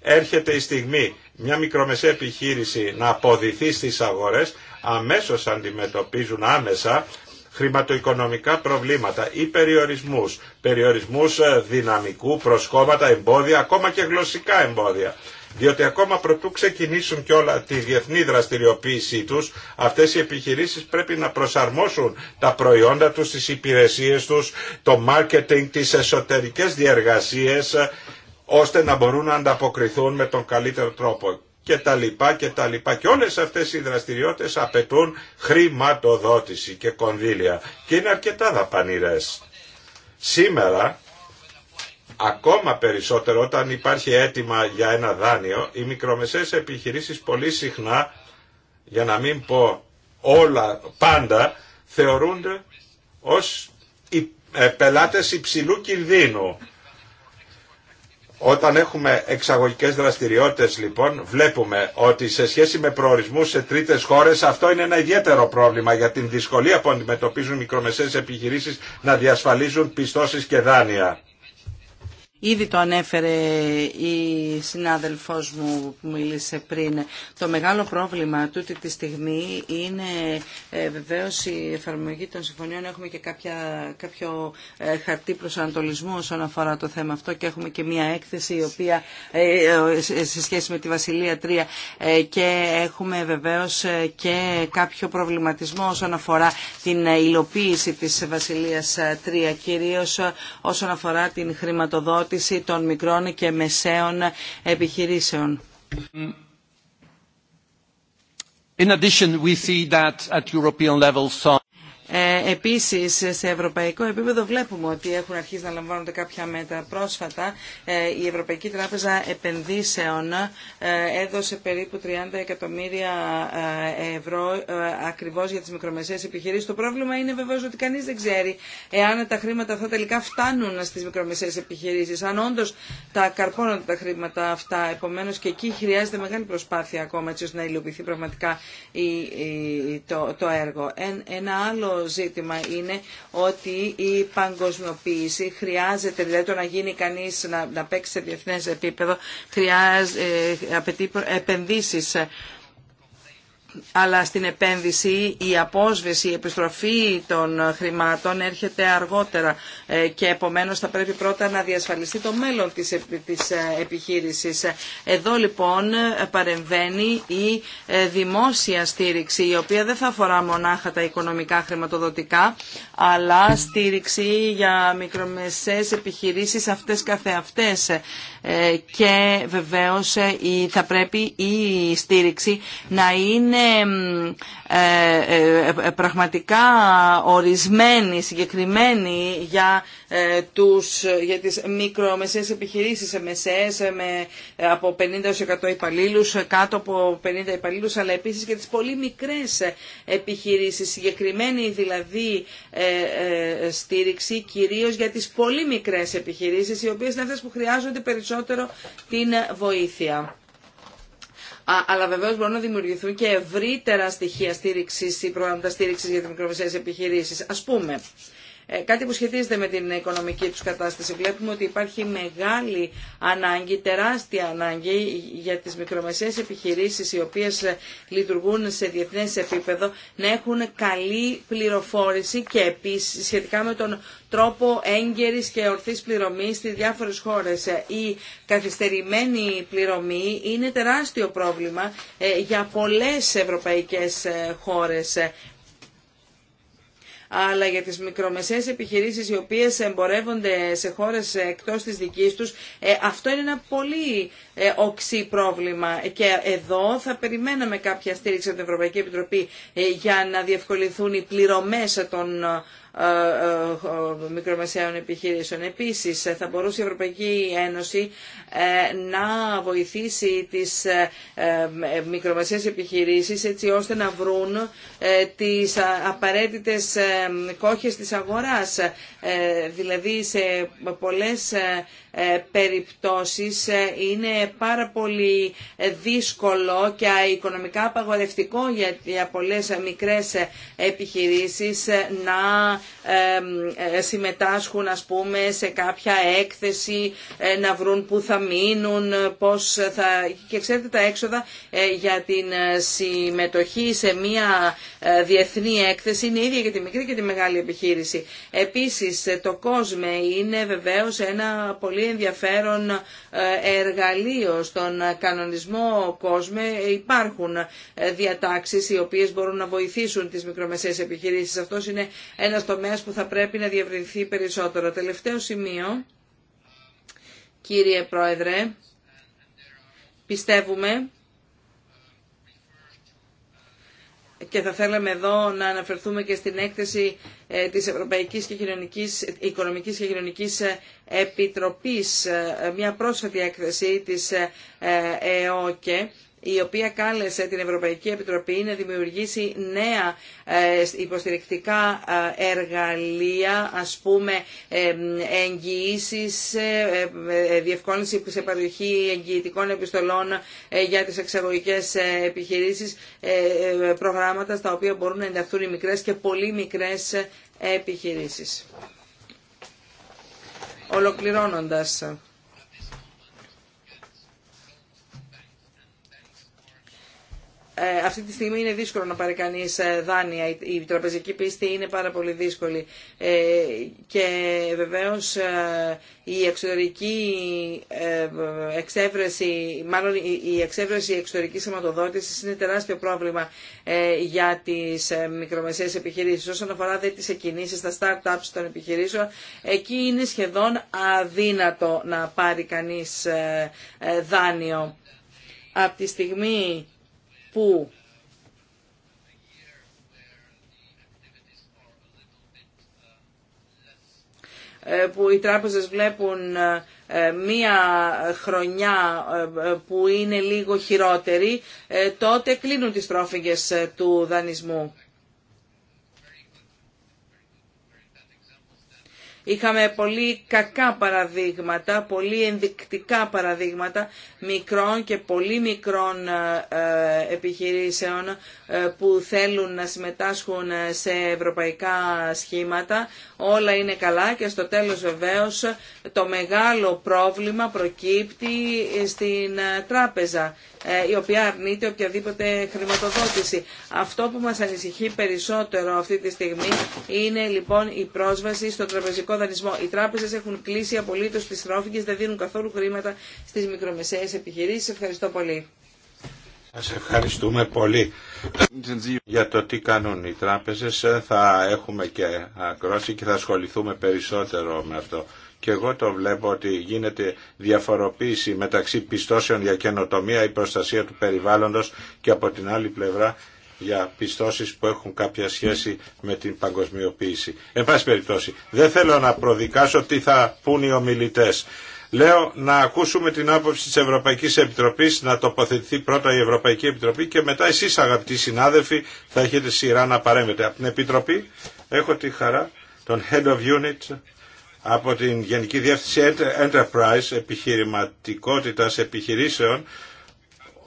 έρχεται η στιγμή μια μικρομεσαία επιχείρηση να αποδηθεί στις αγορές, αμέσως αντιμετωπίζουν άμεσα χρηματοοικονομικά προβλήματα ή περιορισμούς, περιορισμούς ε, δυναμικού, προσκόμματα, εμπόδια, ακόμα και γλωσσικά εμπόδια. Διότι ακόμα προτού ξεκινήσουν και όλα τη διεθνή δραστηριοποίησή τους, αυτές οι επιχειρήσεις πρέπει να προσαρμόσουν τα προϊόντα τους, τις υπηρεσίες τους, το μάρκετινγκ, τις εσωτερικές διεργασίες, ε, ώστε να μπορούν να ανταποκριθούν με τον καλύτερο τρόπο και τα λοιπά και τα λοιπά. Και όλες αυτές οι δραστηριότητες απαιτούν χρηματοδότηση και κονδύλια και είναι αρκετά δαπανηρές. Σήμερα, ακόμα περισσότερο όταν υπάρχει αίτημα για ένα δάνειο, οι μικρομεσαίες επιχειρήσεις πολύ συχνά, για να μην πω όλα πάντα, θεωρούνται ως ε, πελάτες υψηλού κινδύνου όταν έχουμε εξαγωγικές δραστηριότητες λοιπόν βλέπουμε ότι σε σχέση με προορισμού σε τρίτες χώρες αυτό είναι ένα ιδιαίτερο πρόβλημα για την δυσκολία που αντιμετωπίζουν οι μικρομεσαίες επιχειρήσεις να διασφαλίζουν πιστώσεις και δάνεια. Ήδη το ανέφερε η συνάδελφός μου που μίλησε πριν. Το μεγάλο πρόβλημα τούτη τη στιγμή είναι ε, βεβαίως η εφαρμογή των συμφωνιών. Έχουμε και κάποια, κάποιο ε, χαρτί προσανατολισμού όσον αφορά το θέμα αυτό και έχουμε και μια έκθεση η οποία ε, ε, σε σχέση με τη Βασιλεία 3 ε, και έχουμε βεβαίως και κάποιο προβληματισμό όσον αφορά την υλοποίηση της Βασιλείας 3 κυρίως όσον αφορά την χρηματοδότηση ανάπτυξη των μικρών και μεσαίων επιχειρήσεων. In European ε, επίσης, σε ευρωπαϊκό επίπεδο βλέπουμε ότι έχουν αρχίσει να λαμβάνονται κάποια μέτρα. Πρόσφατα, ε, η Ευρωπαϊκή Τράπεζα Επενδύσεων ε, έδωσε περίπου 30 εκατομμύρια ευρώ ακριβώς για τις μικρομεσαίες επιχειρήσεις. Το πρόβλημα είναι βεβαίως ότι κανείς δεν ξέρει εάν τα χρήματα αυτά τελικά φτάνουν στις μικρομεσαίες επιχειρήσεις, αν όντως τα καρπώνονται τα χρήματα αυτά. Επομένως και εκεί χρειάζεται μεγάλη προσπάθεια ακόμα έτσι ώστε να υλοποιηθεί πραγματικά το, το έργο. Ένα άλλο ζήτημα είναι ότι η παγκοσμιοποίηση χρειάζεται, δηλαδή το να γίνει κανείς να, παίξει σε διεθνέ επίπεδο, χρειάζεται, ε, επενδύσεις αλλά στην επένδυση η απόσβεση, η επιστροφή των χρημάτων έρχεται αργότερα ε, και επομένως θα πρέπει πρώτα να διασφαλιστεί το μέλλον της, ε, της ε, επιχείρησης. Εδώ λοιπόν παρεμβαίνει η δημόσια στήριξη η οποία δεν θα αφορά μονάχα τα οικονομικά χρηματοδοτικά αλλά στήριξη για μικρομεσαίες επιχειρήσεις αυτές καθεαυτές ε, και βεβαίως ε, θα πρέπει η στήριξη να είναι ε, πραγματικά ορισμένη, συγκεκριμένη για ε, τους, για τις μικρομεσαίες επιχειρήσεις, μεσαίες με από 50-100 υπαλλήλους, κάτω από 50 υπαλλήλους, αλλά επίσης για τις πολύ μικρές επιχειρήσεις, συγκεκριμένη δηλαδή ε, ε, στήριξη κυρίως για τις πολύ μικρές επιχειρήσεις, οι οποίες είναι αυτές που χρειάζονται περισσότερο την βοήθεια. Αλλά βεβαίω μπορούν να δημιουργηθούν και ευρύτερα στοιχεία στήριξη ή προγράμματα στήριξη για τι μικρομεσαίε επιχειρήσει. Α πούμε, ε, κάτι που σχετίζεται με την οικονομική τους κατάσταση. Βλέπουμε ότι υπάρχει μεγάλη ανάγκη, τεράστια ανάγκη για τις μικρομεσαίες επιχειρήσεις οι οποίες ε, λειτουργούν σε διεθνές επίπεδο να έχουν καλή πληροφόρηση και επίσης σχετικά με τον τρόπο έγκαιρης και ορθής πληρωμής στις διάφορες χώρες. Ε, η καθυστερημένη πληρωμή είναι τεράστιο πρόβλημα για πολλές ευρωπαϊκές χώρες αλλά για τις μικρομεσαίες επιχειρήσεις οι οποίες εμπορεύονται σε χώρες εκτός της δικής τους, ε, αυτό είναι ένα πολύ ε, οξύ πρόβλημα και εδώ θα περιμέναμε κάποια στήριξη από την Ευρωπαϊκή Επιτροπή ε, για να διευκολυνθούν οι πληρωμές των ε, ε, μικρομεσαίων επιχειρήσεων. Επίσης, θα μπορούσε η Ευρωπαϊκή Ένωση ε, να βοηθήσει τις μικρομεσαίες επιχειρήσεις έτσι ώστε να βρουν τις απαραίτητες κόχες της αγοράς. Δηλαδή, σε πολλές ε, περιπτώσεις ε, είναι πάρα πολύ δύσκολο και οικονομικά απαγορευτικό για πολλές μικρές επιχειρήσεις ε, να ε, συμμετάσχουν ας πούμε σε κάποια έκθεση, ε, να βρουν πού θα μείνουν, πώς θα... Και ξέρετε τα έξοδα ε, για την συμμετοχή σε μια διεθνή έκθεση είναι ίδια για τη μικρή και τη μεγάλη επιχείρηση. Επίσης το κόσμο είναι βεβαίως ένα πολύ ενδιαφέρον εργαλείο στον κανονισμό κόσμο Υπάρχουν διατάξεις οι οποίες μπορούν να βοηθήσουν τις μικρομεσαίες επιχειρήσεις. Αυτός είναι ένας τομέας που θα πρέπει να διευρυνθεί περισσότερο. Τελευταίο σημείο, κύριε Πρόεδρε, πιστεύουμε και θα θέλαμε εδώ να αναφερθούμε και στην έκθεση ε, της Ευρωπαϊκής και Οικονομικής και Κοινωνικής ε, Επιτροπής, ε, μια πρόσφατη έκθεση της ΕΟΚΕ, η οποία κάλεσε την Ευρωπαϊκή Επιτροπή να δημιουργήσει νέα ε, υποστηρικτικά ε, εργαλεία, ας πούμε ε, εγγυήσεις, διευκόλυνση σε παροχή εγγυητικών επιστολών για τις εξαγωγικές επιχειρήσεις, προγράμματα στα οποία μπορούν να ενταχθούν οι μικρές και πολύ μικρές επιχειρήσεις. Ολοκληρώνοντας... Ε, αυτή τη στιγμή είναι δύσκολο να πάρει κανεί ε, δάνεια. Η τραπεζική πίστη είναι πάρα πολύ δύσκολη. Ε, και βεβαίω η εξωτερική εξέβρεση, μάλλον η εξέβρεση εξωτερική σηματοδότηση είναι τεράστιο πρόβλημα για τι μικρομεσαίε επιχειρήσει. Όσον αφορά τι εκκινήσει, τα startups των επιχειρήσεων, εκεί είναι σχεδόν αδύνατο να πάρει κανεί δάνειο. Από τη στιγμή ε, που οι τράπεζες βλέπουν ε, μία χρονιά ε, που είναι λίγο χειρότερη, τότε κλείνουν τις πρόφυγες του δανεισμού. Είχαμε πολύ κακά παραδείγματα, πολύ ενδεικτικά παραδείγματα μικρών και πολύ μικρών ε, ε, επιχειρήσεων ε, που θέλουν να συμμετάσχουν σε ευρωπαϊκά σχήματα. Όλα είναι καλά και στο τέλος βεβαίως το μεγάλο πρόβλημα προκύπτει στην τράπεζα η οποία αρνείται οποιαδήποτε χρηματοδότηση. Αυτό που μας ανησυχεί περισσότερο αυτή τη στιγμή είναι λοιπόν η πρόσβαση στο τραπεζικό δανεισμό. Οι τράπεζε έχουν κλείσει απολύτω τι τρόφιγγε, δεν δίνουν καθόλου χρήματα στι μικρομεσαίε επιχειρήσει. Ευχαριστώ πολύ. Σα ευχαριστούμε πολύ για το τι κάνουν οι τράπεζες. Ε, θα έχουμε και ακρόση και θα ασχοληθούμε περισσότερο με αυτό. Και εγώ το βλέπω ότι γίνεται διαφοροποίηση μεταξύ πιστώσεων για καινοτομία ή προστασία του περιβάλλοντος και από την άλλη πλευρά για πιστώσεις που έχουν κάποια σχέση με την παγκοσμιοποίηση. Εν πάση περιπτώσει, δεν θέλω να προδικάσω τι θα πούν οι ομιλητές. Λέω να ακούσουμε την άποψη της Ευρωπαϊκής Επιτροπής, να τοποθετηθεί πρώτα η Ευρωπαϊκή Επιτροπή και μετά εσείς αγαπητοί συνάδελφοι θα έχετε σειρά να παρέμβετε. Από την Επιτροπή έχω τη χαρά τον Head of Unit από την Γενική Διεύθυνση Enterprise Επιχειρηματικότητας Επιχειρήσεων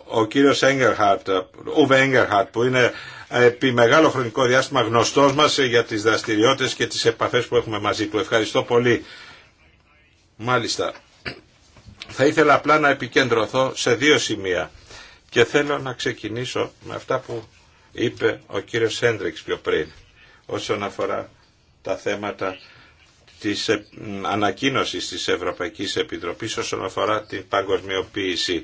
ο κύριος Έγκερχαρτ, ο που είναι ε, επί μεγάλο χρονικό διάστημα γνωστός μας για τις δραστηριότητες και τις επαφές που έχουμε μαζί του. Ευχαριστώ πολύ. Μάλιστα. Θα ήθελα απλά να επικεντρωθώ σε δύο σημεία και θέλω να ξεκινήσω με αυτά που είπε ο κύριος Σέντριξ πιο πριν όσον αφορά τα θέματα της ε, ανακοίνωσης της Ευρωπαϊκής Επιτροπής όσον αφορά την παγκοσμιοποίηση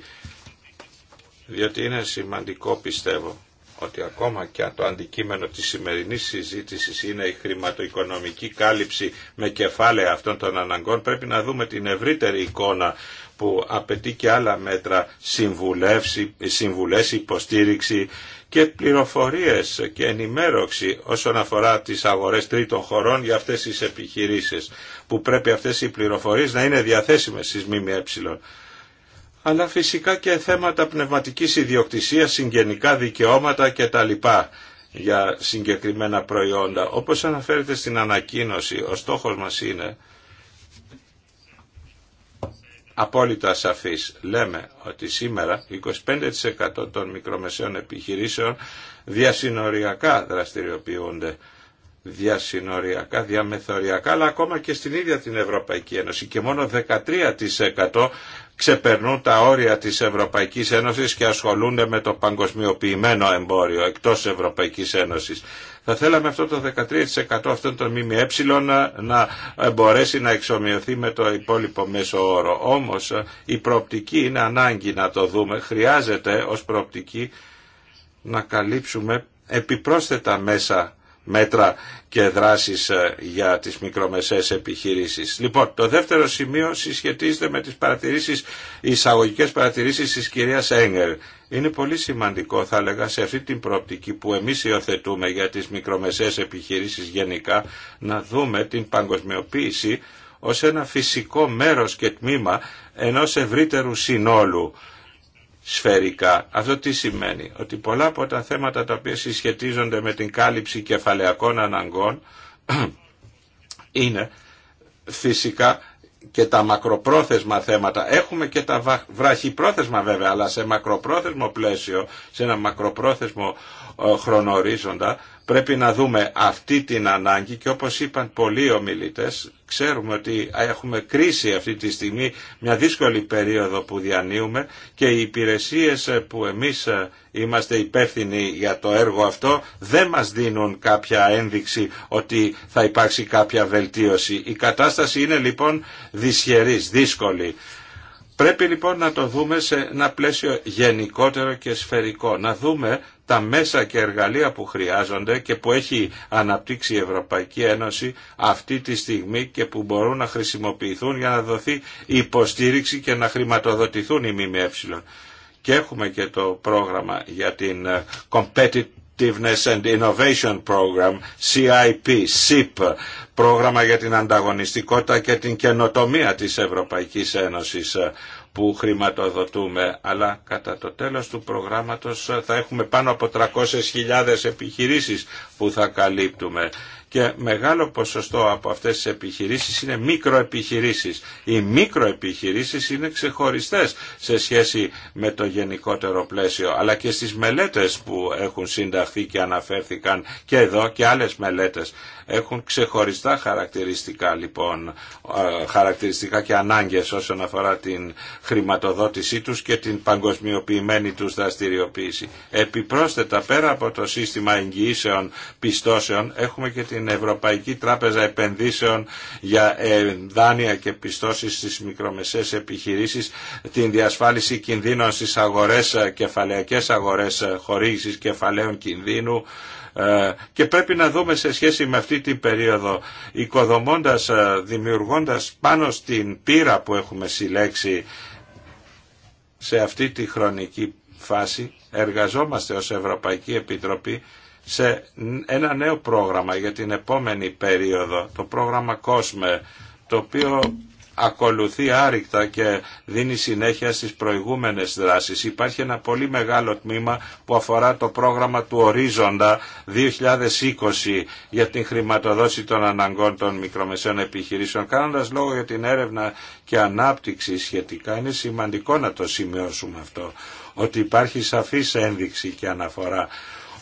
διότι είναι σημαντικό πιστεύω ότι ακόμα και το αντικείμενο της σημερινής συζήτησης είναι η χρηματοοικονομική κάλυψη με κεφάλαια αυτών των αναγκών, πρέπει να δούμε την ευρύτερη εικόνα που απαιτεί και άλλα μέτρα συμβουλές, υποστήριξη και πληροφορίες και ενημέρωση όσον αφορά τις αγορές τρίτων χωρών για αυτές τις επιχειρήσεις που πρέπει αυτές οι πληροφορίες να είναι διαθέσιμες στις ΜΜΕ αλλά φυσικά και θέματα πνευματικής ιδιοκτησίας, συγγενικά δικαιώματα και τα λοιπά για συγκεκριμένα προϊόντα. Όπως αναφέρεται στην ανακοίνωση, ο στόχος μας είναι απόλυτα σαφής. Λέμε ότι σήμερα 25% των μικρομεσαίων επιχειρήσεων διασυνοριακά δραστηριοποιούνται διασυνοριακά, διαμεθοριακά, αλλά ακόμα και στην ίδια την Ευρωπαϊκή Ένωση. Και μόνο 13% ξεπερνούν τα όρια της Ευρωπαϊκής Ένωσης και ασχολούνται με το παγκοσμιοποιημένο εμπόριο εκτός Ευρωπαϊκής Ένωσης. Θα θέλαμε αυτό το 13% αυτών των ΜΜΕ να μπορέσει να εξομοιωθεί με το υπόλοιπο μέσο όρο. Όμως η προοπτική είναι ανάγκη να το δούμε. Χρειάζεται ως προοπτική να καλύψουμε επιπρόσθετα μέσα μέτρα και δράσεις ε, για τις μικρομεσαίες επιχειρήσεις. Λοιπόν, το δεύτερο σημείο συσχετίζεται με τις παρατηρήσεις, εισαγωγικές παρατηρήσεις της κυρίας Έγκερ. Είναι πολύ σημαντικό, θα έλεγα, σε αυτή την προοπτική που εμείς υιοθετούμε για τις μικρομεσαίες επιχειρήσεις γενικά, να δούμε την παγκοσμιοποίηση ως ένα φυσικό μέρος και τμήμα ενός ευρύτερου συνόλου σφαιρικά. Αυτό τι σημαίνει, ότι πολλά από τα θέματα τα οποία συσχετίζονται με την κάλυψη κεφαλαιακών αναγκών *clears throat* είναι φυσικά και τα μακροπρόθεσμα θέματα. Έχουμε και τα βραχυπρόθεσμα βέβαια, αλλά σε μακροπρόθεσμο πλαίσιο, σε ένα μακροπρόθεσμο ε, χρονορίζοντα, πρέπει να δούμε αυτή την ανάγκη και όπως είπαν πολλοί ομιλητές, ξέρουμε ότι έχουμε κρίση αυτή τη στιγμή, μια δύσκολη περίοδο που διανύουμε και οι υπηρεσίες που εμείς ε, είμαστε υπεύθυνοι για το έργο αυτό δεν μας δίνουν κάποια ένδειξη ότι θα υπάρξει κάποια βελτίωση. Η κατάσταση είναι λοιπόν δυσχερής, δύσκολη. Πρέπει λοιπόν να το δούμε σε ένα πλαίσιο γενικότερο και σφαιρικό. Να δούμε τα μέσα και εργαλεία που χρειάζονται και που έχει αναπτύξει η Ευρωπαϊκή Ένωση αυτή τη στιγμή και που μπορούν να χρησιμοποιηθούν για να δοθεί υποστήριξη και να χρηματοδοτηθούν οι ΜΜΕ. Και έχουμε και το πρόγραμμα για την ε, Competitiveness and Innovation Program, CIP, SIP, πρόγραμμα για την ανταγωνιστικότητα και την καινοτομία της Ευρωπαϊκής Ένωσης που χρηματοδοτούμε, αλλά κατά το τέλος του προγράμματος θα έχουμε πάνω από 300.000 επιχειρήσεις που θα καλύπτουμε. Και μεγάλο ποσοστό από αυτές τις επιχειρήσεις είναι μικροεπιχειρήσεις. Οι μικροεπιχειρήσεις είναι ξεχωριστές σε σχέση με το γενικότερο πλαίσιο, αλλά και στις μελέτες που έχουν συνταχθεί και αναφέρθηκαν και εδώ και άλλες μελέτες έχουν ξεχωριστά χαρακτηριστικά λοιπόν, χαρακτηριστικά και ανάγκες όσον αφορά την χρηματοδότησή τους και την παγκοσμιοποιημένη τους δραστηριοποίηση. Επιπρόσθετα πέρα από το σύστημα εγγυήσεων πιστώσεων έχουμε και την Ευρωπαϊκή Τράπεζα Επενδύσεων για ε, δάνεια και πιστώσεις στις μικρομεσαίες επιχειρήσεις, την διασφάλιση κινδύνων στις αγορές, ε, κεφαλαιακές αγορές ε, χορήγησης κεφαλαίων κινδύνου, ε, και πρέπει να δούμε σε σχέση με αυτή την περίοδο οικοδομώντας, ε, δημιουργώντας πάνω στην πύρα που έχουμε συλλέξει σε αυτή τη χρονική φάση εργαζόμαστε ως Ευρωπαϊκή Επιτροπή σε ένα νέο πρόγραμμα για την επόμενη περίοδο, το πρόγραμμα COSME, το οποίο ακολουθεί άρρηκτα και δίνει συνέχεια στις προηγούμενες δράσεις. Υπάρχει ένα πολύ μεγάλο τμήμα που αφορά το πρόγραμμα του Ορίζοντα 2020 για την χρηματοδότηση των αναγκών των μικρομεσαίων επιχειρήσεων. Κάνοντας λόγο για την έρευνα και ανάπτυξη σχετικά είναι σημαντικό να το σημειώσουμε αυτό ότι υπάρχει σαφής ένδειξη και αναφορά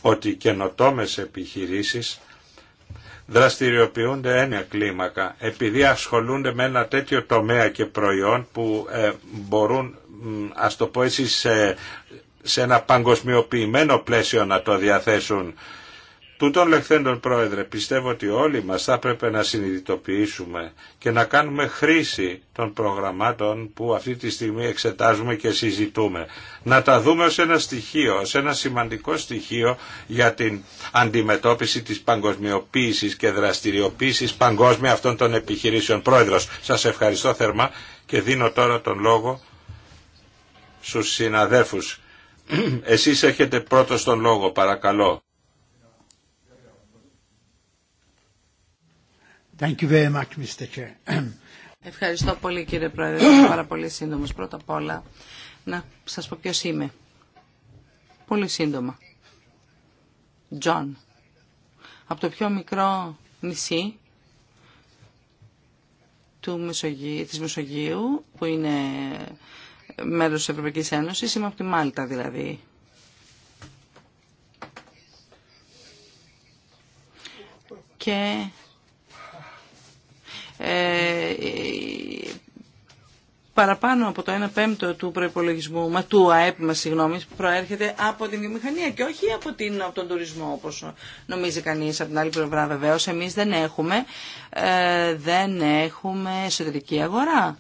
ότι καινοτόμες επιχειρήσεις δραστηριοποιούνται έννοια κλίμακα επειδή ασχολούνται με ένα τέτοιο τομέα και προϊόν που ε, μπορούν ας το πω σε, σε ένα παγκοσμιοποιημένο πλαίσιο να το διαθέσουν Τούτων λεχθέντων πρόεδρε, πιστεύω ότι όλοι μας θα έπρεπε να συνειδητοποιήσουμε και να κάνουμε χρήση των προγραμμάτων που αυτή τη στιγμή εξετάζουμε και συζητούμε. Να τα δούμε ως ένα στοιχείο, ως ένα σημαντικό στοιχείο για την αντιμετώπιση της παγκοσμιοποίησης και δραστηριοποίησης παγκόσμια αυτών των επιχειρήσεων. Πρόεδρος, σας ευχαριστώ θερμά και δίνω τώρα τον λόγο στους συναδέλφους. *clears throat* Εσείς έχετε πρώτος τον λόγο, παρακαλώ. Ευχαριστώ πολύ κύριε Πρόεδρε. πάρα πολύ σύντομο. Πρώτα απ' όλα να σας πω ποιο είμαι. Πολύ σύντομα. Τζον. Από το πιο μικρό νησί του Μεσογείου, της Μεσογείου που είναι μέρος της Ευρωπαϊκής Ένωσης. Είμαι από τη Μάλτα δηλαδή. Και ε, παραπάνω από το 1 πέμπτο του προϋπολογισμού, μα του ΑΕΠ μας, συγγνώμη, προέρχεται από την βιομηχανία και όχι από, την, τον τουρισμό, όπως νομίζει κανείς. Από την άλλη πλευρά βεβαίως, εμείς δεν έχουμε, ε, δεν έχουμε εσωτερική αγορά.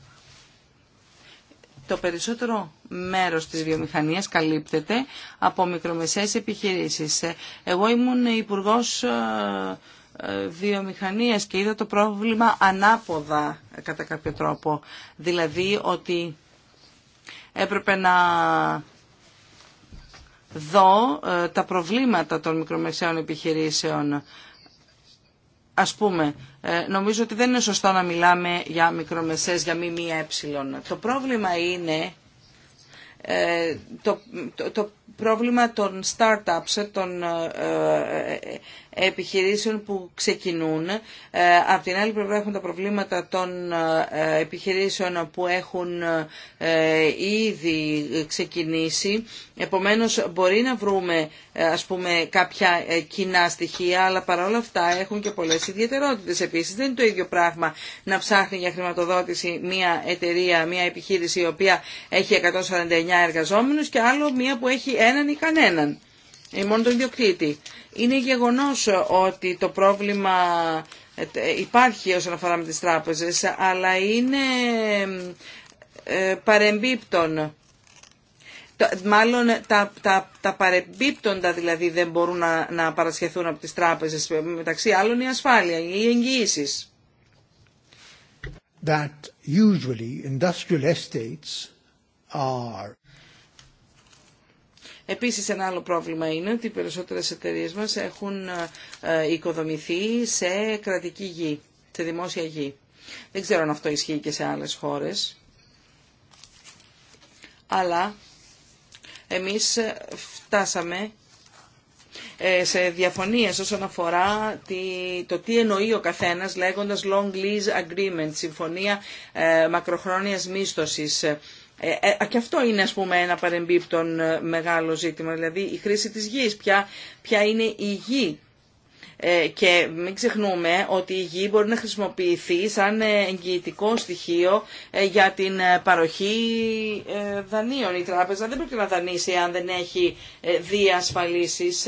Το περισσότερο μέρος της βιομηχανίας καλύπτεται από μικρομεσαίες επιχειρήσεις. Ε, εγώ ήμουν υπουργός... Ε, βιομηχανίας και είδα το πρόβλημα ανάποδα κατά κάποιο τρόπο. Δηλαδή ότι έπρεπε να δω ε, τα προβλήματα των μικρομεσαίων επιχειρήσεων. Ας πούμε, ε, νομίζω ότι δεν είναι σωστό να μιλάμε για μικρομεσές, για μη μία ε. Το πρόβλημα είναι ε, το, το πρόβλημα των startups, των ε, ε, επιχειρήσεων που ξεκινούν. Ε, απ' την άλλη πλευρά έχουν τα προβλήματα των επιχειρήσεων που έχουν ήδη ξεκινήσει. Επομένως μπορεί να βρούμε ας πούμε κάποια κοινά στοιχεία, αλλά παρόλα αυτά έχουν και πολλές ιδιαιτερότητες. Επίσης δεν είναι το ίδιο πράγμα να ψάχνει για χρηματοδότηση μια εταιρεία, μια επιχείρηση η οποία έχει 149 εργαζόμενους και άλλο μια που έχει έναν ή κανέναν ή μόνο τον ιδιοκτήτη. Είναι γεγονός ότι το πρόβλημα ε, υπάρχει όσον αφορά με τις τράπεζες, αλλά είναι ε, παρεμπίπτον. Μάλλον τα, τα, τα παρεμπίπτοντα δηλαδή δεν μπορούν να, να παρασχεθούν από τις τράπεζες, μεταξύ άλλων η ασφάλεια, οι εγγυήσει. That usually industrial estates are Επίσης ένα άλλο πρόβλημα είναι ότι οι περισσότερες εταιρείες μας έχουν ε, ε, οικοδομηθεί σε κρατική γη, σε δημόσια γη. Δεν ξέρω αν αυτό ισχύει και σε άλλες χώρες, αλλά εμείς ε, φτάσαμε σε διαφωνίες όσον αφορά το τι εννοεί ο καθένας λέγοντας long lease agreement, συμφωνία μακροχρόνιας μίσθωσης. Ε, ε, και αυτό είναι ας πούμε ένα παρεμπίπτον ε, μεγάλο ζήτημα, δηλαδή η χρήση της γης, ποια, ποια είναι η γη και μην ξεχνούμε ότι η γη μπορεί να χρησιμοποιηθεί σαν εγγυητικό στοιχείο για την παροχή δανείων. Η τράπεζα δεν πρέπει να δανείσει αν δεν έχει δύο ασφαλίσεις.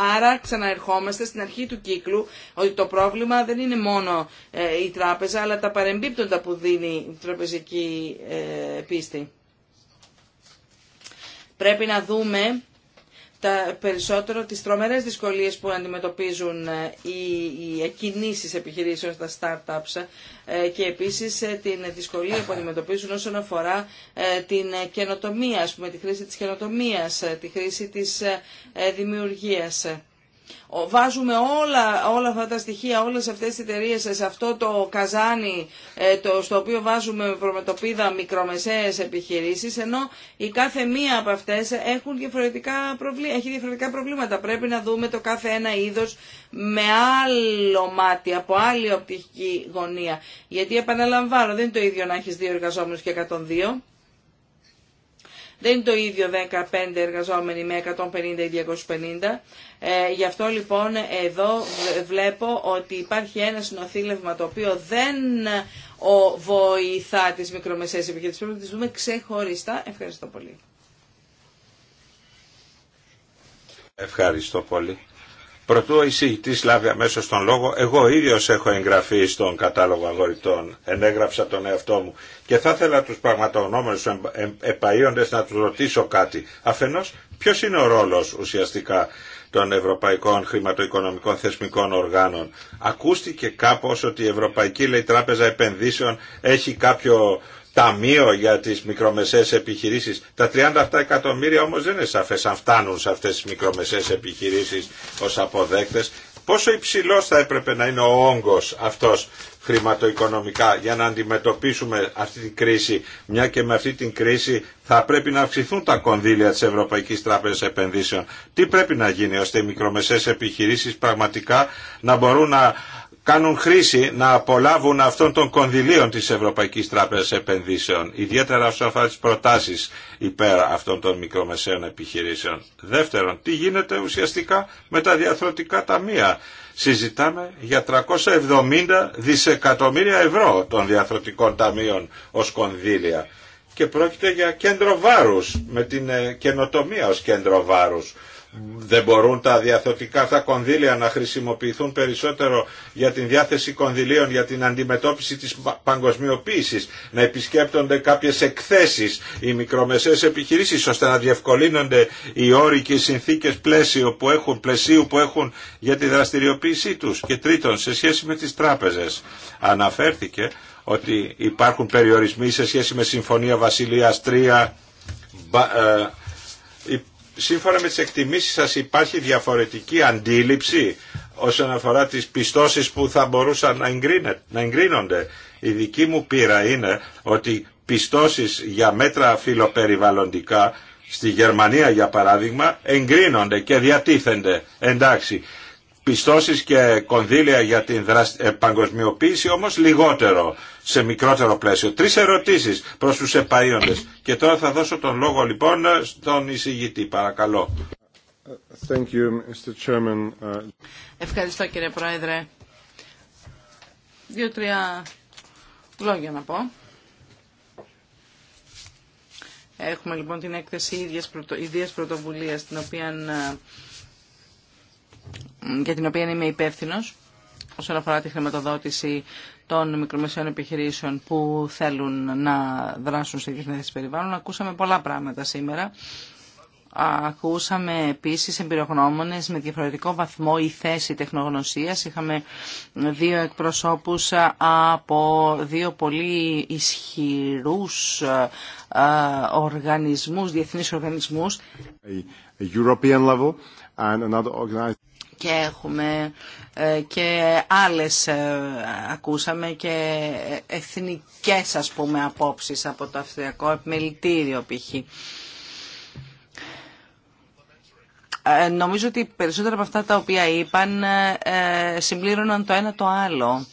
Άρα ξαναερχόμαστε στην αρχή του κύκλου ότι το πρόβλημα δεν είναι μόνο ε, η τράπεζα αλλά τα παρεμπίπτοντα που δίνει η τραπεζική ε, πίστη. Πρέπει να δούμε τα περισσότερο τις τρομερές δυσκολίες που αντιμετωπίζουν ε, οι, οι κινήσεις επιχειρήσεων στα startups ε, και επίσης ε, την δυσκολία που αντιμετωπίζουν όσον αφορά την καινοτομία, ας πούμε, τη χρήση της καινοτομίας, τη χρήση της δημιουργίας. Βάζουμε όλα, όλα αυτά τα στοιχεία, όλες αυτές τις εταιρείε σε αυτό το καζάνι ε, το, στο οποίο βάζουμε προμετωπίδα μικρομεσαίες επιχειρήσεις ενώ η κάθε μία από αυτές έχουν διαφορετικά προβλήματα, έχει διαφορετικά προβλήματα. Πρέπει να δούμε το κάθε ένα είδος με άλλο μάτι, από άλλη οπτική γωνία. Γιατί επαναλαμβάνω, δεν είναι το ίδιο να έχεις δύο εργαζόμενους και 102. Δεν είναι το ίδιο 15 εργαζόμενοι με 150 ή 250. Ε, γι' αυτό λοιπόν εδώ βλέπω ότι υπάρχει ένα συνοθήλευμα το οποίο δεν ο, βοηθά τις μικρομεσαίες επιχειρήσεις. Πρέπει να τις δούμε ξεχωριστά. Ευχαριστώ πολύ. Ευχαριστώ πολύ. Πρωτού ο εισηγητή λάβει αμέσω τον λόγο, εγώ ίδιο έχω εγγραφεί στον κατάλογο αγορητών. Ενέγραψα τον εαυτό μου. Και θα ήθελα του πραγματογνώμενου επαείοντε να του ρωτήσω κάτι. Αφενό, ποιο είναι ο ρόλο ουσιαστικά των ευρωπαϊκών χρηματοοικονομικών θεσμικών οργάνων. Ακούστηκε κάπω ότι η Ευρωπαϊκή λέει, Τράπεζα Επενδύσεων έχει κάποιο ταμείο για τις μικρομεσαίες επιχειρήσεις. Τα 37 εκατομμύρια όμως δεν είναι σαφές αν φτάνουν σε αυτές τις μικρομεσαίες επιχειρήσεις ως αποδέκτες. Πόσο υψηλός θα έπρεπε να είναι ο όγκος αυτός χρηματοοικονομικά για να αντιμετωπίσουμε αυτή την κρίση, μια και με αυτή την κρίση θα πρέπει να αυξηθούν τα κονδύλια της Ευρωπαϊκής Τράπεζας Επενδύσεων. Τι πρέπει να γίνει ώστε οι μικρομεσαίες επιχειρήσεις πραγματικά να μπορούν να κάνουν χρήση να απολάβουν αυτών των κονδυλίων της Ευρωπαϊκής Τράπεζας Επενδύσεων, ιδιαίτερα όσο αφορά τις προτάσεις υπέρ αυτών των μικρομεσαίων επιχειρήσεων. Δεύτερον, τι γίνεται ουσιαστικά με τα διαθροτικά ταμεία. Συζητάμε για 370 δισεκατομμύρια ευρώ των διαθροτικών ταμείων ως κονδύλια. Και πρόκειται για κέντρο βάρους, με την ε, καινοτομία ως κέντρο βάρους δεν μπορούν τα διαθωτικά αυτά κονδύλια να χρησιμοποιηθούν περισσότερο για την διάθεση κονδυλίων για την αντιμετώπιση της παγκοσμιοποίησης, να επισκέπτονται κάποιες εκθέσεις οι μικρομεσαίες επιχειρήσεις ώστε να διευκολύνονται οι όροι και οι συνθήκες πλαίσιο που έχουν, πλαισίου που έχουν για τη δραστηριοποίησή τους. Και τρίτον, σε σχέση με τις τράπεζες αναφέρθηκε ότι υπάρχουν περιορισμοί σε σχέση με Συμφωνία Βασιλείας 3, σύμφωνα με τις εκτιμήσεις σας υπάρχει διαφορετική αντίληψη όσον αφορά τις πιστώσεις που θα μπορούσαν να, να εγκρίνονται. Η δική μου πείρα είναι ότι πιστώσεις για μέτρα φιλοπεριβαλλοντικά στη Γερμανία για παράδειγμα εγκρίνονται και διατίθενται. Εντάξει, πιστώσεις και κονδύλια για την ε, παγκοσμιοποίηση όμως λιγότερο, σε μικρότερο πλαίσιο. Τρεις ερωτήσεις προς τους επαΐοντες. Και τώρα θα δώσω τον λόγο λοιπόν στον εισηγητή. Παρακαλώ. Thank you, Mr. Chairman. Ευχαριστώ κύριε Πρόεδρε. Δύο-τρία λόγια να πω. Έχουμε λοιπόν την έκθεση ίδιας πρωτοβουλίας την οποία ε, για την οποία είμαι υπεύθυνο όσον αφορά τη χρηματοδότηση των μικρομεσαίων επιχειρήσεων που θέλουν να δράσουν σε διεθνές περιβάλλον. Ακούσαμε πολλά πράγματα σήμερα. Ακούσαμε επίσης εμπειρογνώμονες με διαφορετικό βαθμό ή θέση τεχνογνωσίας. Είχαμε δύο εκπροσώπους από δύο πολύ ισχυρούς ε, οργανισμούς, διεθνείς οργανισμούς. European level and another organized και έχουμε ε, και άλλες ε, ακούσαμε και εθνικές ας πούμε απόψεις από το αυστριακό επιμελητήριο π.χ. Ε, νομίζω ότι περισσότερα από αυτά τα οποία είπαν συμπλήρωναν το ένα το άλλο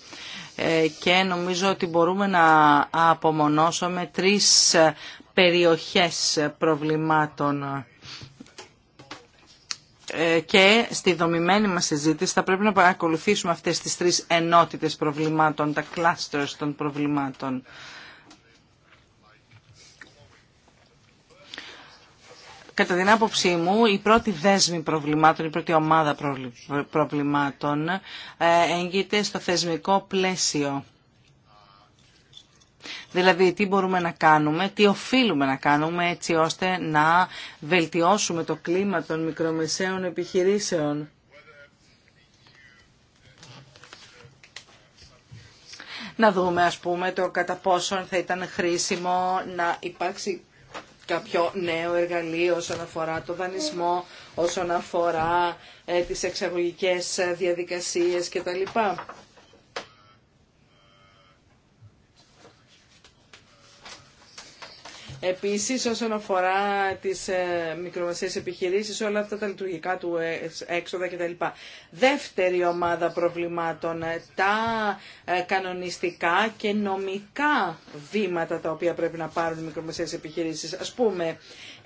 και νομίζω ότι μπορούμε να απομονώσουμε τρεις περιοχές προβλημάτων ε, και στη δομημένη μας συζήτηση θα πρέπει να παρακολουθήσουμε αυτές τις τρεις ενότητες προβλημάτων, τα clusters των προβλημάτων. Κατά την άποψή μου, η πρώτη δέσμη προβλημάτων, η πρώτη ομάδα προβλημάτων εγγύεται στο θεσμικό πλαίσιο Δηλαδή τι μπορούμε να κάνουμε, τι οφείλουμε να κάνουμε έτσι ώστε να βελτιώσουμε το κλίμα των μικρομεσαίων επιχειρήσεων. Να δούμε ας πούμε το κατά πόσον θα ήταν χρήσιμο να υπάρξει κάποιο νέο εργαλείο όσον αφορά το δανεισμό, όσον αφορά ε, τις εξαγωγικές διαδικασίες κτλ. Επίσης, όσον αφορά τις ε, μικρομεσαίες επιχειρήσεις, όλα αυτά τα λειτουργικά του ε, έξοδα κτλ. Δεύτερη ομάδα προβλημάτων, ε, τα κανονιστικά και νομικά βήματα τα οποία πρέπει να πάρουν οι μικρομεσαίες επιχειρήσεις. Ας πούμε,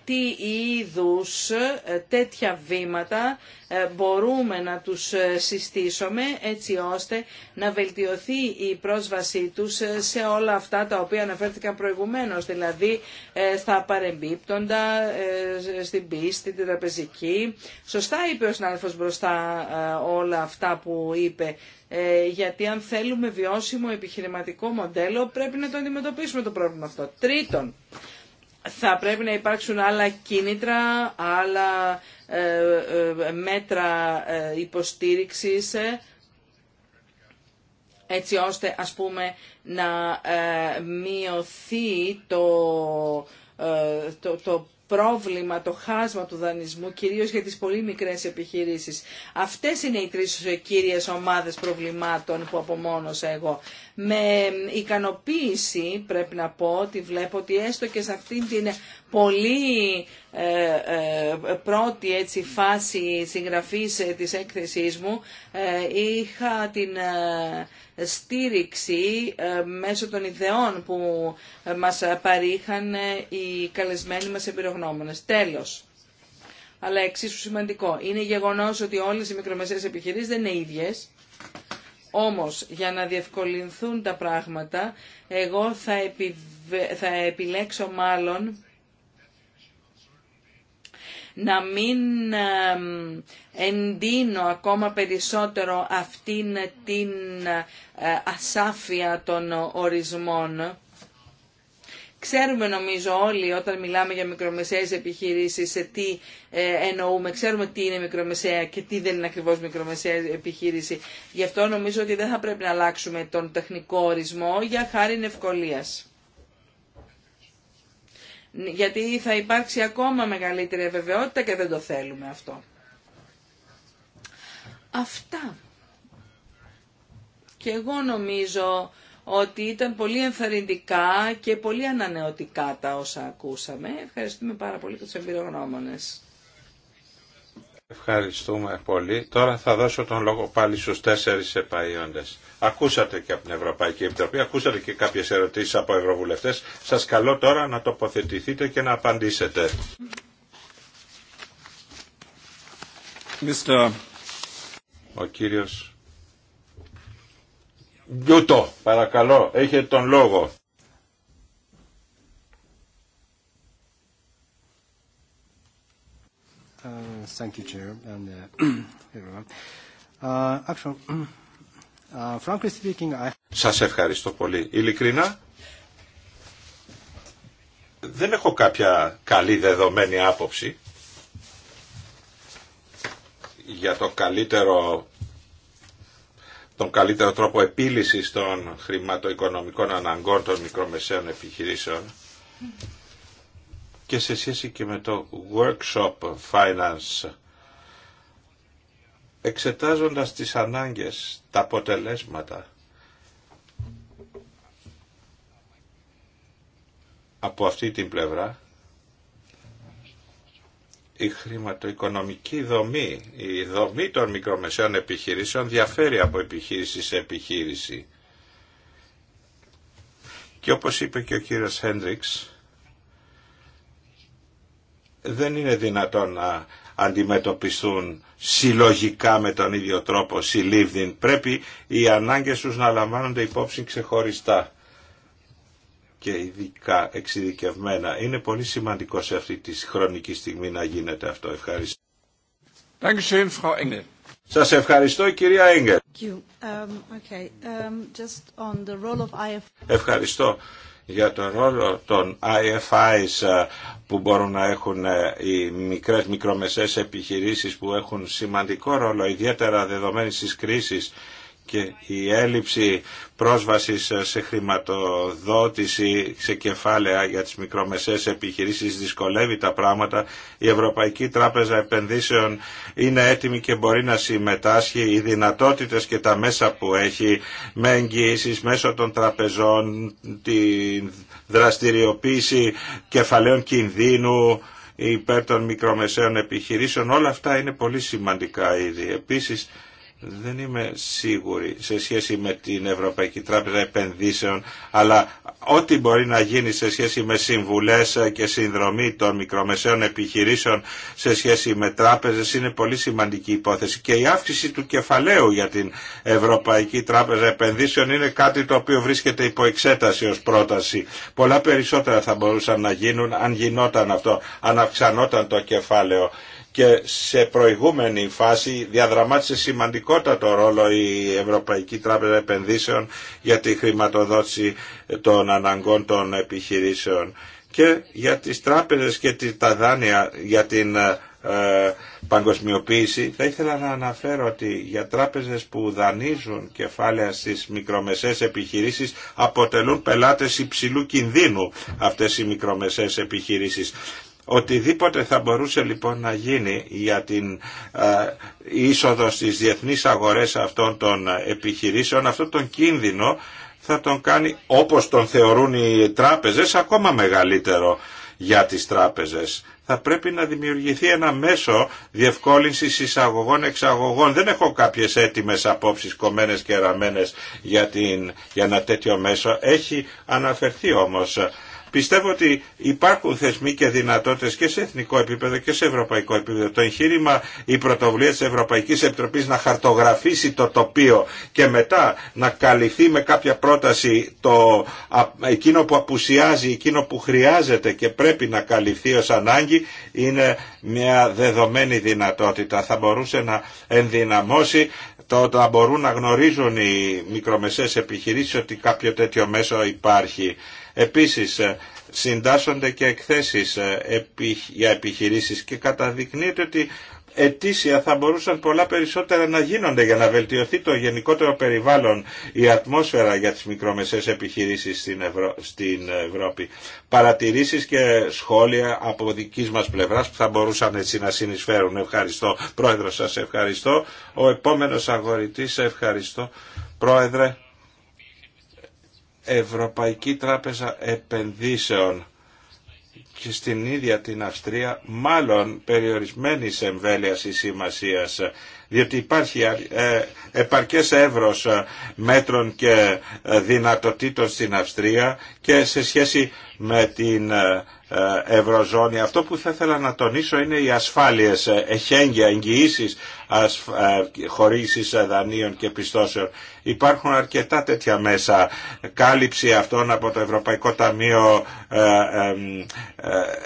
τι είδους ε, τέτοια βήματα ε, μπορούμε να τους ε, συστήσουμε έτσι ώστε να βελτιωθεί η πρόσβασή τους σε όλα αυτά τα οποία αναφέρθηκαν προηγουμένως, δηλαδή στα παρεμπίπτοντα, στην πίστη, την τραπεζική. Σωστά είπε ο συνάδελφος μπροστά όλα αυτά που είπε γιατί αν θέλουμε βιώσιμο επιχειρηματικό μοντέλο πρέπει να το αντιμετωπίσουμε το πρόβλημα αυτό. Τρίτον, θα πρέπει να υπάρξουν άλλα κίνητρα, άλλα ε, ε, μέτρα ε, υποστήριξης έτσι ώστε ας πούμε να μειωθεί το, το, το πρόβλημα, το χάσμα του δανεισμού, κυρίως για τις πολύ μικρές επιχειρήσεις. Αυτές είναι οι τρεις κύριες ομάδες προβλημάτων που απομόνωσα εγώ. Με ικανοποίηση πρέπει να πω ότι βλέπω ότι έστω και σε αυτήν την πολύ ε, ε, πρώτη έτσι, φάση συγγραφής ε, της έκθεσής μου είχα την στήριξη μέσω των ιδεών που μας παρήχαν οι καλεσμένοι μας εμπειρογνώμονες. Τέλος αλλά εξίσου σημαντικό. Είναι γεγονός ότι όλες οι μικρομεσαίες επιχειρήσεις δεν είναι ίδιες όμως, για να διευκολυνθούν τα πράγματα, εγώ θα, θα επιλέξω μάλλον να μην εντείνω ακόμα περισσότερο αυτήν την ε, ασάφεια των ορισμών Ξέρουμε νομίζω όλοι όταν μιλάμε για μικρομεσαίες επιχειρήσεις σε τι ε, εννοούμε. Ξέρουμε τι είναι μικρομεσαία και τι δεν είναι ακριβώς μικρομεσαία επιχείρηση. Γι' αυτό νομίζω ότι δεν θα πρέπει να αλλάξουμε τον τεχνικό ορισμό για χάρη ευκολίας γιατί θα υπάρξει ακόμα μεγαλύτερη αβεβαιότητα και δεν το θέλουμε αυτό. Αυτά. Και εγώ νομίζω ότι ήταν πολύ ενθαρρυντικά και πολύ ανανεωτικά τα όσα ακούσαμε. Ευχαριστούμε πάρα πολύ και τους εμπειρογνώμονες. Ευχαριστούμε πολύ. Τώρα θα δώσω τον λόγο πάλι στους τέσσερις επαΐοντες. Ακούσατε και από την Ευρωπαϊκή Επιτροπή, ακούσατε και κάποιες ερωτήσεις από ευρωβουλευτές. Σας καλώ τώρα να τοποθετηθείτε και να απαντήσετε. Ο κύριος Γιούτο, παρακαλώ, έχετε τον λόγο. Thank Σας ευχαριστώ πολύ. Ειλικρινά, δεν έχω κάποια καλή δεδομένη άποψη για το καλύτερο τον καλύτερο τρόπο επίλυσης των χρηματοοικονομικών αναγκών των μικρομεσαίων επιχειρήσεων και σε σχέση και με το workshop finance εξετάζοντας τις ανάγκες, τα αποτελέσματα από αυτή την πλευρά η χρηματοοικονομική δομή, η δομή των μικρομεσαίων επιχειρήσεων διαφέρει από επιχείρηση σε επιχείρηση. Και όπως είπε και ο κύριος Χέντριξ, δεν είναι δυνατόν να αντιμετωπιστούν συλλογικά με τον ίδιο τρόπο, συλλήβδιν. Πρέπει οι ανάγκες τους να λαμβάνονται υπόψη ξεχωριστά και ειδικά εξειδικευμένα. Είναι πολύ σημαντικό σε αυτή τη χρονική στιγμή να γίνεται αυτό. Ευχαριστώ. Σας ευχαριστώ κυρία Έγκελ. Um, um, ευχαριστώ για τον ρόλο των IFIs ε, που μπορούν να έχουν ε, οι μικρές μικρομεσαίες επιχειρήσεις που έχουν σημαντικό ρόλο ιδιαίτερα δεδομένης της κρίσης και η έλλειψη πρόσβασης σε χρηματοδότηση σε κεφάλαια για τις μικρομεσαίες επιχειρήσεις δυσκολεύει τα πράγματα. Η Ευρωπαϊκή Τράπεζα Επενδύσεων είναι έτοιμη και μπορεί να συμμετάσχει. Οι δυνατότητες και τα μέσα που έχει με εγγυήσει μέσω των τραπεζών, τη δραστηριοποίηση κεφαλαίων κινδύνου, υπέρ των μικρομεσαίων επιχειρήσεων, όλα αυτά είναι πολύ σημαντικά ήδη. Επίσης, δεν είμαι σίγουρη σε σχέση με την Ευρωπαϊκή Τράπεζα Επενδύσεων, αλλά ό,τι μπορεί να γίνει σε σχέση με συμβουλές και συνδρομή των μικρομεσαίων επιχειρήσεων σε σχέση με τράπεζες είναι πολύ σημαντική υπόθεση. Και η αύξηση του κεφαλαίου για την Ευρωπαϊκή Τράπεζα Επενδύσεων είναι κάτι το οποίο βρίσκεται υπό εξέταση ως πρόταση. Πολλά περισσότερα θα μπορούσαν να γίνουν αν γινόταν αυτό, αν αυξανόταν το κεφάλαιο και σε προηγούμενη φάση διαδραμάτισε σημαντικότατο ρόλο η Ευρωπαϊκή Τράπεζα Επενδύσεων για τη χρηματοδότηση των αναγκών των επιχειρήσεων και για τις τράπεζες και τα δάνεια για την ε, παγκοσμιοποίηση θα ήθελα να αναφέρω ότι για τράπεζες που δανείζουν κεφάλαια στις μικρομεσαίες επιχειρήσεις αποτελούν πελάτες υψηλού κινδύνου αυτές οι μικρομεσαίες επιχειρήσεις Οτιδήποτε θα μπορούσε λοιπόν να γίνει για την είσοδο στις διεθνείς αγορές αυτών των επιχειρήσεων, αυτό τον κίνδυνο θα τον κάνει όπως τον θεωρούν οι τράπεζες ακόμα μεγαλύτερο για τις τράπεζες. Θα πρέπει να δημιουργηθεί ένα μέσο διευκόλυνσης εισαγωγών-εξαγωγών. Δεν έχω κάποιες έτοιμες απόψεις κομμένες και ραμμένες για, την, για ένα τέτοιο μέσο. Έχει αναφερθεί όμως Πιστεύω ότι υπάρχουν θεσμοί και δυνατότητες και σε εθνικό επίπεδο και σε ευρωπαϊκό επίπεδο. Το εγχείρημα η πρωτοβουλία της Ευρωπαϊκής Επιτροπής να χαρτογραφήσει το τοπίο και μετά να καλυφθεί με κάποια πρόταση το, εκείνο που απουσιάζει, εκείνο που χρειάζεται και πρέπει να καλυφθεί ως ανάγκη είναι μια δεδομένη δυνατότητα. Θα μπορούσε να ενδυναμώσει το μπορούν να γνωρίζουν οι μικρομεσαίες επιχειρήσεις ότι κάποιο τέτοιο μέσο υπάρχει. Επίσης, ε, συντάσσονται και εκθέσεις ε, για επιχειρήσεις και καταδεικνύεται ότι ετήσια θα μπορούσαν πολλά περισσότερα να γίνονται για να βελτιωθεί το γενικότερο περιβάλλον, η ατμόσφαιρα για τις μικρομεσαίες επιχειρήσεις στην, στην Ευρώπη. Παρατηρήσεις και σχόλια από δική μας πλευράς που θα μπορούσαν έτσι να συνεισφέρουν. Ευχαριστώ. Πρόεδρο σας ευχαριστώ. Ο επόμενος αγορητής ευχαριστώ. Πρόεδρε. Ευρωπαϊκή Τράπεζα Επενδύσεων και στην ίδια την Αυστρία μάλλον περιορισμένη εμβέλειας η σημασίας διότι υπάρχει ε, επαρκές εύρος μέτρων και δυνατοτήτων στην Αυστρία και σε σχέση με την Ευρωζώνη. Αυτό που θα ήθελα να τονίσω είναι οι ασφάλειες, εχέγγυα, εγγυήσεις χωρίσεις δανείων και πιστώσεων. Υπάρχουν αρκετά τέτοια μέσα. Κάλυψη αυτών από το Ευρωπαϊκό Ταμείο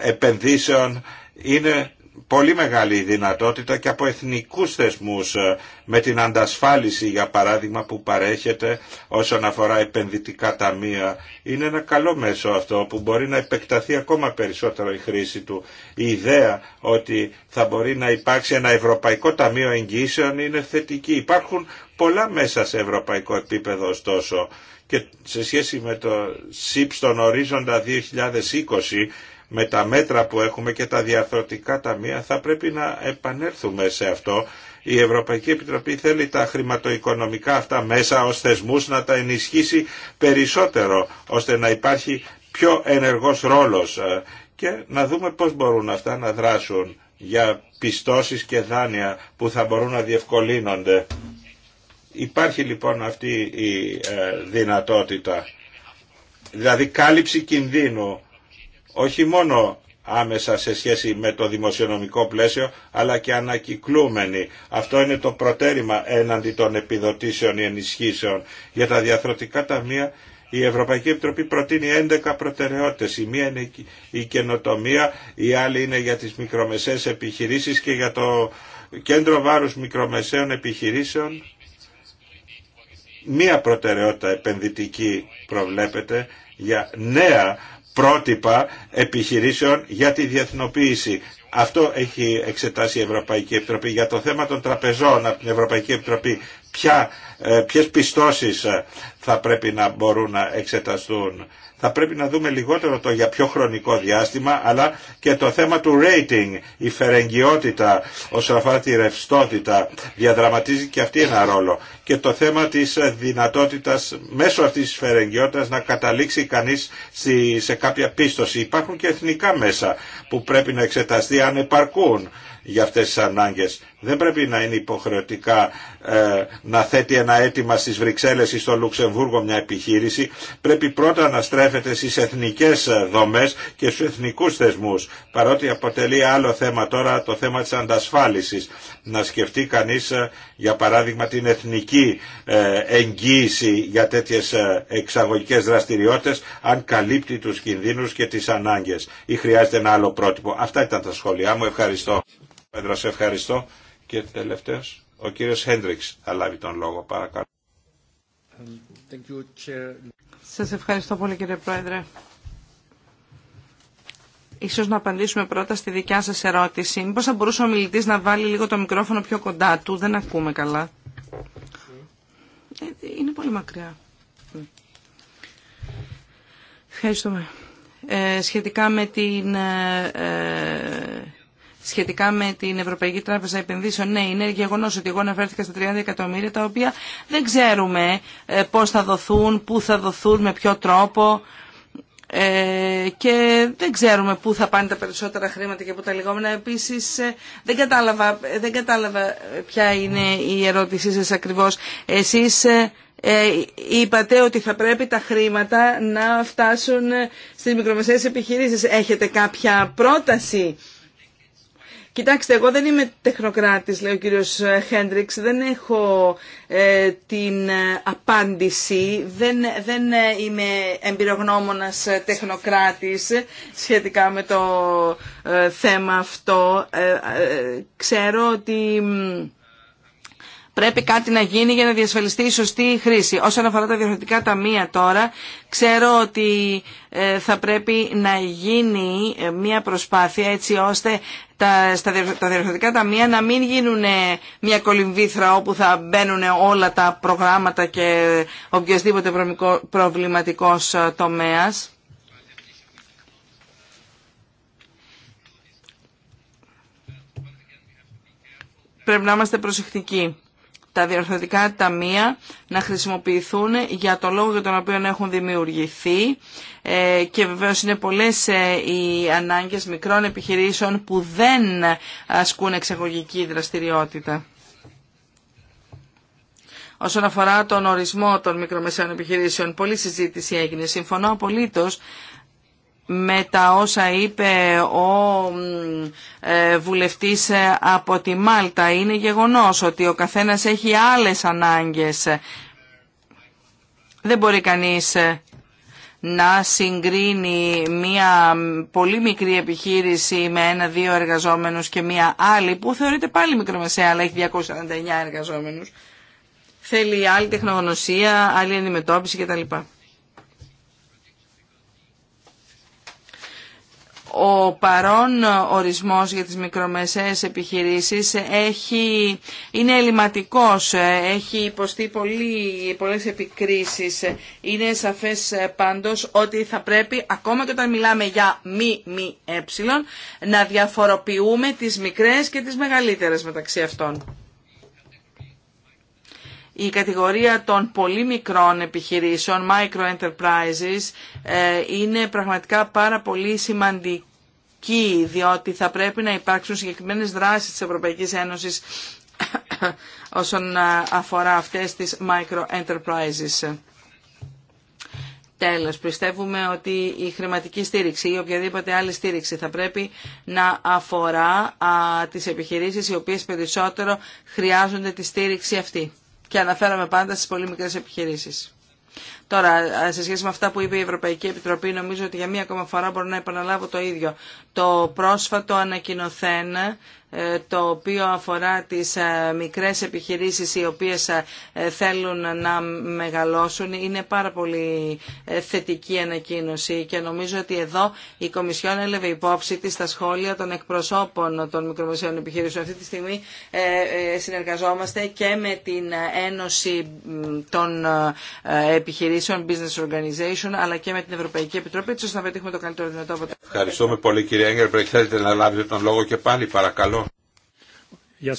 Επενδύσεων είναι πολύ μεγάλη δυνατότητα και από εθνικούς θεσμούς ε, με την αντασφάλιση για παράδειγμα που παρέχεται όσον αφορά επενδυτικά ταμεία. Είναι ένα καλό μέσο αυτό που μπορεί να επεκταθεί ακόμα περισσότερο η χρήση του. Η ιδέα ότι θα μπορεί να υπάρξει ένα ευρωπαϊκό ταμείο εγγύσεων είναι θετική. Υπάρχουν πολλά μέσα σε ευρωπαϊκό επίπεδο ωστόσο και σε σχέση με το ΣΥΠ στον ορίζοντα 2020 με τα μέτρα που έχουμε και τα διαρθρωτικά ταμεία θα πρέπει να επανέλθουμε σε αυτό. Η Ευρωπαϊκή Επιτροπή θέλει τα χρηματοοικονομικά αυτά μέσα ως θεσμούς να τα ενισχύσει περισσότερο ώστε να υπάρχει πιο ενεργός ρόλος ε, και να δούμε πώς μπορούν αυτά να δράσουν για πιστώσεις και δάνεια που θα μπορούν να διευκολύνονται. Υπάρχει λοιπόν αυτή η ε, δυνατότητα, δηλαδή κάλυψη κινδύνου όχι μόνο άμεσα σε σχέση με το δημοσιονομικό πλαίσιο αλλά και ανακυκλούμενη. Αυτό είναι το προτέρημα έναντι των επιδοτήσεων ή ενισχύσεων. Για τα διαθροτικά ταμεία η Ευρωπαϊκή Επιτροπή προτείνει 11 προτεραιότητες. Η μία είναι η καινοτομία, η άλλη είναι για τις μικρομεσαίες επιχειρήσεις και για το κέντρο βάρους μικρομεσαίων επιχειρήσεων. Μία προτεραιότητα επενδυτική προβλέπεται για νέα πρότυπα επιχειρήσεων για τη διεθνοποίηση. Αυτό έχει εξετάσει η Ευρωπαϊκή Επιτροπή. Για το θέμα των τραπεζών από την Ευρωπαϊκή Επιτροπή, ποια, ε, ποιες πιστώσεις ε, θα πρέπει να μπορούν να εξεταστούν θα πρέπει να δούμε λιγότερο το για πιο χρονικό διάστημα, αλλά και το θέμα του rating, η φερεγγιότητα όσον αφορά τη ρευστότητα, διαδραματίζει και αυτή ένα ρόλο. Και το θέμα της δυνατότητας μέσω αυτής της φερεγγιότητας να καταλήξει κανείς σε κάποια πίστοση. Υπάρχουν και εθνικά μέσα που πρέπει να εξεταστεί αν επαρκούν για αυτές τις ανάγκες. Δεν πρέπει να είναι υποχρεωτικά ε, να θέτει ένα αίτημα στις Βρυξέλλες ή στο Λουξεμβούργο μια επιχείρηση. Πρέπει πρώτα να στρέφει στρέφεται στις εθνικές δομές και στους εθνικούς θεσμούς, παρότι αποτελεί άλλο θέμα τώρα το θέμα της αντασφάλισης. Να σκεφτεί κανείς ε, για παράδειγμα την εθνική ε, εγγύηση για τέτοιες ε, εξαγωγικές δραστηριότητες, αν καλύπτει τους κινδύνους και τις ανάγκες ή χρειάζεται ένα άλλο πρότυπο. Αυτά ήταν τα σχόλιά μου. Ευχαριστώ. Πέτρος, ευχαριστώ. Και τελευταίος, ο κύριος Χέντριξ θα λάβει τον λόγο. Παρακαλώ. Thank you, Chair. Σας ευχαριστώ πολύ κύριε Πρόεδρε. Ίσως να απαντήσουμε πρώτα στη δικιά σας ερώτηση. Μήπως θα μπορούσε ο μιλητής να βάλει λίγο το μικρόφωνο πιο κοντά του. Δεν ακούμε καλά. Ε, είναι πολύ μακριά. Ευχαριστούμε. Ε, σχετικά με την ε, σχετικά με την Ευρωπαϊκή Τράπεζα Επενδύσεων. Ναι, είναι γεγονό ότι εγώ αναφέρθηκα στα 30 εκατομμύρια, τα οποία δεν ξέρουμε ε, πώ θα δοθούν, πού θα δοθούν, με ποιο τρόπο. Ε, και δεν ξέρουμε πού θα πάνε τα περισσότερα χρήματα και πού τα λιγόμενα. Επίσης ε, δεν κατάλαβα, δεν κατάλαβα ποια είναι η ερώτησή σας ακριβώς. Εσείς είπατε ότι θα πρέπει τα χρήματα να φτάσουν στις μικρομεσαίες επιχειρήσεις. Έχετε κάποια πρόταση Κοιτάξτε, εγώ δεν είμαι τεχνοκράτης, λέει ο κύριος Χέντριξ, δεν έχω ε, την ε, απάντηση, δεν, δεν ε, είμαι εμπειρογνώμονας τεχνοκράτης σχετικά με το θέμα αυτό. ξέρω ότι... Πρέπει κάτι να γίνει για να διασφαλιστεί η σωστή χρήση. Όσον αφορά τα διαφορετικά ταμεία τώρα, ξέρω ότι ε, θα πρέπει να γίνει ε, μια προσπάθεια έτσι ώστε τα, στα, τα διευθυντικά ταμεία να μην γίνουν μια κολυμβήθρα όπου θα μπαίνουν όλα τα προγράμματα και οποιοδήποτε προβληματικός ε, τομέας. Πρέπει να είμαστε προσεκτικοί τα διορθωτικά ταμεία να χρησιμοποιηθούν για το λόγο για τον οποίο έχουν δημιουργηθεί ε, και βεβαίως είναι πολλές ε, οι ανάγκες μικρών επιχειρήσεων που δεν ασκούν εξαγωγική δραστηριότητα. Όσον αφορά τον ορισμό των μικρομεσαίων επιχειρήσεων, πολλή συζήτηση έγινε. Συμφωνώ απολύτως με τα όσα είπε ο ε, βουλευτής ε, από τη Μάλτα. Είναι γεγονός ότι ο καθένας έχει άλλες ανάγκες. Δεν μπορεί κανείς ε, να συγκρίνει μία πολύ μικρή επιχείρηση με ένα-δύο εργαζόμενους και μία άλλη που θεωρείται πάλι μικρομεσαία αλλά έχει 249 εργαζόμενους. Θέλει άλλη τεχνογνωσία, άλλη αντιμετώπιση κτλ. ο παρόν ορισμός για τις μικρομεσαίες επιχειρήσεις έχει, είναι ελληματικός, έχει υποστεί πολύ, πολλές επικρίσεις. Είναι σαφές πάντως ότι θα πρέπει, ακόμα και όταν μιλάμε για μη μη ε, να διαφοροποιούμε τις μικρές και τις μεγαλύτερες μεταξύ αυτών η κατηγορία των πολύ μικρών επιχειρήσεων, micro enterprises, ε, είναι πραγματικά πάρα πολύ σημαντική, διότι θα πρέπει να υπάρξουν συγκεκριμένες δράσεις της Ευρωπαϊκής Ένωσης *coughs* όσον ε, αφορά αυτές τις micro enterprises. Τέλος, πιστεύουμε ότι η χρηματική στήριξη ή οποιαδήποτε άλλη στήριξη θα πρέπει να αφορά α, τις επιχειρήσεις οι οποίες περισσότερο χρειάζονται τη στήριξη αυτή και αναφέραμε πάντα στις πολύ μικρές επιχειρήσεις. Τώρα, σε σχέση με αυτά που είπε η Ευρωπαϊκή Επιτροπή, νομίζω ότι για μία ακόμα φορά μπορώ να επαναλάβω το ίδιο. Το πρόσφατο ανακοινοθέν το οποίο αφορά τις ε, μικρές επιχειρήσεις οι οποίες ε, θέλουν να μεγαλώσουν είναι πάρα πολύ ε, θετική ανακοίνωση και νομίζω ότι εδώ η Κομισιόν έλεβε υπόψη της στα σχόλια των εκπροσώπων των μικρομεσαίων επιχειρήσεων. Αυτή τη στιγμή συνεργαζόμαστε και με την Ένωση των Επιχειρήσεων Business Organization αλλά και με την Ευρωπαϊκή Επιτροπή έτσι ώστε να πετύχουμε το καλύτερο δυνατό Ευχαριστούμε πολύ κυρία Έγκερ. Θέλετε να λάβετε τον λόγο και πάλι παρακαλώ. Uh,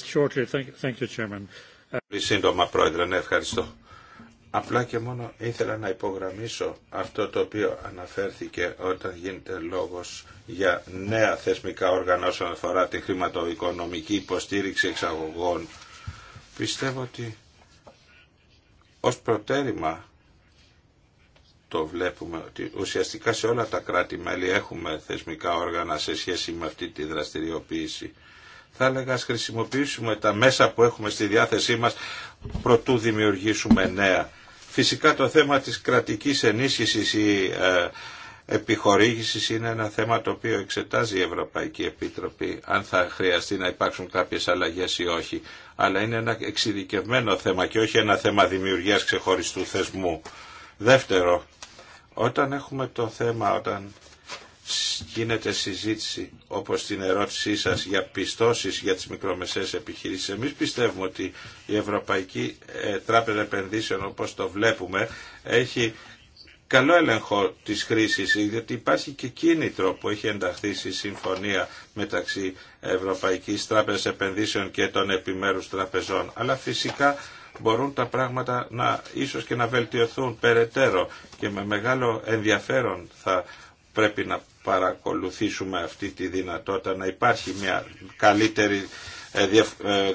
σύντομα, Πρόεδρε, ναι, ευχαριστώ. Απλά και μόνο ήθελα να υπογραμμίσω αυτό το οποίο αναφέρθηκε όταν γίνεται λόγος για νέα θεσμικά όργανα όσον αφορά τη χρηματοοικονομική υποστήριξη εξαγωγών. Πιστεύω ότι ως προτέρημα το βλέπουμε ότι ουσιαστικά σε όλα τα κράτη-μέλη έχουμε θεσμικά όργανα σε σχέση με αυτή τη δραστηριοποίηση θα έλεγα ας χρησιμοποιήσουμε τα μέσα που έχουμε στη διάθεσή μας προτού δημιουργήσουμε νέα. Φυσικά το θέμα της κρατικής ενίσχυσης ή ε, επιχορήγησης είναι ένα θέμα το οποίο εξετάζει η Ευρωπαϊκή Επίτροπη αν θα χρειαστεί να υπάρξουν κάποιες αλλαγές ή όχι. Αλλά είναι ένα εξειδικευμένο θέμα και όχι ένα θέμα δημιουργίας ξεχωριστού θεσμού. Δεύτερο, όταν έχουμε το θέμα, όταν γίνεται συζήτηση όπως την ερώτησή σας για πιστώσεις για τις μικρομεσαίες επιχειρήσεις. Εμείς πιστεύουμε ότι η Ευρωπαϊκή ε, Τράπεζα Επενδύσεων όπως το βλέπουμε έχει καλό έλεγχο της χρήσης γιατί υπάρχει και κίνητρο που έχει ενταχθεί στη συμφωνία μεταξύ Ευρωπαϊκής Τράπεζας Επενδύσεων και των επιμέρους τραπεζών. Αλλά φυσικά μπορούν τα πράγματα να ίσως και να βελτιωθούν περαιτέρω και με μεγάλο ενδιαφέρον θα πρέπει να παρακολουθήσουμε αυτή τη δυνατότητα να υπάρχει μια καλύτερη ε,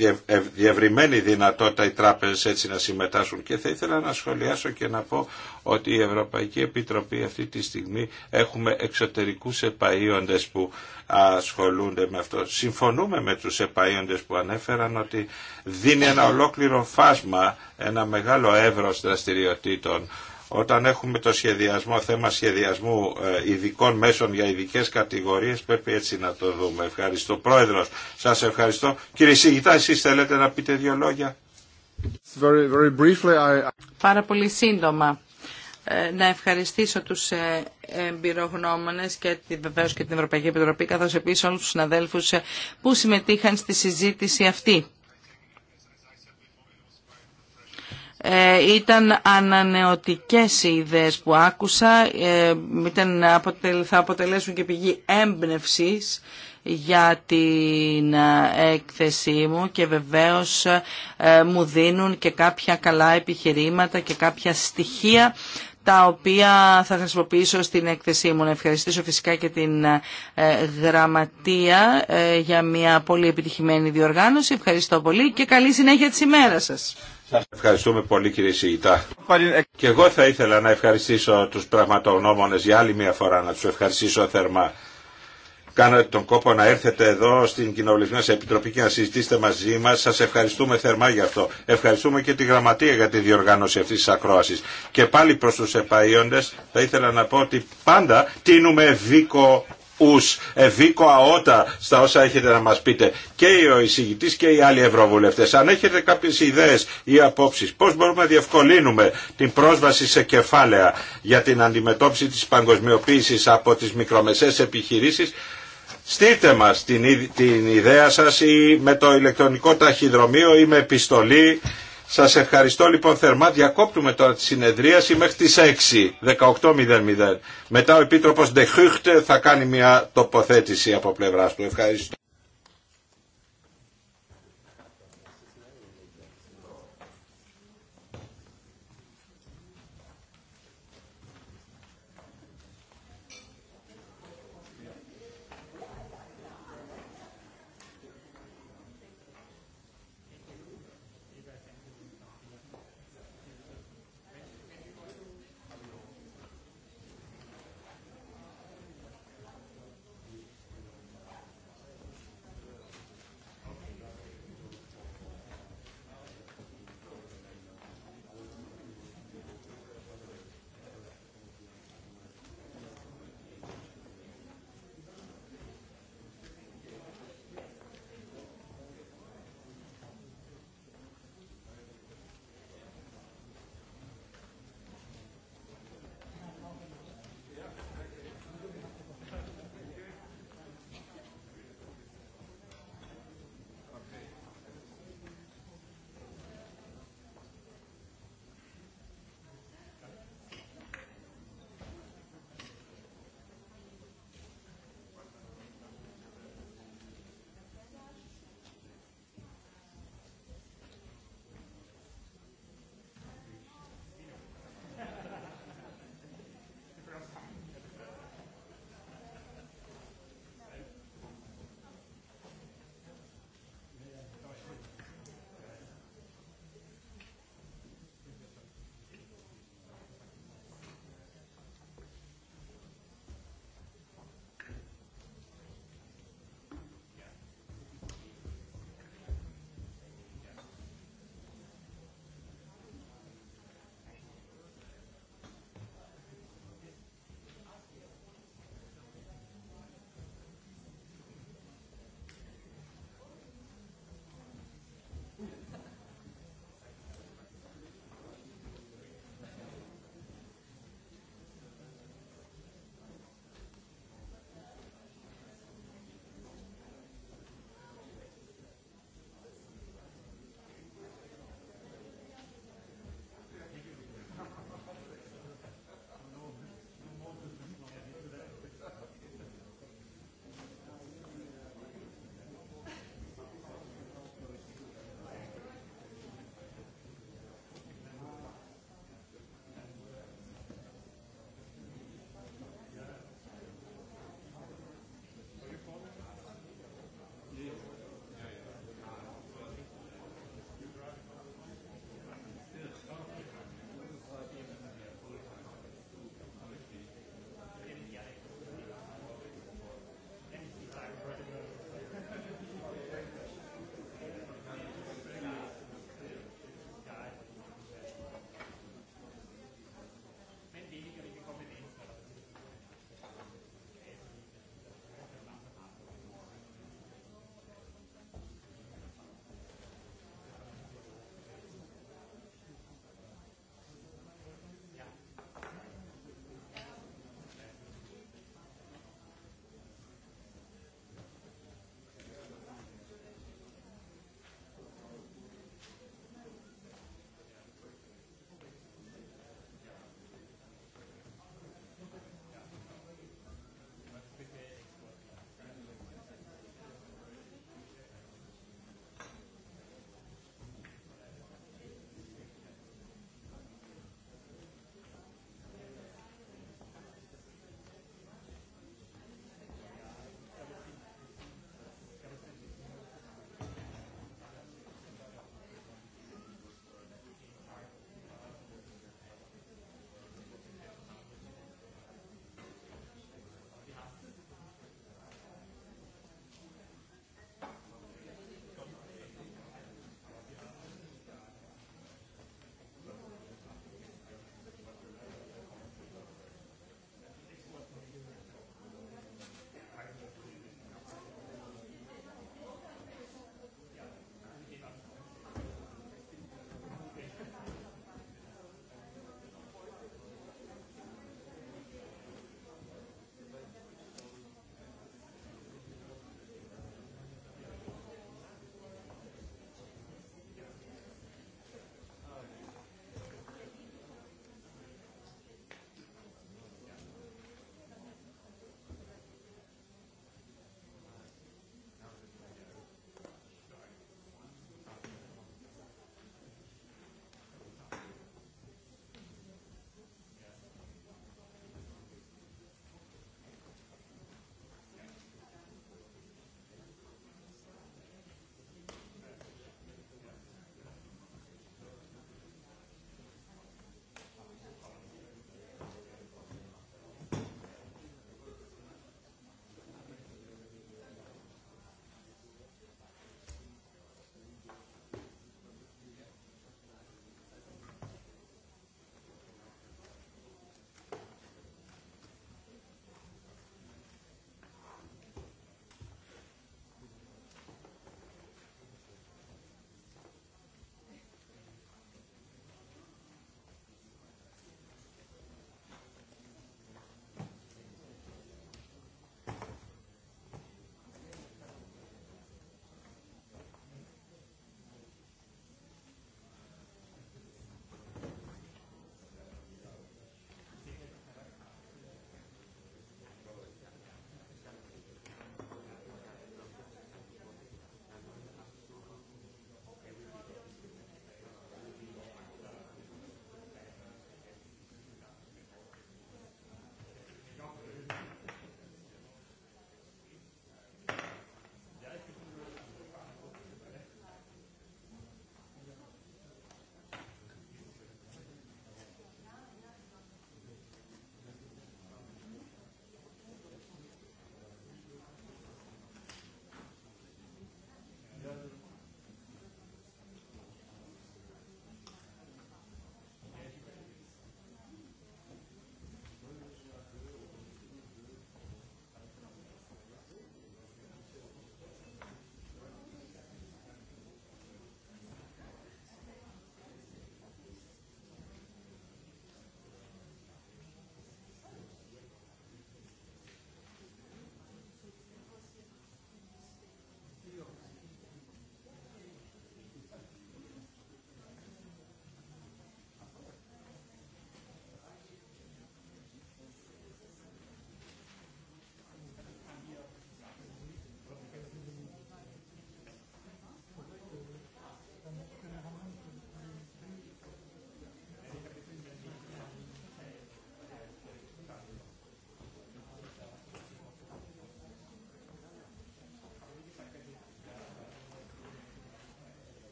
ε, ε, διευρυμένη δυνατότητα οι τράπεζες έτσι να συμμετάσχουν και θα ήθελα να σχολιάσω και να πω ότι η Ευρωπαϊκή Επιτροπή αυτή τη στιγμή έχουμε εξωτερικούς επαΐοντες που ασχολούνται με αυτό. Συμφωνούμε με τους επαΐοντες που ανέφεραν ότι δίνει ένα ολόκληρο φάσμα, ένα μεγάλο εύρος δραστηριοτήτων όταν έχουμε το σχεδιασμό, θέμα σχεδιασμού ε, ειδικών μέσων για ειδικέ κατηγορίε, πρέπει έτσι να το δούμε. Ευχαριστώ. Πρόεδρο, σα ευχαριστώ. Κύριε Σιγητά, εσεί θέλετε να πείτε δύο λόγια. Πάρα πολύ σύντομα ε, να ευχαριστήσω τους ε, εμπειρογνώμονε και βεβαίω και την Ευρωπαϊκή Επιτροπή καθώς επίσης όλους τους συναδέλφους που συμμετείχαν στη συζήτηση αυτή. Ε, ήταν ανανεωτικές οι ιδέες που άκουσα, ε, ήταν, θα αποτελέσουν και πηγή έμπνευσης για την ε, έκθεσή μου και βεβαίως μου δίνουν και κάποια καλά επιχειρήματα και κάποια στοιχεία τα οποία θα χρησιμοποιήσω στην έκθεσή μου. Να ευχαριστήσω φυσικά και την γραμματεία για μια πολύ επιτυχημένη διοργάνωση. Ευχαριστώ πολύ και καλή συνέχεια της ημέρας σας. Σας ευχαριστούμε πολύ κύριε Σιγητά. Και εγώ θα ήθελα να ευχαριστήσω τους πραγματογνώμονες για άλλη μια φορά, να τους ευχαριστήσω θερμά. Κάνατε τον κόπο να έρθετε εδώ στην Κοινοβουλευτική Επιτροπή και να συζητήσετε μαζί μας. Σας ευχαριστούμε θερμά για αυτό. Ευχαριστούμε και τη Γραμματεία για τη διοργάνωση αυτή τη ακρόαση. Και πάλι προ του επαΐοντες θα ήθελα να πω ότι πάντα τίνουμε δίκο ους ευήκο αότα στα όσα έχετε να μας πείτε και ο εισηγητής και οι άλλοι ευρωβουλευτές. Αν έχετε κάποιες ιδέες ή απόψεις πώς μπορούμε να διευκολύνουμε την πρόσβαση σε κεφάλαια για την αντιμετώπιση της παγκοσμιοποίησης από τις μικρομεσαίες επιχειρήσεις στείλτε μας την, την ιδέα σας ή με το ηλεκτρονικό ταχυδρομείο ή με επιστολή σας ευχαριστώ λοιπόν θερμά. Διακόπτουμε τώρα τη συνεδρίαση μέχρι τις 6, 18.00. Μετά ο Επίτροπος Ντεχούχτε θα κάνει μια τοποθέτηση από πλευράς του. Ευχαριστώ.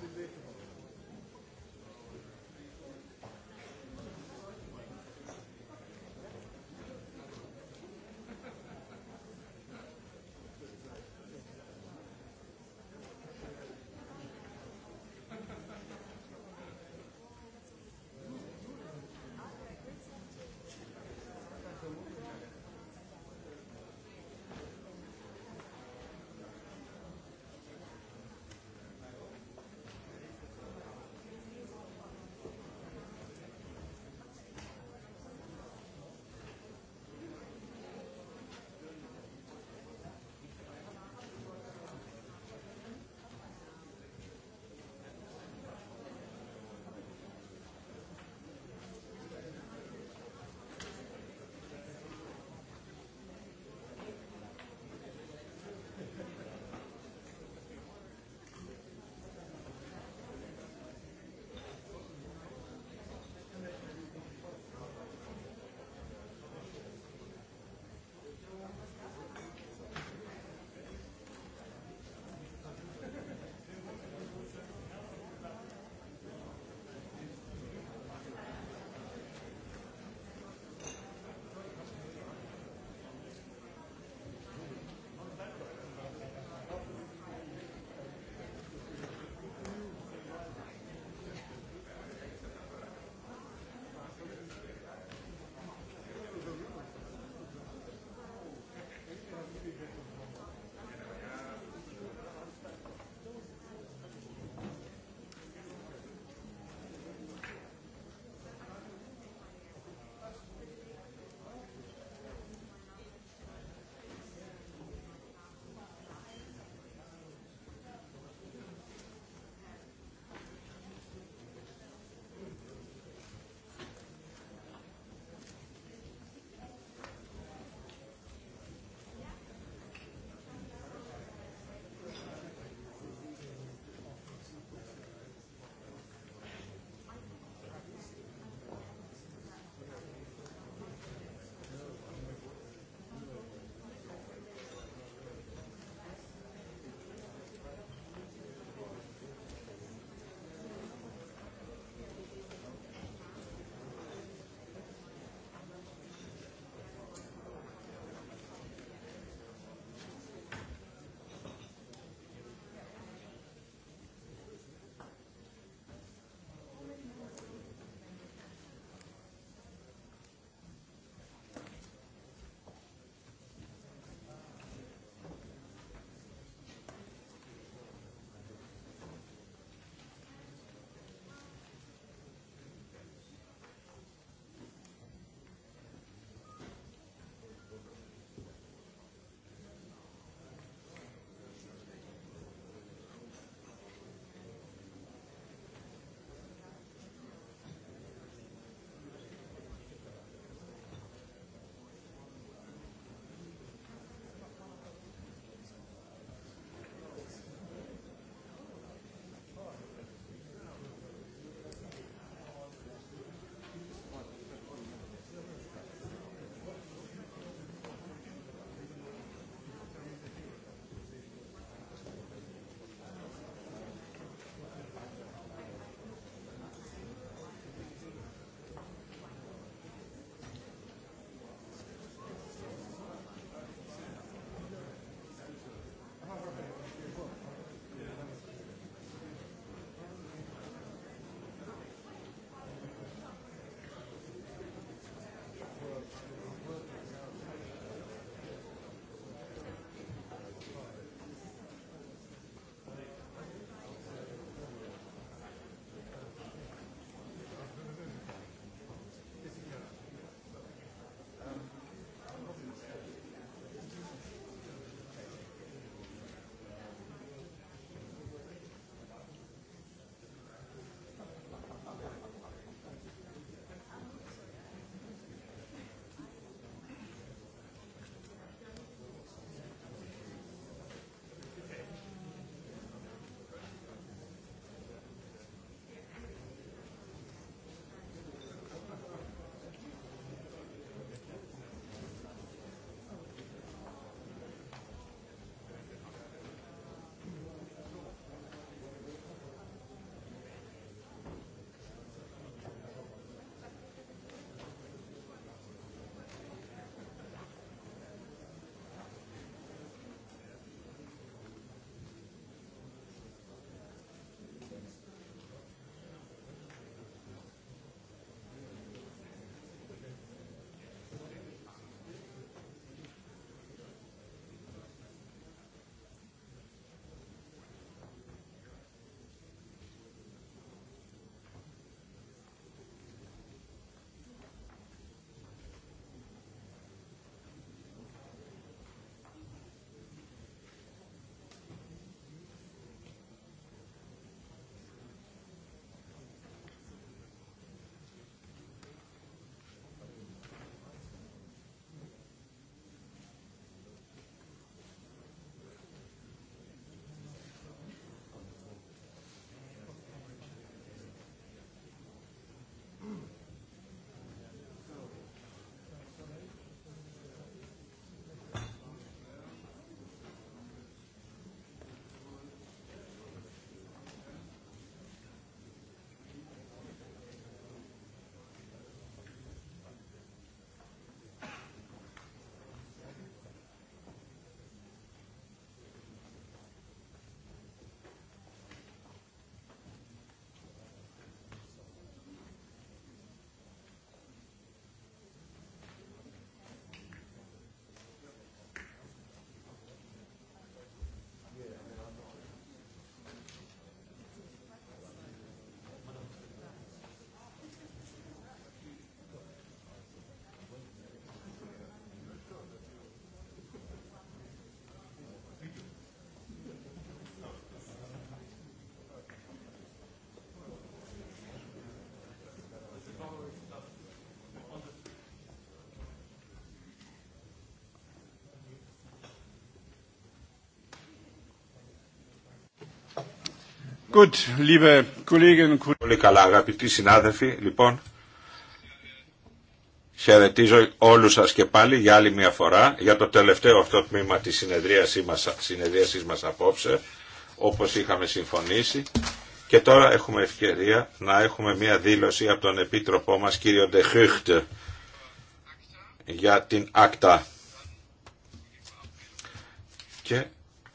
σε beta Good, liebe Kolleginnen und Πολύ καλά, αγαπητοί συνάδελφοι. Λοιπόν, χαιρετίζω όλους σας και πάλι για άλλη μια φορά για το τελευταίο αυτό τμήμα της συνεδρίασής μας, συνεδρίασής μας απόψε, όπως είχαμε συμφωνήσει. Και τώρα έχουμε ευκαιρία να έχουμε μια δήλωση από τον Επίτροπό μας, κύριο Ντεχούχτ, για την ΑΚΤΑ. Και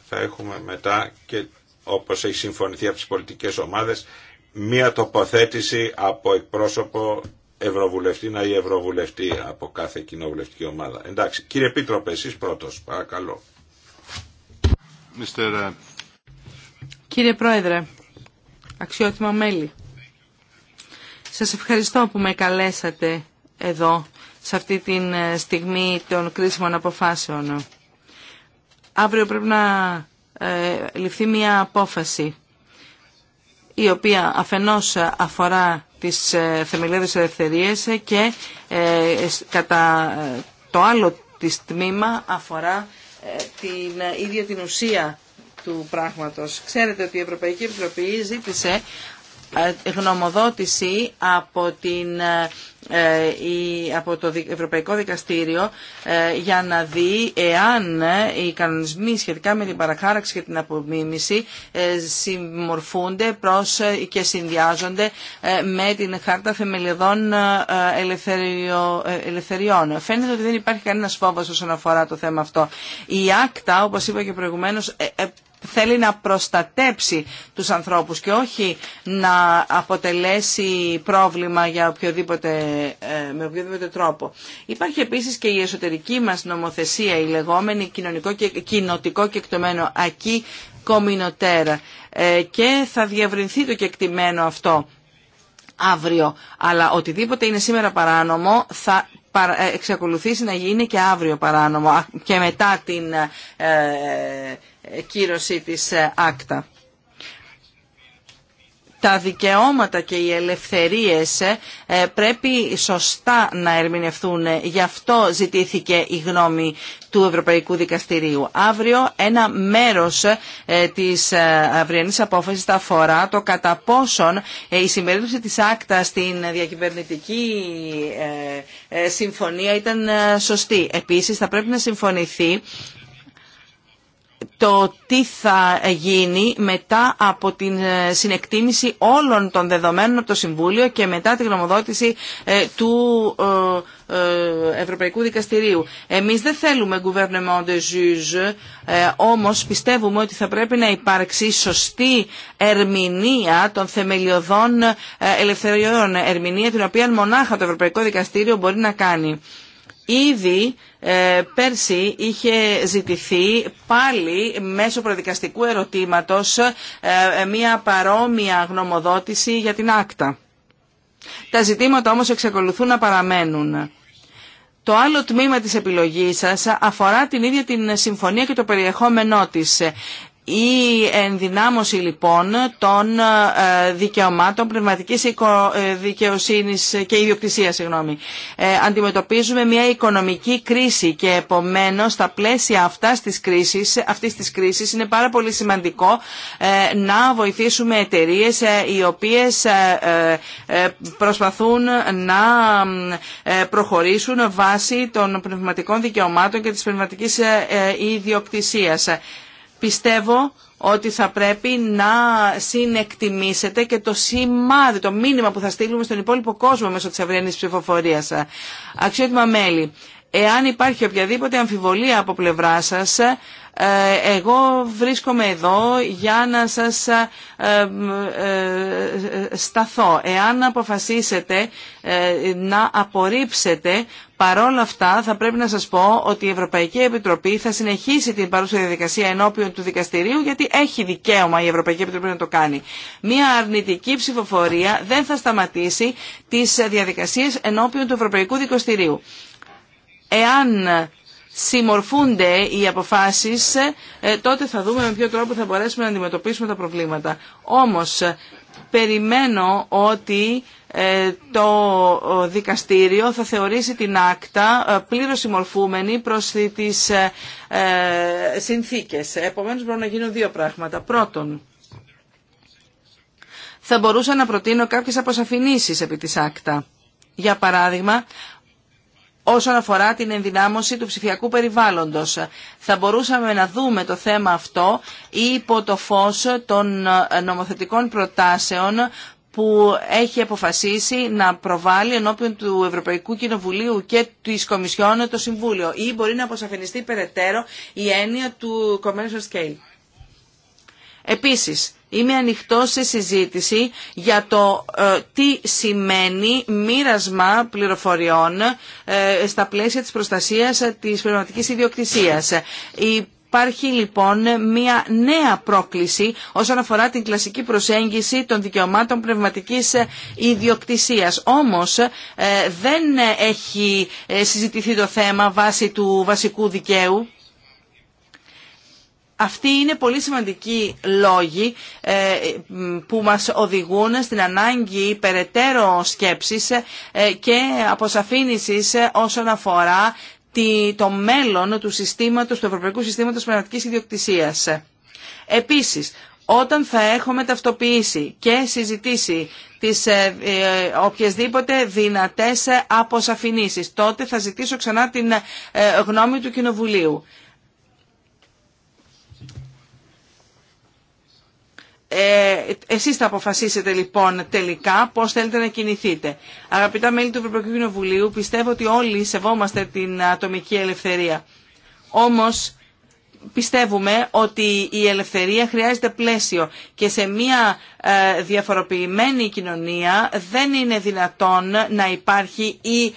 θα έχουμε μετά και όπως έχει συμφωνηθεί από τις πολιτικές ομάδες, μία τοποθέτηση από εκπρόσωπο ευρωβουλευτή να ή ευρωβουλευτή από κάθε κοινοβουλευτική ομάδα. Εντάξει, κύριε Επίτροπε, εσείς πρώτος, παρακαλώ. Ε, κύριε Πρόεδρε, αξιότιμα μέλη, σας ευχαριστώ που με καλέσατε εδώ, σε αυτή τη ε, στιγμή των κρίσιμων αποφάσεων. Αύριο πρέπει να ε, ληφθεί μια απόφαση η οποία αφενός αφορά τις ε, θεμελιώδεις ελευθερίες και ε, κατά το άλλο της τμήμα αφορά την ίδια την ουσία του πράγματος. Ξέρετε ότι η Ευρωπαϊκή Επιτροπή ζήτησε ε, γνωμοδότηση από την ε, ε, από το Ευρωπαϊκό Δικαστήριο για να δει εάν οι κανονισμοί σχετικά με την παραχάραξη και την απομίμηση συμμορφούνται προς και συνδυάζονται με την Χάρτα Θεμελιωδών Ελευθεριών. Φαίνεται ότι δεν υπάρχει κανένας φόβος όσον αφορά το θέμα αυτό. Η άκτα, όπως είπα και προηγουμένως, θέλει να προστατέψει τους ανθρώπους και όχι να αποτελέσει πρόβλημα για οποιοδήποτε, ε, με οποιοδήποτε τρόπο. Υπάρχει επίσης και η εσωτερική μας νομοθεσία, η λεγόμενη κοινωνικό και, κοινοτικό και ακή κομινοτέρα ε, και θα διευρυνθεί το κεκτημένο αυτό αύριο. Αλλά οτιδήποτε είναι σήμερα παράνομο θα ε, εξακολουθήσει να γίνει και αύριο παράνομο και μετά την κύρωση της ε, άκτα. Τα δικαιώματα και οι ελευθερίες ε, ε, πρέπει σωστά να ερμηνευθούν. Γι' αυτό ζητήθηκε η γνώμη του Ευρωπαϊκού Δικαστηρίου. Αύριο ένα μέρος της αυριανής απόφασης θα αφορά το κατά πόσον η συμπερίληψη της άκτα στην διακυβερνητική συμφωνία ήταν σωστή. Επίσης θα πρέπει να συμφωνηθεί το τι θα γίνει μετά από την ε, συνεκτίμηση όλων των δεδομένων από το Συμβούλιο και μετά τη γνωμοδότηση ε, του ε, Ευρωπαϊκού Δικαστηρίου. Εμείς δεν θέλουμε gouvernement de juge, όμως πιστεύουμε ότι θα πρέπει να υπάρξει σωστή ερμηνεία των θεμελιωδών ελευθεριών, ερμηνεία την οποία μονάχα το Ευρωπαϊκό Δικαστήριο μπορεί να κάνει. Ήδη ε, πέρσι είχε ζητηθεί πάλι μέσω προδικαστικού ερωτήματος ε, ε, μια παρόμοια γνωμοδότηση για την άκτα. Τα ζητήματα όμως εξακολουθούν να παραμένουν. Το άλλο τμήμα της επιλογής σας αφορά την ίδια την συμφωνία και το περιεχόμενό της. Η ενδυνάμωση λοιπόν των ε, δικαιωμάτων πνευματικής ε, δικαιοσύνης και ιδιοκτησία, συγγνώμη. Ε, αντιμετωπίζουμε μια οικονομική κρίση και επομένως στα πλαίσια αυτά της κρίσης, αυτής της κρίσης είναι πάρα πολύ σημαντικό να βοηθήσουμε εταιρείε οι οποίες προσπαθούν να προχωρήσουν βάσει των πνευματικών δικαιωμάτων και της πνευματικής ιδιοκτησίας πιστεύω ότι θα πρέπει να συνεκτιμήσετε και το σημάδι, το μήνυμα που θα στείλουμε στον υπόλοιπο κόσμο μέσω της αυριανής ψηφοφορίας. Αξιότιμα μέλη, Εάν υπάρχει οποιαδήποτε αμφιβολία από πλευρά σας, ε, εγώ βρίσκομαι εδώ για να σας ε, ε, σταθώ. Εάν αποφασίσετε να απορρίψετε, παρόλα αυτά θα πρέπει να σας πω ότι η Ευρωπαϊκή Επιτροπή θα συνεχίσει την παρούσα διαδικασία ενώπιον του δικαστηρίου γιατί έχει δικαίωμα η Ευρωπαϊκή Επιτροπή να το κάνει. Μία αρνητική ψηφοφορία δεν θα σταματήσει τις διαδικασίες ενώπιον του Ευρωπαϊκού Δικαστηρίου εάν συμμορφούνται οι αποφάσεις, ε, τότε θα δούμε με ποιο τρόπο θα μπορέσουμε να αντιμετωπίσουμε τα προβλήματα. Όμως, περιμένω ότι ε, το δικαστήριο θα θεωρήσει την άκτα ε, πλήρως συμμορφούμενη προς τις συνθήκες. Επομένως, μπορούν να γίνουν δύο πράγματα. Πρώτον, θα μπορούσα να προτείνω κάποιες αποσαφηνήσεις επί της άκτα. Για παράδειγμα, όσον αφορά την ενδυνάμωση του ψηφιακού περιβάλλοντος. Θα μπορούσαμε να δούμε το θέμα αυτό υπό το φως των νομοθετικών προτάσεων που έχει αποφασίσει να προβάλλει ενώπιον του Ευρωπαϊκού Κοινοβουλίου και της Κομισιόν το Συμβούλιο ή μπορεί να αποσαφινιστεί περαιτέρω η μπορει να αποσαφενιστει περαιτερω η εννοια του commercial scale. Επίσης, είμαι ανοιχτό σε συζήτηση για το ε, τι σημαίνει μοίρασμα πληροφοριών ε, στα πλαίσια της προστασίας της πνευματικής ιδιοκτησίας. Υπάρχει λοιπόν μια νέα πρόκληση όσον αφορά την κλασική προσέγγιση των δικαιωμάτων πνευματικής ε, ιδιοκτησίας. Όμως δεν έχει συζητηθεί το θέμα βάσει του βασικού δικαίου αυτοί είναι πολύ σημαντικοί λόγοι ε, που μας οδηγούν στην ανάγκη περαιτέρω σκέψης ε, και αποσαφήνισης όσον αφορά το μέλλον του, συστήματος, του Ευρωπαϊκού Συστήματος Πνευματικής Ιδιοκτησίας. Επίσης, όταν θα έχουμε ταυτοποιήσει και συζητήσει τις ε, ε οποιασδήποτε δυνατές αποσαφηνίσεις, τότε θα ζητήσω ξανά την γνώμη του Κοινοβουλίου. Ε, εσείς θα αποφασίσετε λοιπόν τελικά πώς θέλετε να κινηθείτε. Αγαπητά μέλη του Ευρωπαϊκού Κοινοβουλίου, πιστεύω ότι όλοι σεβόμαστε την ατομική ελευθερία. Όμως πιστεύουμε ότι η ελευθερία χρειάζεται πλαίσιο και σε μια ε, διαφοροποιημένη κοινωνία δεν είναι δυνατόν να υπάρχει η ε,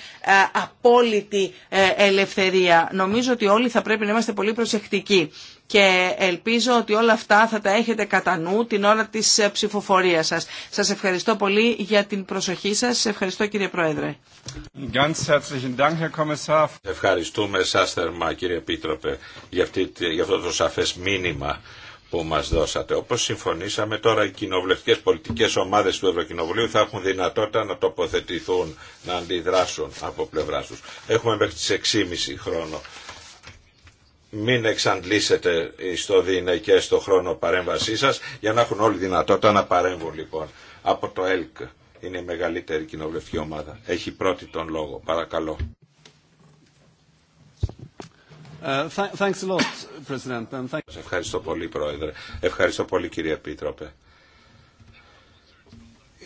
απόλυτη ε, ελευθερία. Νομίζω ότι όλοι θα πρέπει να είμαστε πολύ προσεκτικοί και ελπίζω ότι όλα αυτά θα τα έχετε κατά νου την ώρα της ε, ψηφοφορίας σας. Σας ευχαριστώ πολύ για την προσοχή σας. Ευχαριστώ κύριε Πρόεδρε. Ευχαριστούμε σας θερμά κύριε Πίτροπε για, αυτή, για αυτό το σαφές μήνυμα που μας δώσατε. Όπως συμφωνήσαμε τώρα οι κοινοβουλευτικές πολιτικές ομάδες του Ευρωκοινοβουλίου θα έχουν δυνατότητα να τοποθετηθούν, να αντιδράσουν από πλευρά τους. Έχουμε μέχρι τις 6,5 χρόνο μην εξαντλήσετε στο και στο χρόνο παρέμβασή σας για να έχουν όλοι δυνατότητα να παρέμβουν λοιπόν. Από το ΕΛΚ είναι η μεγαλύτερη κοινοβουλευτική ομάδα. Έχει πρώτη τον λόγο. Παρακαλώ. Ε, ευχαριστώ πολύ, Πρόεδρε. Ευχαριστώ πολύ, κύριε Επίτροπε.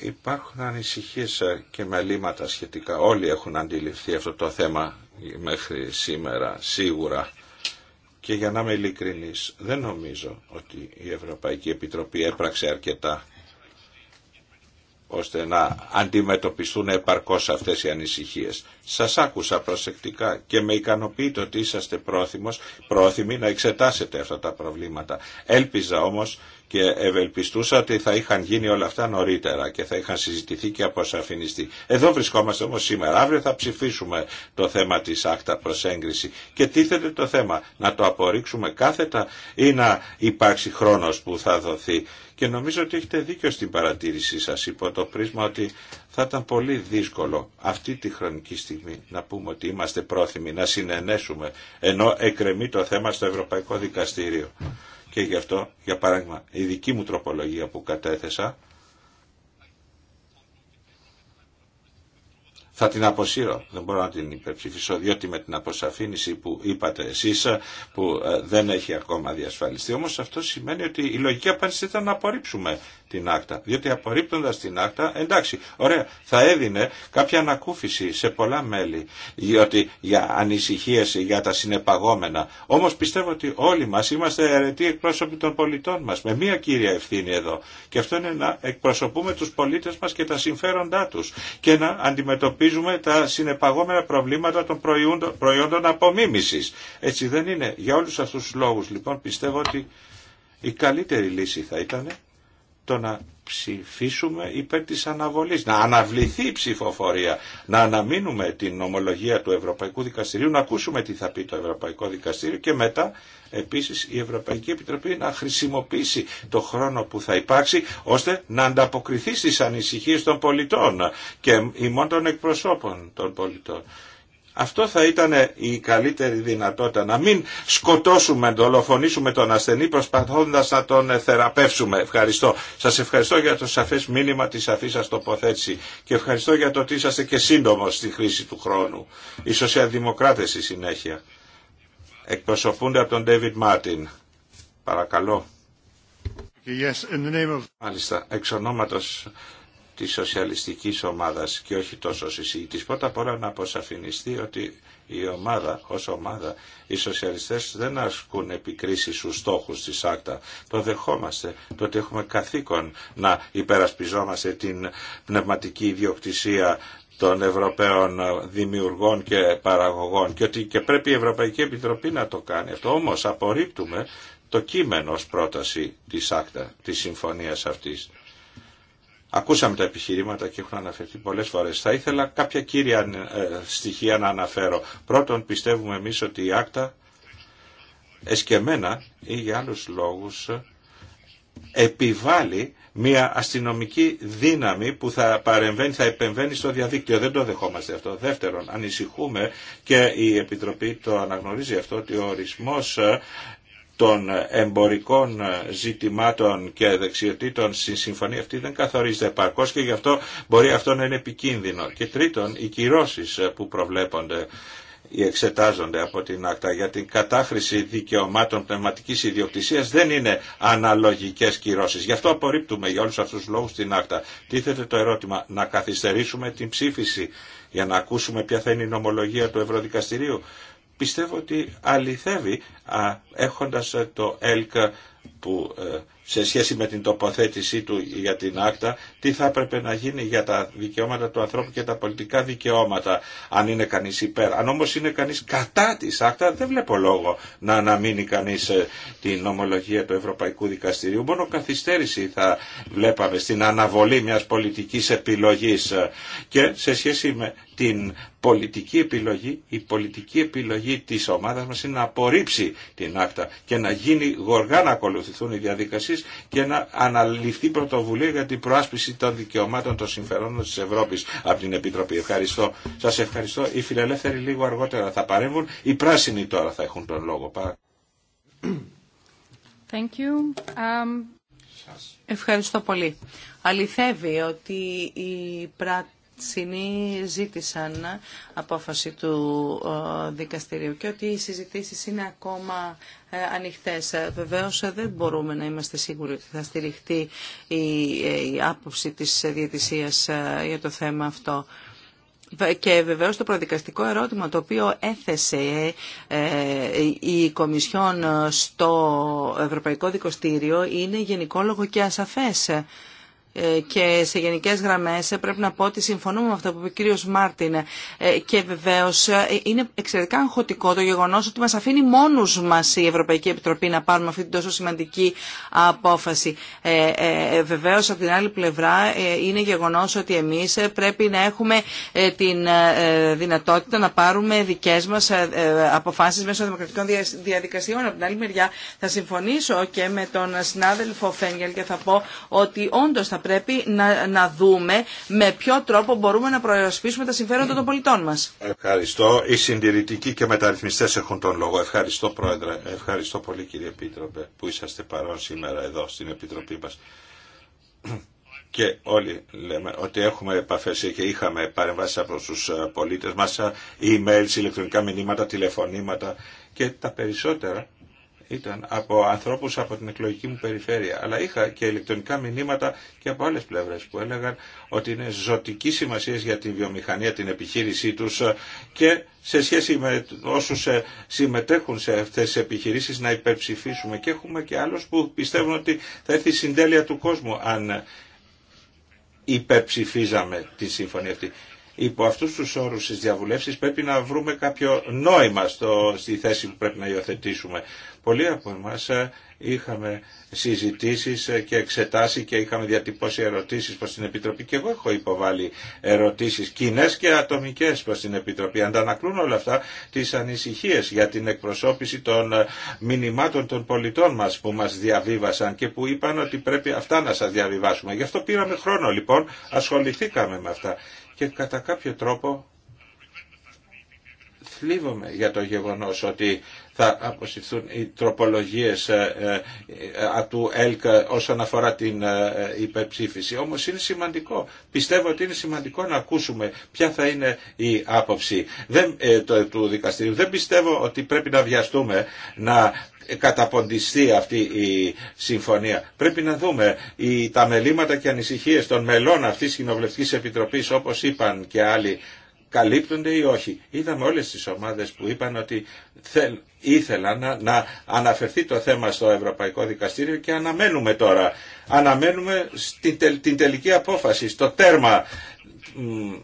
Υπάρχουν ανησυχίες ε, και μελήματα σχετικά. Όλοι έχουν αντιληφθεί αυτό το θέμα μέχρι σήμερα, σίγουρα. Και για να είμαι ειλικρινής, δεν νομίζω ότι η Ευρωπαϊκή Επιτροπή έπραξε αρκετά ώστε να αντιμετωπιστούν επαρκώς αυτές οι ανησυχίες. Σας άκουσα προσεκτικά και με ικανοποιεί ότι είσαστε πρόθυμος, πρόθυμοι να εξετάσετε αυτά τα προβλήματα. Έλπιζα όμως και ευελπιστούσα ότι θα είχαν γίνει όλα αυτά νωρίτερα και θα είχαν συζητηθεί και αποσαφινιστεί. Εδώ βρισκόμαστε όμως σήμερα. Αύριο θα ψηφίσουμε το θέμα της άκτα προς έγκριση και τίθεται το θέμα να το απορρίξουμε κάθετα ή να υπάρξει χρόνος που θα δοθεί. Και νομίζω ότι έχετε δίκιο στην παρατήρησή σας υπό το πρίσμα ότι θα ήταν πολύ δύσκολο αυτή τη χρονική στιγμή να πούμε ότι είμαστε πρόθυμοι να συνενέσουμε ενώ εκρεμεί το θέμα στο Ευρωπαϊκό Δικαστήριο. Και γι' αυτό, για παράδειγμα, η δική μου τροπολογία που κατέθεσα θα την αποσύρω. Δεν μπορώ να την υπερψηφίσω, διότι με την αποσαφήνιση που είπατε εσείς, που ε, δεν έχει ακόμα διασφαλιστεί. Όμως αυτό σημαίνει ότι η λογική απάντηση ήταν να απορρίψουμε την άκτα. Διότι απορρίπτοντα την άκτα, εντάξει, ωραία, θα έδινε κάποια ανακούφιση σε πολλά μέλη διότι για ανησυχίε για τα συνεπαγόμενα. Όμω πιστεύω ότι όλοι μα είμαστε αιρετοί εκπρόσωποι των πολιτών μα, με μία κύρια ευθύνη εδώ. Και αυτό είναι να εκπροσωπούμε του πολίτε μα και τα συμφέροντά του και να αντιμετωπίζουμε τα συνεπαγόμενα προβλήματα των προϊόντων, απομίμηση. Έτσι δεν είναι. Για όλου αυτού τους λόγους λοιπόν πιστεύω ότι η καλύτερη λύση θα ήταν το να ψηφίσουμε υπέρ της αναβολής, να αναβληθεί η ψηφοφορία, να αναμείνουμε την ομολογία του Ευρωπαϊκού Δικαστηρίου, να ακούσουμε τι θα πει το Ευρωπαϊκό Δικαστήριο και μετά επίσης η Ευρωπαϊκή Επιτροπή να χρησιμοποιήσει το χρόνο που θα υπάρξει ώστε να ανταποκριθεί στις ανησυχίες των πολιτών και ημών των εκπροσώπων των πολιτών. Αυτό θα ήταν η καλύτερη δυνατότητα, να μην σκοτώσουμε, δολοφονήσουμε τον ασθενή προσπαθώντας να τον θεραπεύσουμε. Ευχαριστώ. Σας ευχαριστώ για το σαφές μήνυμα της σαφή σας τοποθέτηση και ευχαριστώ για το ότι είσαστε και σύντομο στη χρήση του χρόνου. Οι σοσιαλδημοκράτες στη συνέχεια εκπροσωπούνται από τον David Μάρτιν. Παρακαλώ. Yes, in the name of... Μάλιστα, εξ ονόματος της σοσιαλιστικής ομάδας και όχι τόσο συζήτης. Πρώτα απ' όλα να αποσαφινιστεί ότι η ομάδα ως ομάδα, οι σοσιαλιστές δεν ασκούν επικρίσεις στους στόχους της άκτα. Το δεχόμαστε, το ότι έχουμε καθήκον να υπερασπιζόμαστε την πνευματική ιδιοκτησία των Ευρωπαίων δημιουργών και παραγωγών και ότι και πρέπει η Ευρωπαϊκή Επιτροπή να το κάνει αυτό. Όμως απορρίπτουμε το κείμενο ως πρόταση της άκτα, της συμφωνίας αυτής. Ακούσαμε τα επιχειρήματα και έχουν αναφερθεί πολλές φορές. Θα ήθελα κάποια κύρια ε, στοιχεία να αναφέρω. Πρώτον, πιστεύουμε εμείς ότι η άκτα εσκεμένα ή για άλλους λόγους επιβάλλει μια αστυνομική δύναμη που θα παρεμβαίνει, θα επεμβαίνει στο διαδίκτυο. Δεν το δεχόμαστε αυτό. Δεύτερον, ανησυχούμε και η Επιτροπή το αναγνωρίζει αυτό ότι ο ορισμός των εμπορικών ζητημάτων και δεξιοτήτων στη συμφωνία αυτή δεν καθορίζεται επαρκώς και γι' αυτό μπορεί αυτό να είναι επικίνδυνο. Και τρίτον, οι κυρώσεις που προβλέπονται ή εξετάζονται από την άκτα για την κατάχρηση δικαιωμάτων πνευματικής ιδιοκτησίας δεν είναι αναλογικές κυρώσεις. Γι' αυτό απορρίπτουμε για όλους αυτούς τους λόγους την άκτα. Τίθεται το ερώτημα να καθυστερήσουμε την ψήφιση για να ακούσουμε ποια θα είναι η νομολογία του Ευρωδικαστηρίου πιστεύω ότι αληθεύει α, έχοντας ε, το ΕΛΚ ε, που ε, σε σχέση με την τοποθέτησή του για την άκτα, τι θα έπρεπε να γίνει για τα δικαιώματα του ανθρώπου και τα πολιτικά δικαιώματα, αν είναι κανείς υπέρ. Αν όμως είναι κανείς κατά της άκτα, δεν βλέπω λόγο να αναμείνει κανείς την ομολογία του Ευρωπαϊκού Δικαστηρίου. Μόνο καθυστέρηση θα βλέπαμε στην αναβολή μιας πολιτικής επιλογής και σε σχέση με την πολιτική επιλογή, η πολιτική επιλογή της ομάδας μας είναι να απορρίψει την άκτα και να γίνει γοργά να ακολουθηθούν οι διαδικασίες και να αναλυφθεί πρωτοβουλία για την προάσπιση των δικαιωμάτων των συμφερόντων της Ευρώπης από την Επιτροπή. Ευχαριστώ. Σας ευχαριστώ. Οι φιλελεύθεροι λίγο αργότερα θα παρέμβουν. Οι πράσινοι τώρα θα έχουν τον λόγο. Thank you. Um... Ευχαριστώ πολύ. Αληθεύει ότι η πράτη ζήτησαν απόφαση του ε, δικαστηρίου και ότι οι συζητήσεις είναι ακόμα ε, ανοιχτές. Βεβαίως ε, δεν μπορούμε να είμαστε σίγουροι ότι θα στηριχτεί η άποψη της διαιτησίας για το θέμα αυτό. Και βεβαίως το προδικαστικό ερώτημα το οποίο έθεσε η Κομισιόν στο Ευρωπαϊκό Δικοστήριο είναι γενικόλογο και ασαφές. Ε, και σε γενικές γραμμές ε, πρέπει να πω ότι συμφωνούμε με αυτό που είπε ο κύριος Μάρτιν ε, και βεβαίως είναι εξαιρετικά αγχωτικό το γεγονός ότι μας αφήνει μόνους μας η Ευρωπαϊκή Επιτροπή να πάρουμε αυτή την τόσο σημαντική απόφαση. Βεβαίως από την άλλη πλευρά είναι γεγονός ότι εμείς πρέπει να έχουμε την δυνατότητα να πάρουμε δικές μας αποφάσεις μέσω δημοκρατικών διαδικασιών. Από την άλλη μεριά θα συμφωνήσω και με τον συνάδελφο Φένγελ και θα πω ότι όντως θα πρέπει να, δούμε με ποιο τρόπο μπορούμε να προασπίσουμε τα συμφέροντα των πολιτών μας. Ευχαριστώ. Οι συντηρητικοί και μεταρρυθμιστές έχουν τον λόγο. Ευχαριστώ Πρόεδρε. Ευχαριστώ πολύ κύριε Επίτροπε που είσαστε παρόν σήμερα εδώ στην Επιτροπή μας. *clears throat* Και όλοι λέμε ότι έχουμε επαφές και είχαμε παρεμβάσει από τους ε, πολίτες μας, ε, emails, ηλεκτρονικά μηνύματα, τηλεφωνήματα και τα περισσότερα ήταν από ανθρώπου από την εκλογική μου περιφέρεια, αλλά είχα και ηλεκτρονικά μηνύματα και από άλλε πλευρέ που έλεγαν ότι είναι ζωτική σημασία για την βιομηχανία, την επιχείρησή του, και σε σχέση με όσου ε, συμμετέχουν σε αυτέ τι επιχειρήσει να υπερψηφίσουμε και έχουμε και άλλου που πιστεύουν ότι θα έρθει η συντέλεια του κόσμου αν υπερψηφίζαμε τη συμφωνία αυτή υπό αυτού του όρου τη διαβουλεύση πρέπει να βρούμε κάποιο νόημα στη θέση που πρέπει να υιοθετήσουμε. Πολλοί από εμάς ε, είχαμε συζητήσεις ε, και εξετάσει και είχαμε διατυπώσει ερωτήσεις προς την Επιτροπή και εγώ έχω υποβάλει ερωτήσεις κοινέ και ατομικές προς την Επιτροπή. Αντανακλούν όλα αυτά τις ανησυχίες για την εκπροσώπηση των ε, μηνυμάτων των πολιτών μας που μας διαβίβασαν και που είπαν ότι πρέπει αυτά να σας διαβιβάσουμε. Γι' αυτό πήραμε χρόνο λοιπόν, ασχοληθήκαμε με αυτά και κατά κάποιο τρόπο θλίβομαι για το γεγονός ότι θα αποσυρθούν οι τροπολογίες ε, ε, ε, του ΕΛΚ όσον αφορά την υπερψήφιση. Όμως είναι σημαντικό. Πιστεύω ότι είναι σημαντικό να ακούσουμε ποια θα είναι η άποψη δεν, το, του δικαστηρίου. Δεν πιστεύω ότι πρέπει να βιαστούμε να καταποντιστεί αυτή η συμφωνία. Πρέπει να δούμε τα μελήματα και ανησυχίες των μελών αυτής της Κοινοβουλευτικής Επιτροπής όπως είπαν και άλλοι καλύπτονται ή όχι. Είδαμε όλες τις ομάδες που είπαν ότι ήθελαν να, αναφερθεί το θέμα στο Ευρωπαϊκό Δικαστήριο και αναμένουμε τώρα. Αναμένουμε την τελική απόφαση, στο τέρμα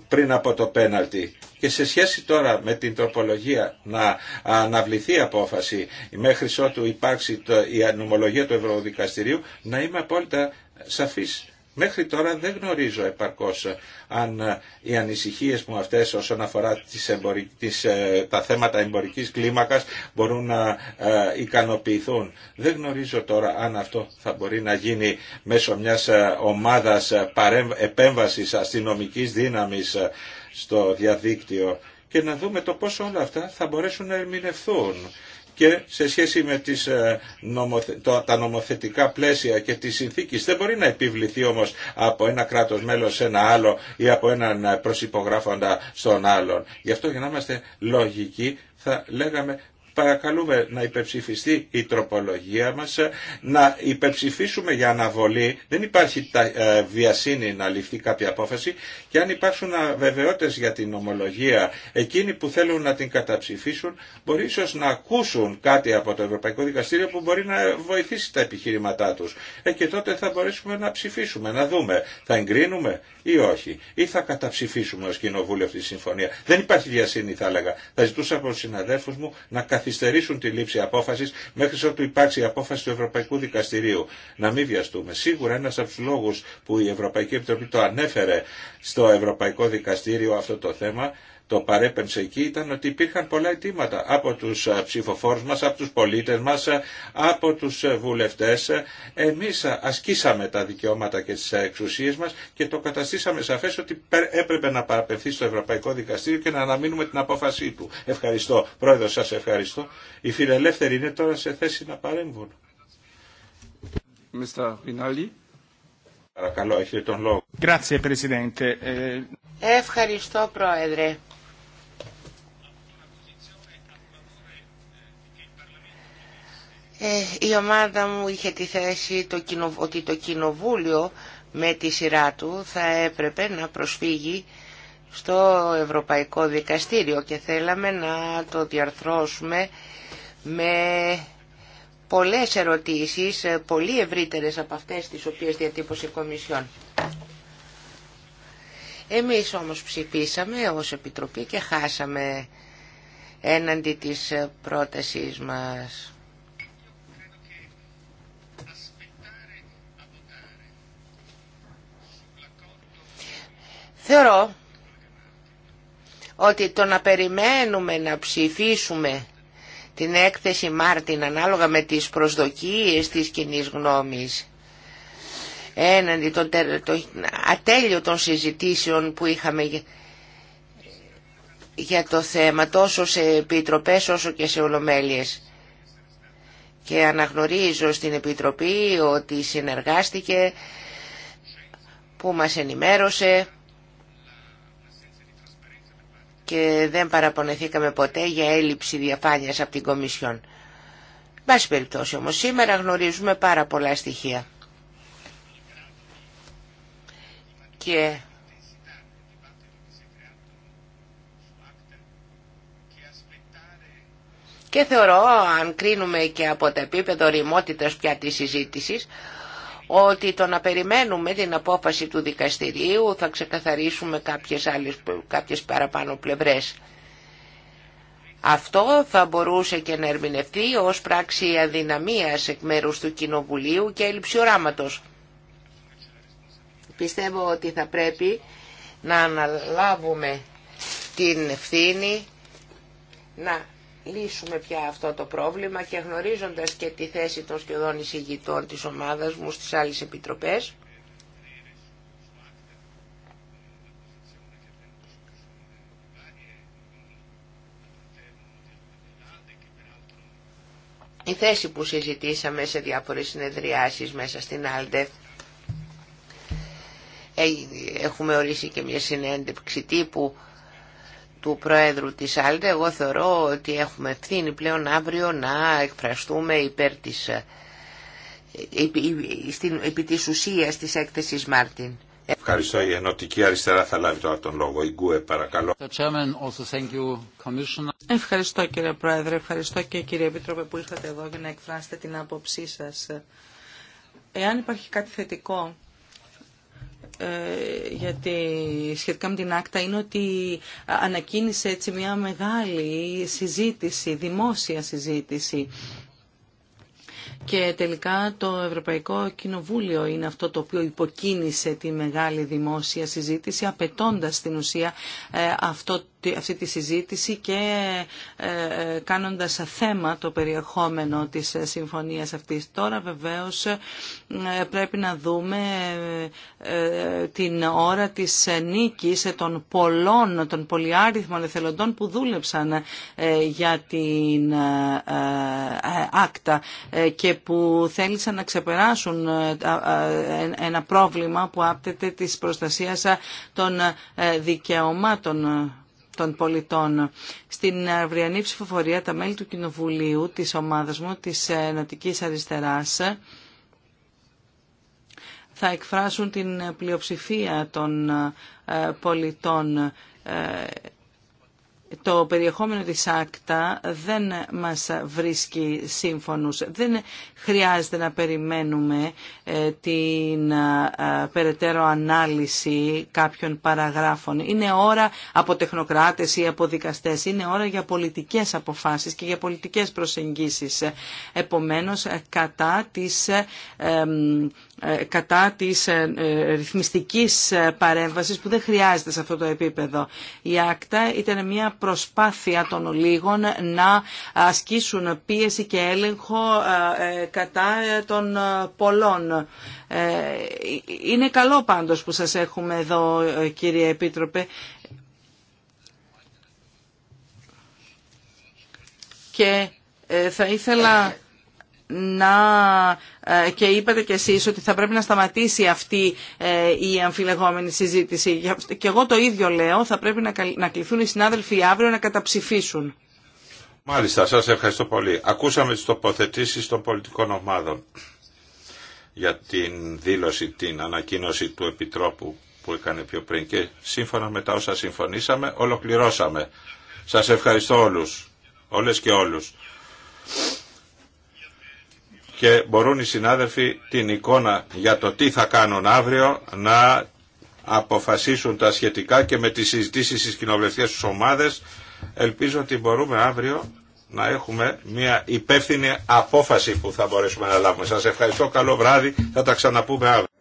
πριν από το πέναλτι. Και σε σχέση τώρα με την τροπολογία να αναβληθεί η απόφαση μέχρι ότου υπάρξει το, η ανομολογία του Ευρωδικαστηρίου, να είμαι απόλυτα σαφής. Μέχρι τώρα δεν γνωρίζω επαρκώς ε, αν ε, οι ανησυχίες μου αυτές όσον αφορά τις ε, τα θέματα εμπορικής κλίμακας μπορούν να ικανοποιηθούν. Δεν γνωρίζω τώρα αν αυτό θα μπορεί να γίνει μέσω μιας ομάδας επέμβασης αστυνομικής δύναμης στο διαδίκτυο και να δούμε το πόσο όλα αυτά θα μπορέσουν να ερμηνευθούν και σε σχέση με τις, ε, τα νομοθετικά πλαίσια και τις συνθήκες. Δεν μπορεί να επιβληθεί όμως από ένα κράτος μέλος σε ένα άλλο ή από έναν ε, προσυπογράφοντα στον άλλον. Γι' αυτό για να είμαστε λογικοί θα λέγαμε παρακαλούμε να υπεψηφιστεί η τροπολογία μας, να υπεψηφίσουμε για αναβολή, δεν υπάρχει ε, βιασύνη να ληφθεί κάποια απόφαση και αν υπάρξουν αβεβαιότητε για την ομολογία, εκείνοι που θέλουν να την καταψηφίσουν μπορεί ίσως να ακούσουν κάτι από το Ευρωπαϊκό Δικαστήριο που μπορεί να βοηθήσει τα επιχειρήματά τους. Ε, και τότε θα μπορέσουμε να ψηφίσουμε, να δούμε, θα εγκρίνουμε ή όχι, ή θα καταψηφίσουμε ως Κοινοβούλιο αυτή τη συμφωνία. Δεν υπάρχει διασύνη θα έλεγα. Θα ζητούσα από τους μου να καθυστερήσουν τη λήψη απόφαση μέχρι ότου υπάρξει η απόφαση του Ευρωπαϊκού Δικαστηρίου. Να μην βιαστούμε. Σίγουρα ένα από του λόγου που η Ευρωπαϊκή Επιτροπή το ανέφερε στο Ευρωπαϊκό Δικαστήριο αυτό το θέμα το παρέπεμψε εκεί ήταν ότι υπήρχαν πολλά αιτήματα από τους ε, ψηφοφόρους μας, από τους πολίτες μας, ε, από τους ε, βουλευτές. Εμείς ασκήσαμε τα δικαιώματα και τις εξουσίες μας και το καταστήσαμε σαφές ότι έπρεπε να παραπευθεί στο Ευρωπαϊκό Δικαστήριο και να αναμείνουμε την απόφασή του. Ευχαριστώ. Πρόεδρο σας ευχαριστώ. Οι φιλελεύθεροι είναι τώρα σε θέση να παρέμβουν. Grazie, Presidente. Ευχαριστώ, Πρόεδρε. Ε, η ομάδα μου είχε τη θέση το ότι το Κοινοβούλιο με τη σειρά του θα έπρεπε να προσφύγει στο Ευρωπαϊκό Δικαστήριο και θέλαμε να το διαρθρώσουμε με πολλές ερωτήσεις, πολύ ευρύτερες από αυτές τις οποίες διατύπωσε η Κομισιόν. Εμείς όμως ψηφίσαμε ως Επιτροπή και χάσαμε έναντι της πρότασής μας. Θεωρώ ότι το να περιμένουμε να ψηφίσουμε την έκθεση Μάρτιν ανάλογα με τις προσδοκίες της κοινή γνώμης έναντι των ατέλειωτων συζητήσεων που είχαμε για το θέμα τόσο σε επιτροπές όσο και σε ολομέλειες. Και αναγνωρίζω στην Επιτροπή ότι συνεργάστηκε, που μας ενημέρωσε και δεν παραπονεθήκαμε ποτέ για έλλειψη διαφάνειας από την Κομισιόν. Μπάση περιπτώσει όμως σήμερα γνωρίζουμε πάρα πολλά στοιχεία. Και Και θεωρώ, αν κρίνουμε και από το επίπεδο ρημότητας πια της συζήτησης, ότι το να περιμένουμε την απόφαση του δικαστηρίου θα ξεκαθαρίσουμε κάποιες, άλλες, κάποιες παραπάνω πλευρές. Αυτό θα μπορούσε και να ερμηνευτεί ως πράξη αδυναμίας εκ μέρους του Κοινοβουλίου και έλλειψη οράματος. Πιστεύω ότι θα πρέπει να αναλάβουμε την ευθύνη να λύσουμε πια αυτό το πρόβλημα και γνωρίζοντας και τη θέση των σχεδόν εισηγητών της ομάδας μου στις άλλες επιτροπές, η θέση που συζητήσαμε σε διάφορες συνεδριάσεις μέσα στην Άλτε. Ε, έχουμε ορίσει και μια συνέντευξη τύπου του Πρόεδρου της Άλτε, εγώ θεωρώ ότι έχουμε ευθύνη πλέον αύριο να εκφραστούμε υπέρ της, ε, στην, επί της ουσίας της έκθεσης Μάρτιν. Ευχαριστώ. Η Ενωτική Αριστερά θα λάβει τώρα τον λόγο. Η Γκουε, παρακαλώ. Ευχαριστώ κύριε Πρόεδρε, ευχαριστώ και κύριε Επίτροπε που ήρθατε εδώ για να εκφράσετε την άποψή σας. Εάν υπάρχει κάτι θετικό ε, γιατί σχετικά με την άκτα είναι ότι ανακοίνησε έτσι μια μεγάλη συζήτηση, δημόσια συζήτηση. Και τελικά το Ευρωπαϊκό Κοινοβούλιο είναι αυτό το οποίο υποκίνησε τη μεγάλη δημόσια συζήτηση, απαιτώντα στην ουσία ε, αυτό αυτή τη συζήτηση και ε, ε, κάνοντας θέμα το περιεχόμενο της ε, συμφωνίας αυτής. Τώρα βεβαίως πρέπει να δούμε την ώρα της νίκης των πολλών, των πολυάριθμων εθελοντών που δούλεψαν για την άκτα και που θέλησαν να ξεπεράσουν ένα πρόβλημα που άπτεται της προστασίας των δικαιωμάτων των πολιτών. Στην αυριανή ψηφοφορία τα μέλη του Κοινοβουλίου της ομάδας μου της νοτικής Αριστεράς θα εκφράσουν την πλειοψηφία των ε, πολιτών ε, το περιεχόμενο της άκτα δεν μας βρίσκει σύμφωνους. Δεν χρειάζεται να περιμένουμε ε, την ε, περαιτέρω ανάλυση κάποιων παραγράφων. Είναι ώρα από τεχνοκράτες ή από δικαστές. Είναι ώρα για πολιτικές αποφάσεις και για πολιτικές προσεγγίσεις. Επομένως, κατά της ε, ε, κατά της ε, ε, ρυθμιστικής παρέμβασης που δεν χρειάζεται σε αυτό το επίπεδο. Η ΑΚΤΑ ήταν μια προσπάθεια των λίγων να ασκήσουν πίεση και έλεγχο κατά των πολλών. Είναι καλό πάντως που σας έχουμε εδώ κύριε Επίτροπε και θα ήθελα να ε, και είπατε κι εσείς ότι θα πρέπει να σταματήσει αυτή ε, η αμφιλεγόμενη συζήτηση. Και εγώ το ίδιο λέω, θα πρέπει να κληθούν οι συνάδελφοι αύριο να καταψηφίσουν. Μάλιστα, σας ευχαριστώ πολύ. Ακούσαμε τις τοποθετήσεις των πολιτικών ομάδων για την δήλωση, την ανακοίνωση του Επιτρόπου που έκανε πιο πριν και σύμφωνα με τα όσα συμφωνήσαμε ολοκληρώσαμε. Σας ευχαριστώ όλους, όλες και όλους και μπορούν οι συνάδελφοι την εικόνα για το τι θα κάνουν αύριο να αποφασίσουν τα σχετικά και με τις συζητήσεις στις κοινοβουλευτικές τους ομάδες. Ελπίζω ότι μπορούμε αύριο να έχουμε μια υπεύθυνη απόφαση που θα μπορέσουμε να λάβουμε. Σας ευχαριστώ. Καλό βράδυ. Θα τα ξαναπούμε αύριο.